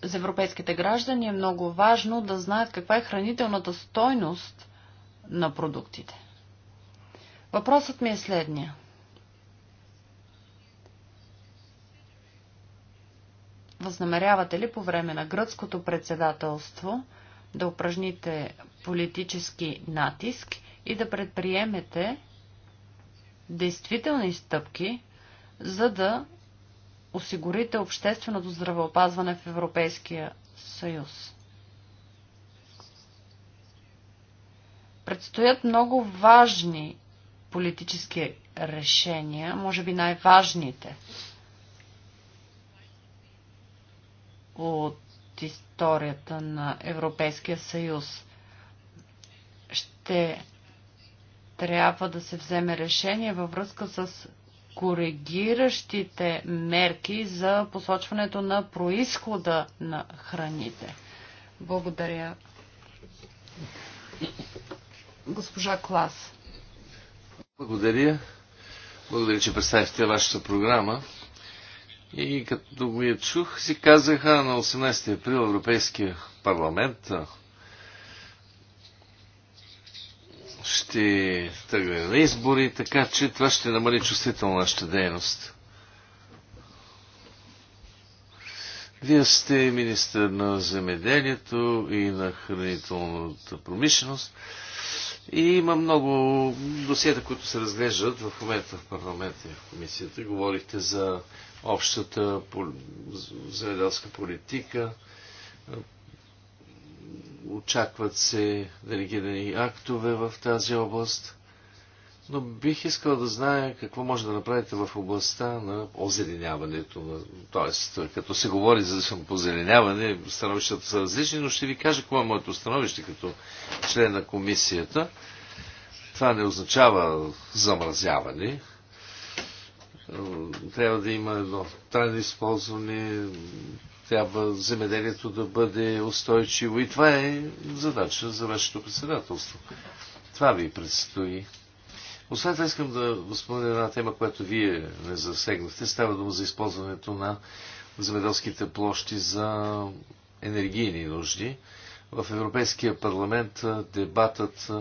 За европейските граждани е много важно да знаят каква е хранителната стойност на продуктите. Въпросът ми е следния. Възнамерявате ли по време на гръцкото председателство да упражните политически натиск и да предприемете действителни стъпки, за да осигурите общественото здравеопазване в Европейския съюз? Предстоят много важни политически решения, може би най-важните – от историята на Европейския съюз. Ще трябва да се вземе решение във връзка с коригиращите мерки за посочването на происхода на храните. Благодаря. Госпожа Клас. Благодаря. Благодаря, че представихте вашата програма. И като го я чух, си казаха на 18 април Европейския парламент ще тръгне на избори, така че това ще намали чувствително нашата дейност. Вие сте министър на земеделието и на хранителната промишленост. И има много досиета, които се разглеждат в момента в парламента и в комисията. Говорихте за общата земеделска политика. Очакват се делегирани актове в тази област но бих искал да знае какво може да направите в областта на озеленяването. Тоест, като се говори за позеленяване, становищата са различни, но ще ви кажа какво е моето становище като член на комисията. Това не означава замразяване. Трябва да има едно трайно използване, трябва земеделието да бъде устойчиво и това е задача за вашето председателство. Това ви предстои. Освен това искам да спомена една тема, която вие не засегнахте. Става дума за използването на земеделските площи за енергийни нужди. В Европейския парламент дебатът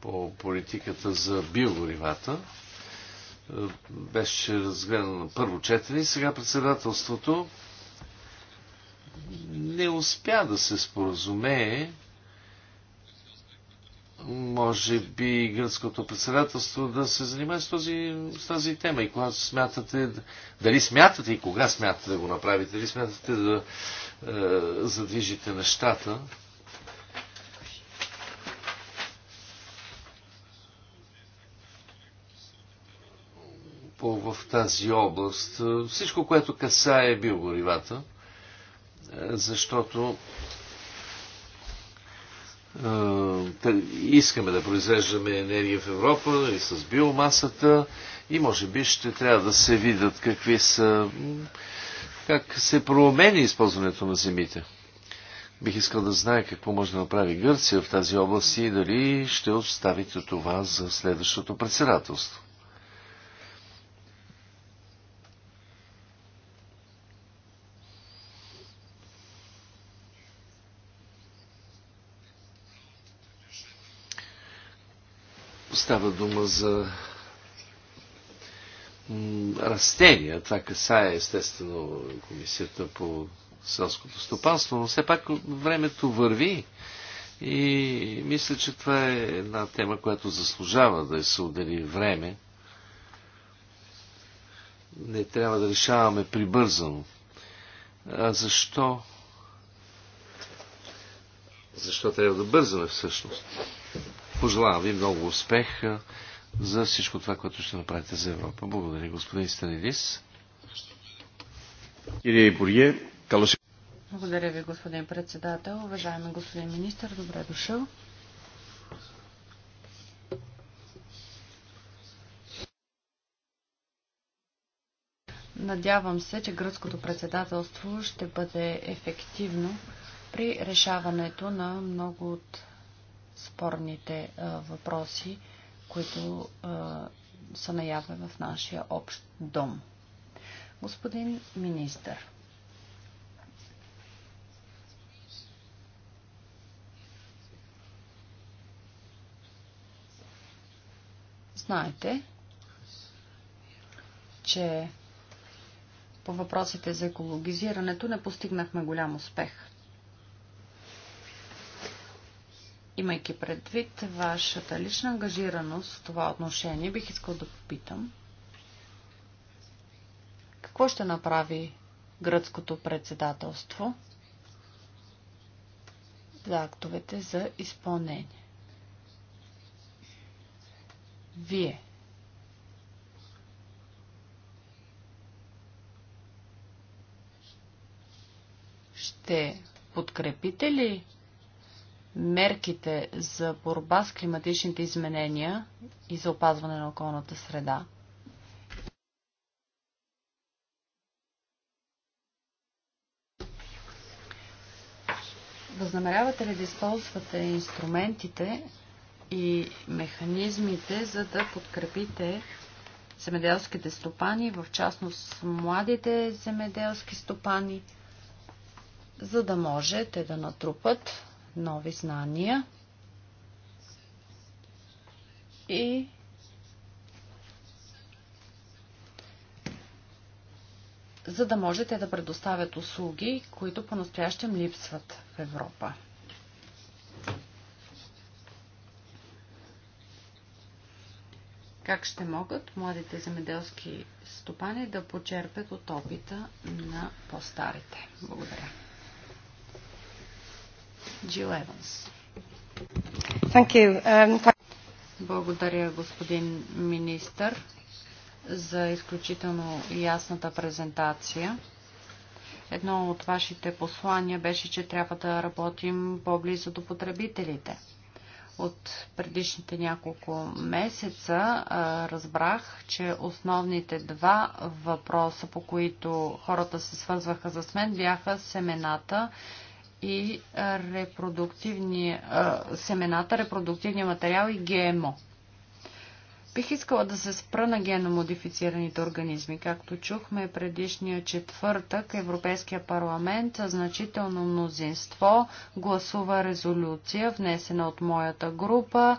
по политиката за биогоривата беше разгледан на първо четене и сега председателството не успя да се споразумее може би гръцкото председателство да се занимае с, този, с тази тема. И когато смятате, дали смятате и кога смятате да го направите, дали смятате да е, задвижите нещата. в тази област. Всичко, което касае биогоривата, е, защото искаме да произвеждаме енергия в Европа и с биомасата и може би ще трябва да се видят какви са, как се промени използването на земите. Бих искал да знае какво може да направи Гърция в тази област и дали ще оставите това за следващото председателство. Става дума за растения. Това касае естествено комисията по селското стопанство, но все пак времето върви и мисля, че това е една тема, която заслужава да се отдели време. Не трябва да решаваме прибързано. А защо? Защо трябва да бързаме всъщност? Пожелавам ви много успех за всичко това, което ще направите за Европа. Благодаря, господин Станилис. Кирия Ибурие, Благодаря ви, господин председател. Уважаеми господин министр, добре дошъл. Надявам се, че гръцкото председателство ще бъде ефективно при решаването на много от спорните въпроси, които са наяве в нашия общ дом. Господин министър, знаете, че по въпросите за екологизирането не постигнахме голям успех. Имайки предвид вашата лична ангажираност в това отношение, бих искал да попитам. Какво ще направи гръцкото председателство за актовете за изпълнение? Вие ще подкрепите ли мерките за борба с климатичните изменения и за опазване на околната среда. Възнамерявате ли да използвате инструментите и механизмите, за да подкрепите земеделските стопани, в частност младите земеделски стопани, за да може те да натрупат нови знания и за да можете да предоставят услуги, които по-настоящем липсват в Европа. Как ще могат младите земеделски стопани да почерпят от опита на по-старите? Благодаря. Джил Еванс. Um, Благодаря, господин министър, за изключително ясната презентация. Едно от вашите послания беше, че трябва да работим по-близо до потребителите. От предишните няколко месеца а, разбрах, че основните два въпроса, по които хората се свързваха с мен, бяха семената и репродуктивни, семената, репродуктивния материал и ГМО. Бих искала да се спра на геномодифицираните организми. Както чухме предишния четвъртък, Европейския парламент значително мнозинство гласува резолюция, внесена от моята група,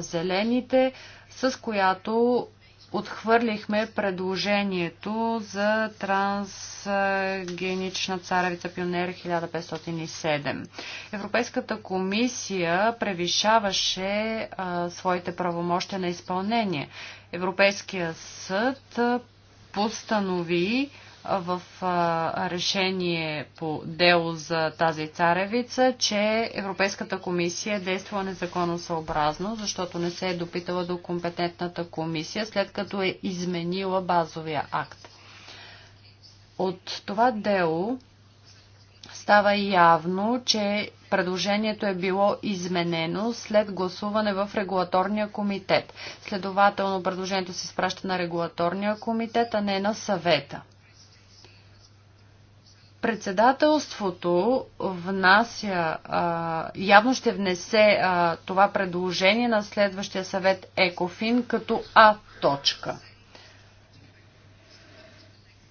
Зелените, с която отхвърлихме предложението за трансгенична царевица пионер 1507. Европейската комисия превишаваше а, своите правомощия на изпълнение. Европейския съд постанови в решение по дело за тази царевица, че Европейската комисия е действала незаконосъобразно, защото не се е допитала до компетентната комисия, след като е изменила базовия акт. От това дело става явно, че предложението е било изменено след гласуване в регулаторния комитет. Следователно, предложението се изпраща на регулаторния комитет, а не на съвета председателството внася, явно ще внесе това предложение на следващия съвет ЕКОФИН като А точка.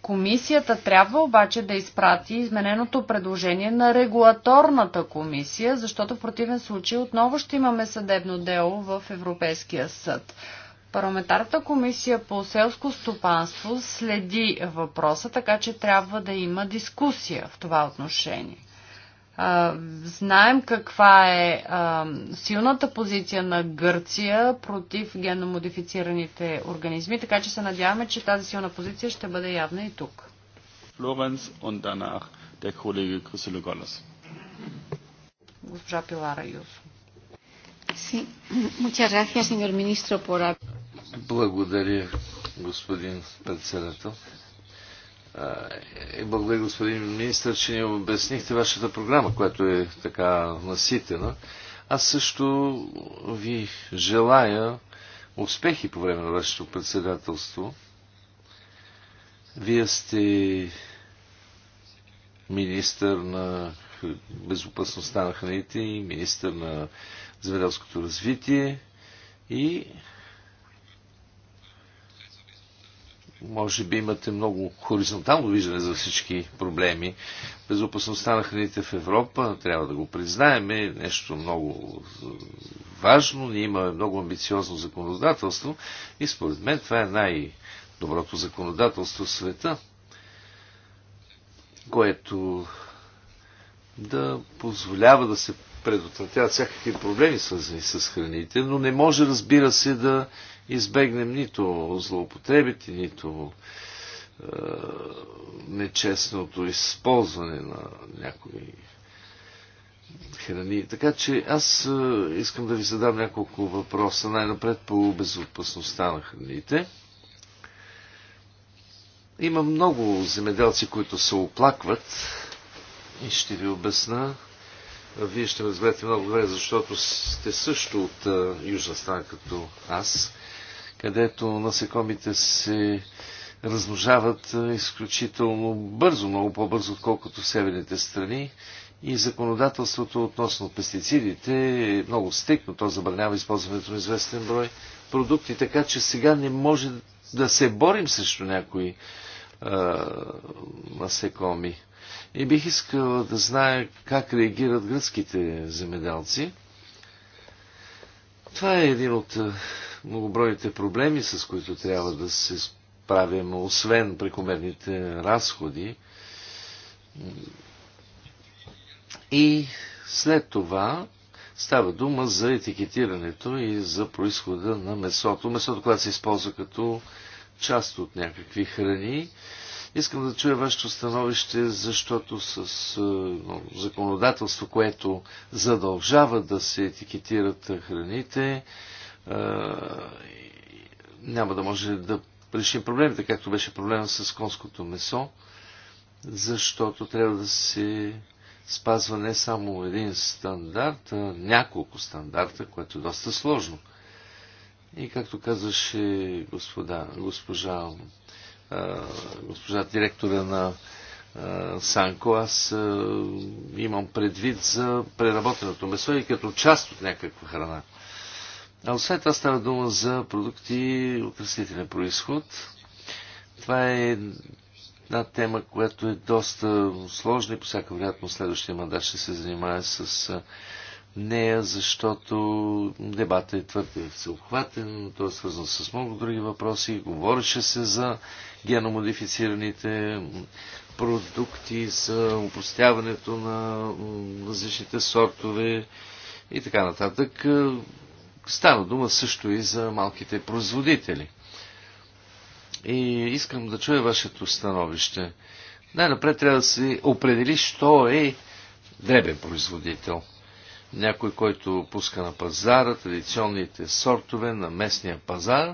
Комисията трябва обаче да изпрати измененото предложение на регулаторната комисия, защото в противен случай отново ще имаме съдебно дело в Европейския съд. Парламентарната комисия по селско стопанство следи въпроса, така че трябва да има дискусия в това отношение. Знаем каква е силната позиция на Гърция против геномодифицираните организми, така че се надяваме, че тази силна позиция ще бъде явна и тук. Флоренс и danach der Kollege Christelo Госпожа Пилара Юсо. Sí. Muchas gracias, señor ministro, por благодаря, господин председател. И благодаря, господин министр, че ни обяснихте вашата програма, която е така наситена. Аз също ви желая успехи по време на вашето председателство. Вие сте министър на безопасността на храните и министър на земеделското развитие и може би имате много хоризонтално виждане за всички проблеми. Безопасността на храните в Европа, трябва да го признаем, е нещо много важно. Ние имаме много амбициозно законодателство и според мен това е най-доброто законодателство в света, което да позволява да се предотвратяват всякакви проблеми, свързани с храните, но не може, разбира се, да избегнем нито злоупотребите, нито е, нечестното използване на някои храни. Така че аз е, искам да ви задам няколко въпроса. Най-напред по безопасността на храните. Има много земеделци, които се оплакват и ще ви обясна. Вие ще ме разберете много добре, защото сте също от а, е, южна страна като аз където насекомите се размножават изключително бързо, много по-бързо, отколкото в северните страни. И законодателството относно пестицидите е много стикно, То забранява използването на известен брой продукти, така че сега не може да се борим срещу някои а, насекоми. И бих искал да знае как реагират гръцките земеделци. Това е един от многобройните проблеми, с които трябва да се справим, освен прекомерните разходи. И след това става дума за етикетирането и за происхода на месото. Месото, което се използва като част от някакви храни. Искам да чуя вашето становище, защото с е, законодателство, което задължава да се етикетират храните, няма да може да решим проблемите, както беше проблема с конското месо, защото трябва да се спазва не само един стандарт, а няколко стандарта, което е доста сложно. И както казваше господа, госпожа, а, госпожа директора на Санко, аз а, имам предвид за преработеното месо и като част от някаква храна. А освен това става дума за продукти от растителен происход. Това е една тема, която е доста сложна и по всяка вероятност следващия мандат ще се занимае с нея, защото дебатът е твърде всеобхватен, той е свързан с много други въпроси. Говореше се за геномодифицираните продукти, за упростяването на различните сортове и така нататък. Става дума също и за малките производители. И искам да чуя вашето становище. Най-напред трябва да се определи, що е дребен производител. Някой, който пуска на пазара традиционните сортове на местния пазар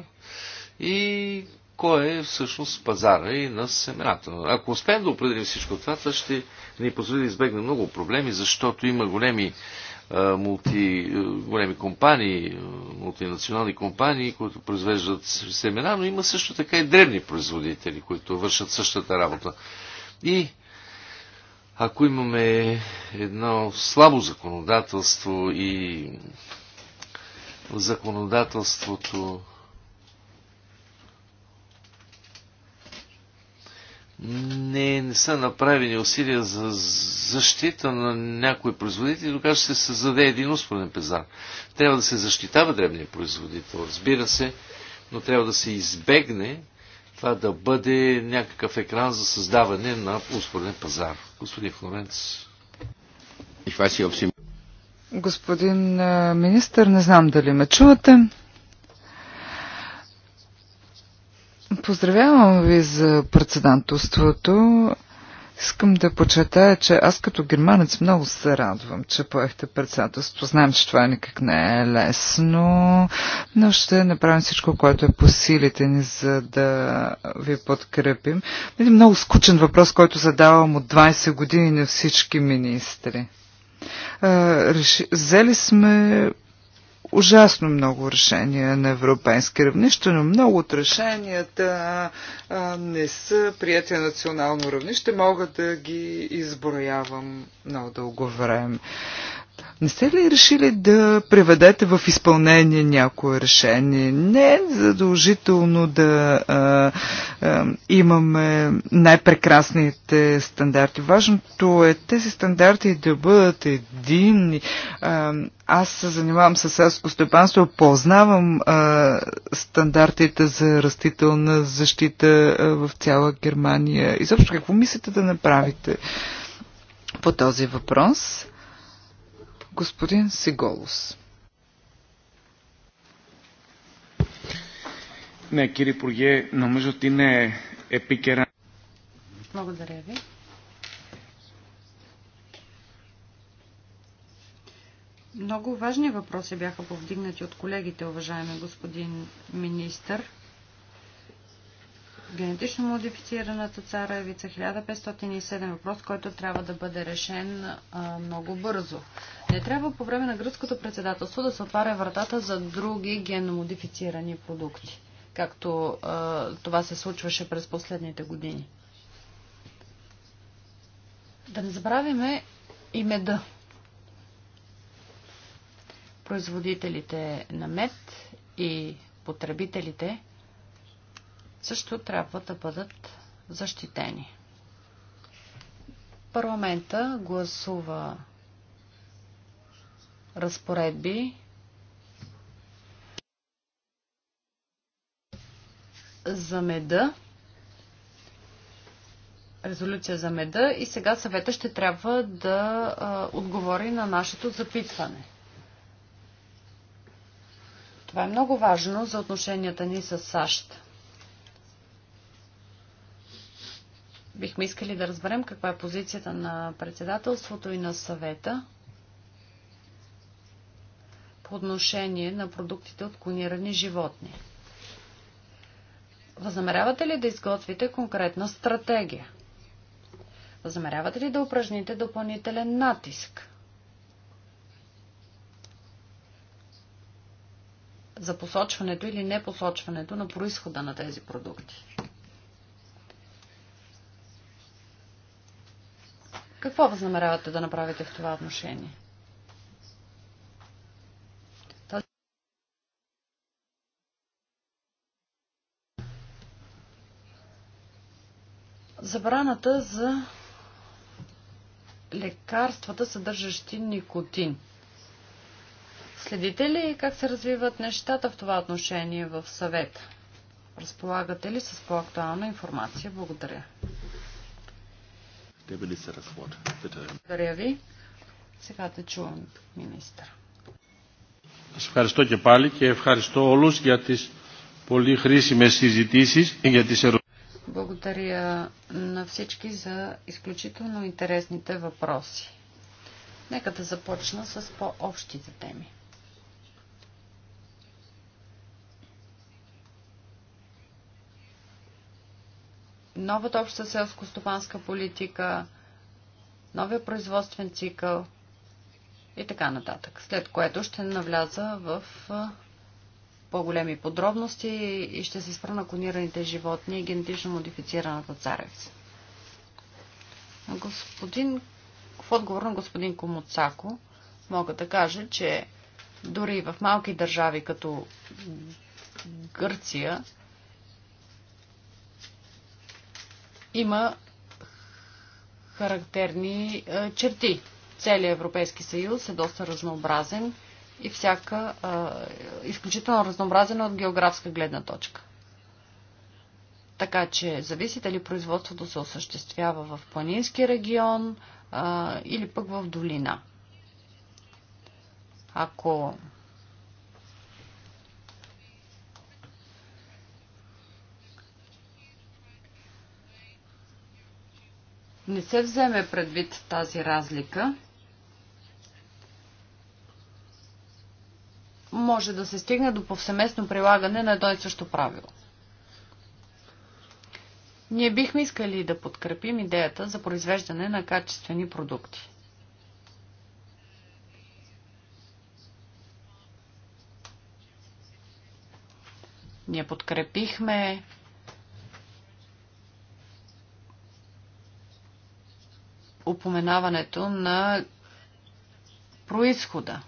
и кой е всъщност пазара и на семената. Ако успеем да определим всичко това, това ще ни позволи да избегнем много проблеми, защото има големи мулти, големи компании, мултинационални компании, които произвеждат семена, но има също така и древни производители, които вършат същата работа. И ако имаме едно слабо законодателство и законодателството не, не са направени усилия за защита на някои производители, докато ще се създаде един успорен пазар. Трябва да се защитава древния производител, разбира се, но трябва да се избегне това да бъде някакъв екран за създаване на успорен пазар. Господин Флоренц. Господин министър, не знам дали ме чувате. Поздравявам ви за председателството. Искам да почетая, че аз като германец много се радвам, че поехте председателство. Знам, че това никак не е лесно, но ще направим всичко, което е по силите ни, за да ви подкрепим. Един много скучен въпрос, който задавам от 20 години на всички министри. Взели сме ужасно много решения на европейски равнище, но много от решенията не са прияти на национално равнище. Мога да ги изброявам много дълго време. Не сте ли решили да преведете в изпълнение някое решение? Не е задължително да а, а, имаме най-прекрасните стандарти. Важното е тези стандарти да бъдат единни. А, аз се занимавам с селско стопанство, познавам а, стандартите за растителна защита а, в цяла Германия. И също какво мислите да направите по този въпрос? господин Сиголос. Ναι, κύριε Υπουργέ, ти не е епикера. Благодаря ви. Много важни въпроси бяха повдигнати от колегите, уважаеми господин министър генетично модифицираната цара Евица 1507 въпрос, който трябва да бъде решен а, много бързо. Не трябва по време на гръцкото председателство да се отваря вратата за други генномодифицирани продукти, както а, това се случваше през последните години. Да не забравяме и меда. Производителите на мед и потребителите – също трябва да бъдат защитени. Парламента гласува разпоредби за меда, резолюция за меда и сега съвета ще трябва да а, отговори на нашето запитване. Това е много важно за отношенията ни с САЩ. Бихме искали да разберем каква е позицията на председателството и на съвета по отношение на продуктите от клонирани животни. Възнамерявате ли да изготвите конкретна стратегия? Възнамерявате ли да упражните допълнителен натиск? за посочването или непосочването на происхода на тези продукти. Какво възнамерявате да направите в това отношение? Забраната за лекарствата, съдържащи никотин. Следите ли как се развиват нещата в това отношение в съвета? Разполагате ли с по-актуална информация? Благодаря. Благодаря ви. Сега да чувам министър. Σας ευχαριστώ και πάλι και ευχαριστώ όλους για τις πολύ χρήσιμες συζητήσεις για τις ερωτήσεις. Благодаря на всички за изключително интересните въпроси. Нека да започна с по-общите теми. новата обща селско-стопанска политика, новия производствен цикъл и така нататък. След което ще навляза в по-големи подробности и ще се спра на клонираните животни и генетично модифицираната царевица. Господин, в отговор на господин Комуцако мога да кажа, че дори в малки държави като Гърция има характерни е, черти. Целият Европейски съюз е доста разнообразен и всяка е, изключително разнообразен от географска гледна точка. Така че зависи дали производството се осъществява в планински регион а, е, или пък в долина. Ако не се вземе предвид тази разлика, може да се стигне до повсеместно прилагане на едно и също правило. Ние бихме искали да подкрепим идеята за произвеждане на качествени продукти. Ние подкрепихме упоменаването на происхода.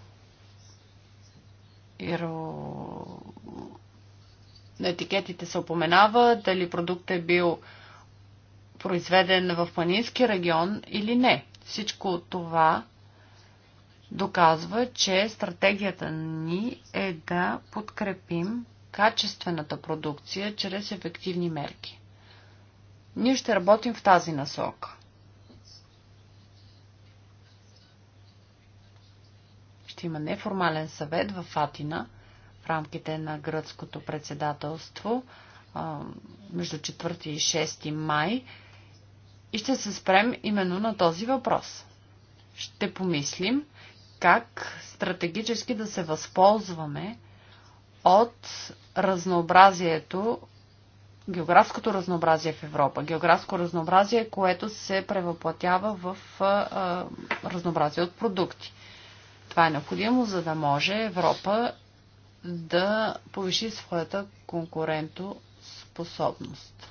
На етикетите се упоменава дали продукт е бил произведен в планински регион или не. Всичко това доказва, че стратегията ни е да подкрепим качествената продукция чрез ефективни мерки. Ние ще работим в тази насока. ще има неформален съвет в Атина в рамките на гръцкото председателство между 4 и 6 май и ще се спрем именно на този въпрос. Ще помислим как стратегически да се възползваме от разнообразието, географското разнообразие в Европа. Географско разнообразие, което се превъплатява в а, разнообразие от продукти. Това е необходимо, за да може Европа да повиши своята конкурентоспособност.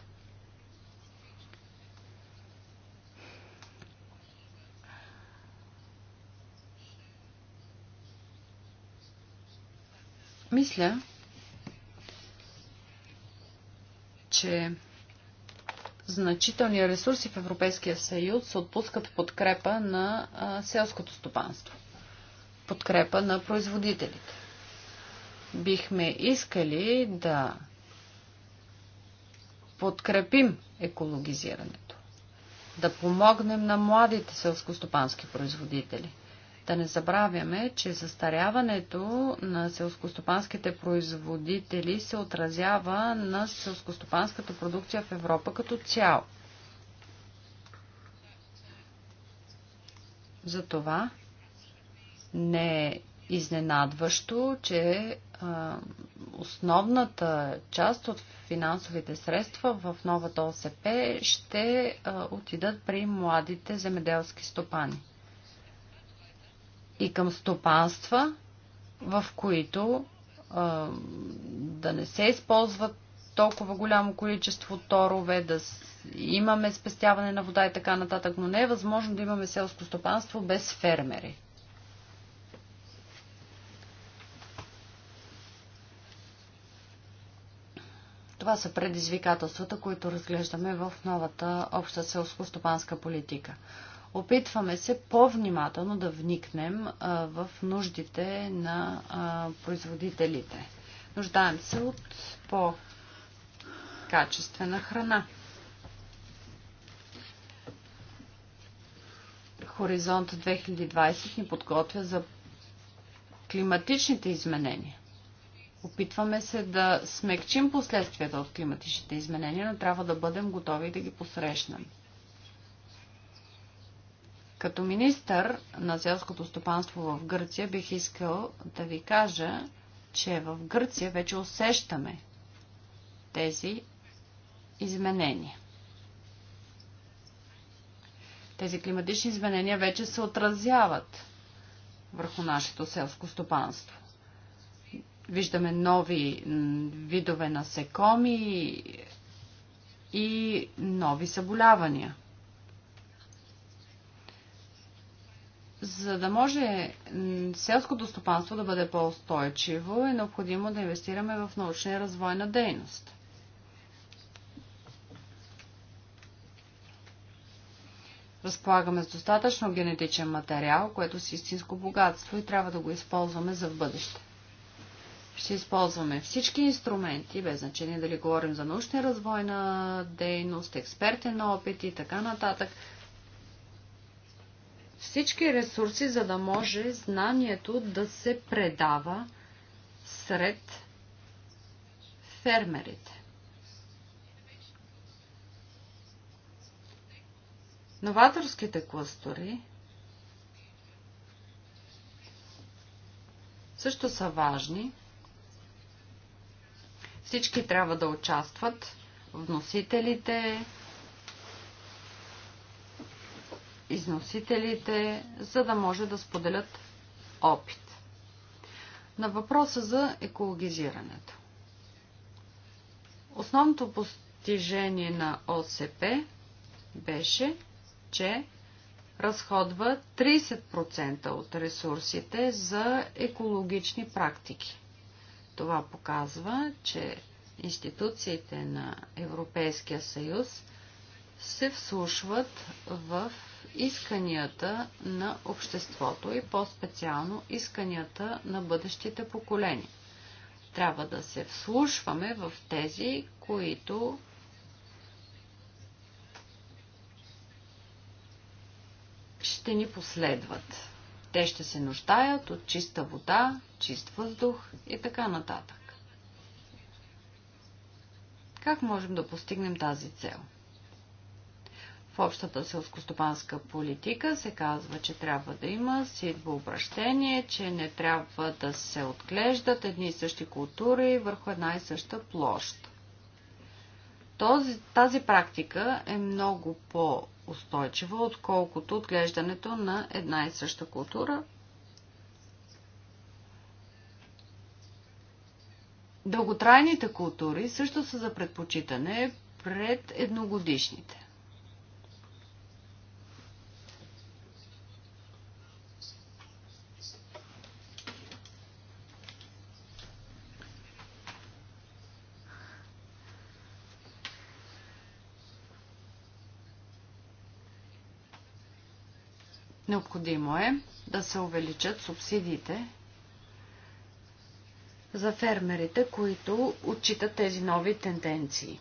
Мисля, че значителни ресурси в Европейския съюз се отпускат в подкрепа на селското стопанство подкрепа на производителите. Бихме искали да подкрепим екологизирането, да помогнем на младите селскостопански производители. Да не забравяме, че застаряването на селскостопанските производители се отразява на селскостопанската продукция в Европа като цяло. Затова не е изненадващо, че а, основната част от финансовите средства в новата ОСП ще а, отидат при младите земеделски стопани и към стопанства, в които а, да не се използват толкова голямо количество торове, да имаме спестяване на вода и така нататък, но не е възможно да имаме селско стопанство без фермери. Това са предизвикателствата, които разглеждаме в новата обща селско-стопанска политика. Опитваме се по-внимателно да вникнем в нуждите на производителите. Нуждаем се от по-качествена храна. Хоризонт 2020 ни подготвя за климатичните изменения. Опитваме се да смекчим последствията от климатичните изменения, но трябва да бъдем готови да ги посрещнем. Като министър на селското стопанство в Гърция бих искал да ви кажа, че в Гърция вече усещаме тези изменения. Тези климатични изменения вече се отразяват върху нашето селско стопанство. Виждаме нови видове насекоми и нови заболявания. За да може селското стопанство да бъде по-устойчиво, е необходимо да инвестираме в научна и развойна дейност. Разполагаме с достатъчно генетичен материал, което си истинско богатство и трябва да го използваме за в бъдеще ще използваме всички инструменти, без значение дали говорим за научна развойна дейност, експертен опит и така нататък. Всички ресурси, за да може знанието да се предава сред фермерите. Новаторските кластори също са важни – всички трябва да участват. Вносителите, износителите, за да може да споделят опит. На въпроса за екологизирането. Основното постижение на ОСП беше, че разходва 30% от ресурсите за екологични практики. Това показва, че институциите на Европейския съюз се вслушват в исканията на обществото и по-специално исканията на бъдещите поколения. Трябва да се вслушваме в тези, които ще ни последват. Те ще се нуждаят от чиста вода, чист въздух и така нататък. Как можем да постигнем тази цел? В общата селскостопанска политика се казва, че трябва да има обращение, че не трябва да се отглеждат едни и същи култури върху една и съща площ. Този, тази практика е много по- устойчиво, отколкото отглеждането на една и съща култура. Дълготрайните култури също са за предпочитане пред едногодишните. Необходимо е да се увеличат субсидиите за фермерите, които отчитат тези нови тенденции.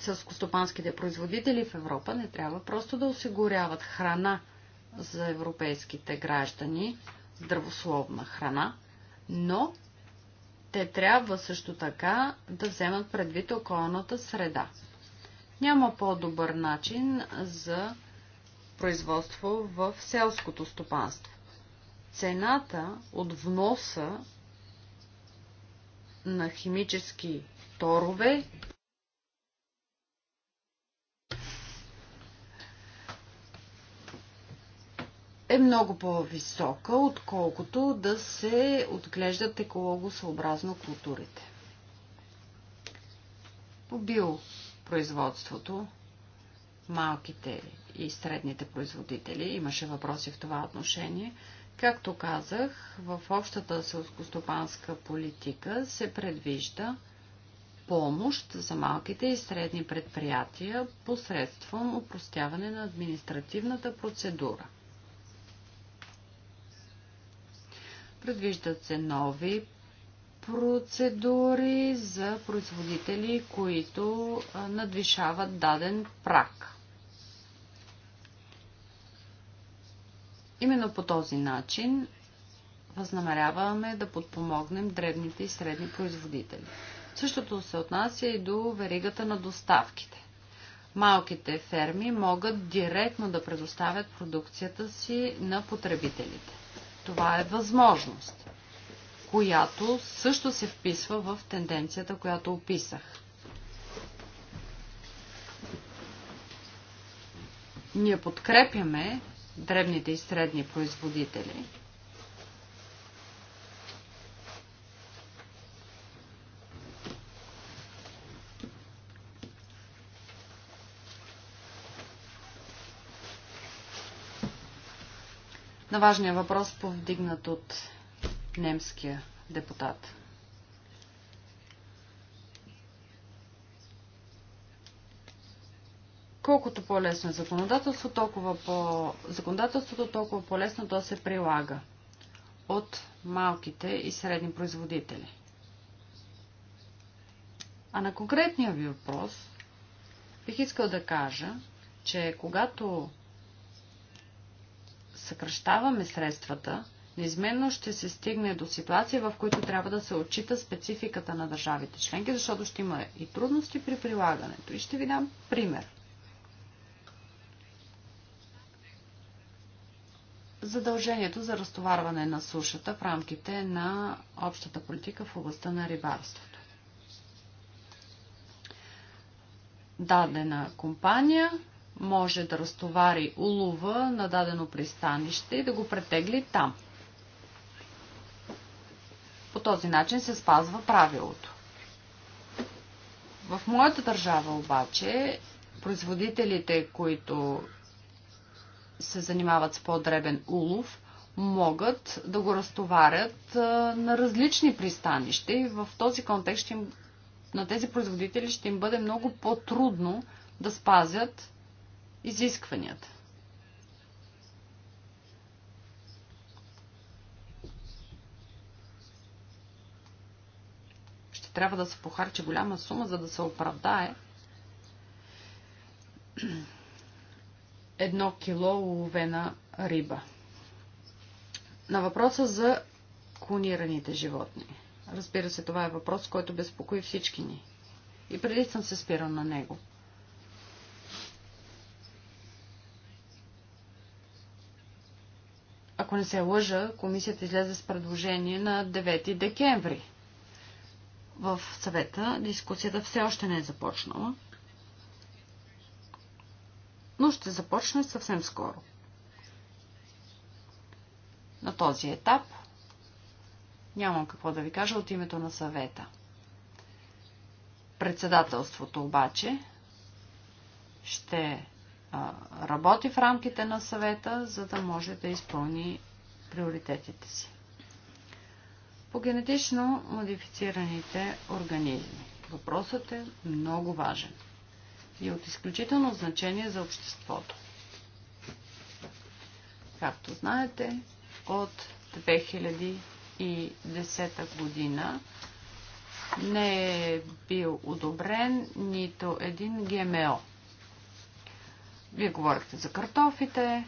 Сълскостопанските производители в Европа не трябва просто да осигуряват храна за европейските граждани, здравословна храна, но те трябва също така да вземат предвид околната среда. Няма по-добър начин за производство в селското стопанство. Цената от вноса на химически торове е много по-висока, отколкото да се отглеждат екологосъобразно културите. По биопроизводството малките и средните производители. Имаше въпроси в това отношение. Както казах, в общата селскостопанска политика се предвижда помощ за малките и средни предприятия посредством упростяване на административната процедура. Предвиждат се нови процедури за производители, които надвишават даден прак. Именно по този начин възнамеряваме да подпомогнем дребните и средни производители. Същото се отнася и до веригата на доставките. Малките ферми могат директно да предоставят продукцията си на потребителите. Това е възможност, която също се вписва в тенденцията, която описах. Ние подкрепяме дребните и средни производители. на важния въпрос, повдигнат от немския депутат. Колкото по-лесно е законодателство, толкова по... законодателството, толкова по-лесно то се прилага от малките и средни производители. А на конкретния ви въпрос бих искал да кажа, че когато съкръщаваме средствата, неизменно ще се стигне до ситуация, в които трябва да се отчита спецификата на държавите членки, защото ще има и трудности при прилагането. И ще ви дам пример. задължението за разтоварване на сушата в рамките на общата политика в областта на рибарството. Дадена компания може да разтовари улова на дадено пристанище и да го претегли там. По този начин се спазва правилото. В моята държава обаче производителите, които се занимават с по-дребен улов, могат да го разтоварят на различни пристанища и в този контекст ще им, на тези производители ще им бъде много по-трудно да спазят изискванията. Ще трябва да се похарчи голяма сума, за да се оправдае едно кило уловена риба. На въпроса за клонираните животни. Разбира се, това е въпрос, който безпокои всички ни. И преди съм се спирал на него. Ако не се лъжа, комисията излезе с предложение на 9 декември. В съвета дискусията все още не е започнала но ще започне съвсем скоро. На този етап нямам какво да ви кажа от името на съвета. Председателството обаче ще работи в рамките на съвета, за да може да изпълни приоритетите си. По генетично модифицираните организми. Въпросът е много важен и от изключително значение за обществото. Както знаете, от 2010 година не е бил одобрен нито един ГМО. Вие говорихте за картофите,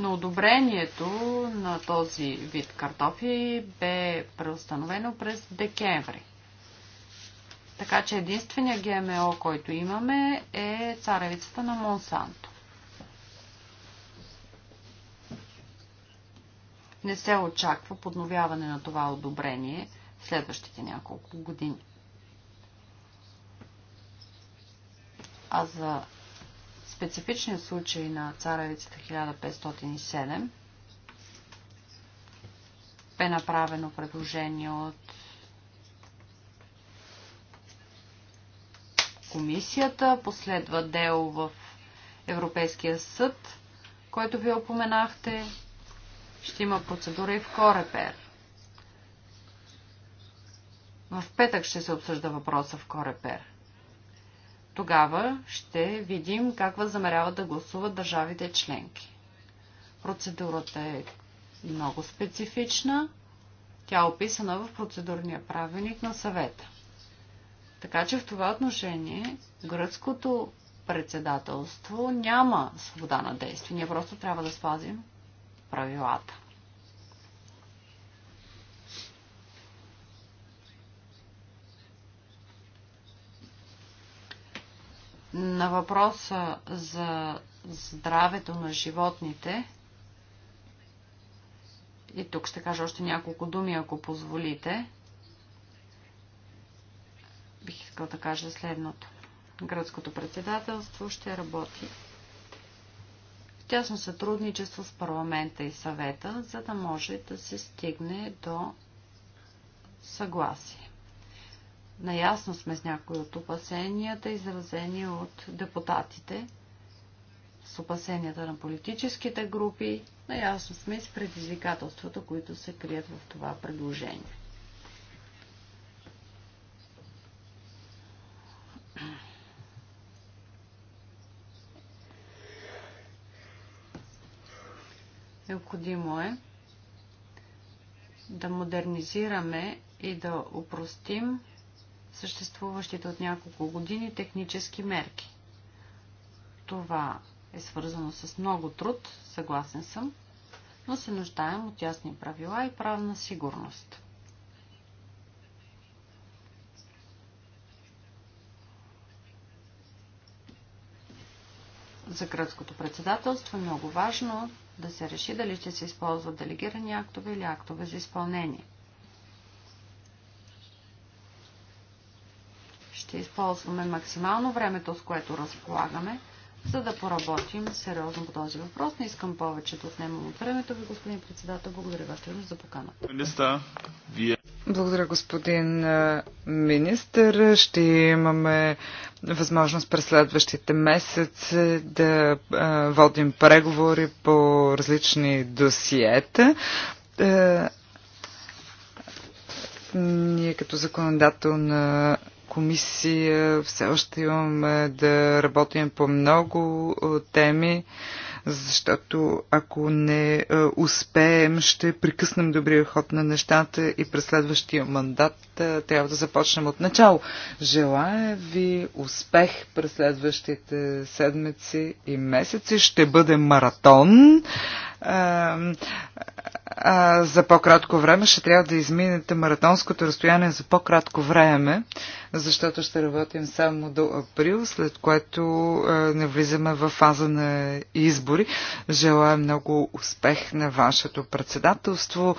Но одобрението на този вид картофи бе преустановено през декември. Така че единствения ГМО, който имаме е царевицата на Монсанто. Не се очаква подновяване на това одобрение в следващите няколко години. А за специфичния случай на царевицата 1507 бе направено предложение от комисията, последва дело в Европейския съд, който ви опоменахте, ще има процедура и в Корепер. В петък ще се обсъжда въпроса в Корепер. Тогава ще видим как възнамеряват да гласуват държавите членки. Процедурата е много специфична. Тя е описана в процедурния правилник на съвета. Така че в това отношение гръцкото председателство няма свобода на действие. Ние просто трябва да спазим правилата. На въпроса за здравето на животните, и тук ще кажа още няколко думи, ако позволите, бих искал да кажа следното. Гръцкото председателство ще работи в тясно сътрудничество с парламента и съвета, за да може да се стигне до съгласие. Наясно сме с някои от опасенията, изразени от депутатите, с опасенията на политическите групи, наясно сме и с предизвикателствата, които се крият в това предложение. Необходимо е да модернизираме и да упростим съществуващите от няколко години технически мерки. Това е свързано с много труд, съгласен съм, но се нуждаем от ясни правила и правна сигурност. За гръцкото председателство е много важно да се реши дали ще се използват делегирани актове или актове за изпълнение – Ще използваме максимално времето, с което разполагаме, за да поработим сериозно по този въпрос. Не искам повече да отнемам от времето ви, господин председател. Благодаря ви за поканата. Благодаря, господин министър. Ще имаме възможност през следващите месеци да водим преговори по различни досиета. Ние като законодателна комисия все още имаме да работим по много е, теми, защото ако не е, успеем, ще прекъснем добрия ход на нещата и през следващия мандат трябва да започнем от начало. Желая ви успех през следващите седмици и месеци. Ще бъде маратон. А, а, за по-кратко време ще трябва да изминете маратонското разстояние за по-кратко време, защото ще работим само до април, след което а, не влизаме в фаза на избори. Желая много успех на вашето председателство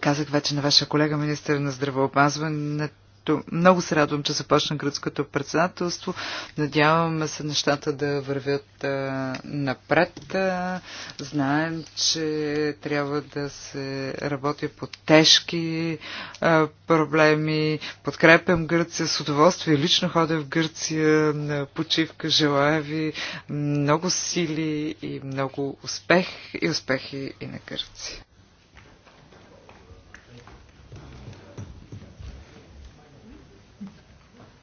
Казах вече на вашия колега, министър на здравеопазването, много се радвам, че започна гръцкото председателство. Надяваме се нещата да вървят а, напред. А, знаем, че трябва да се работи по тежки а, проблеми. Подкрепям Гърция с удоволствие. Лично ходя в Гърция на почивка. Желая ви много сили и много успех и успехи и на Гърция.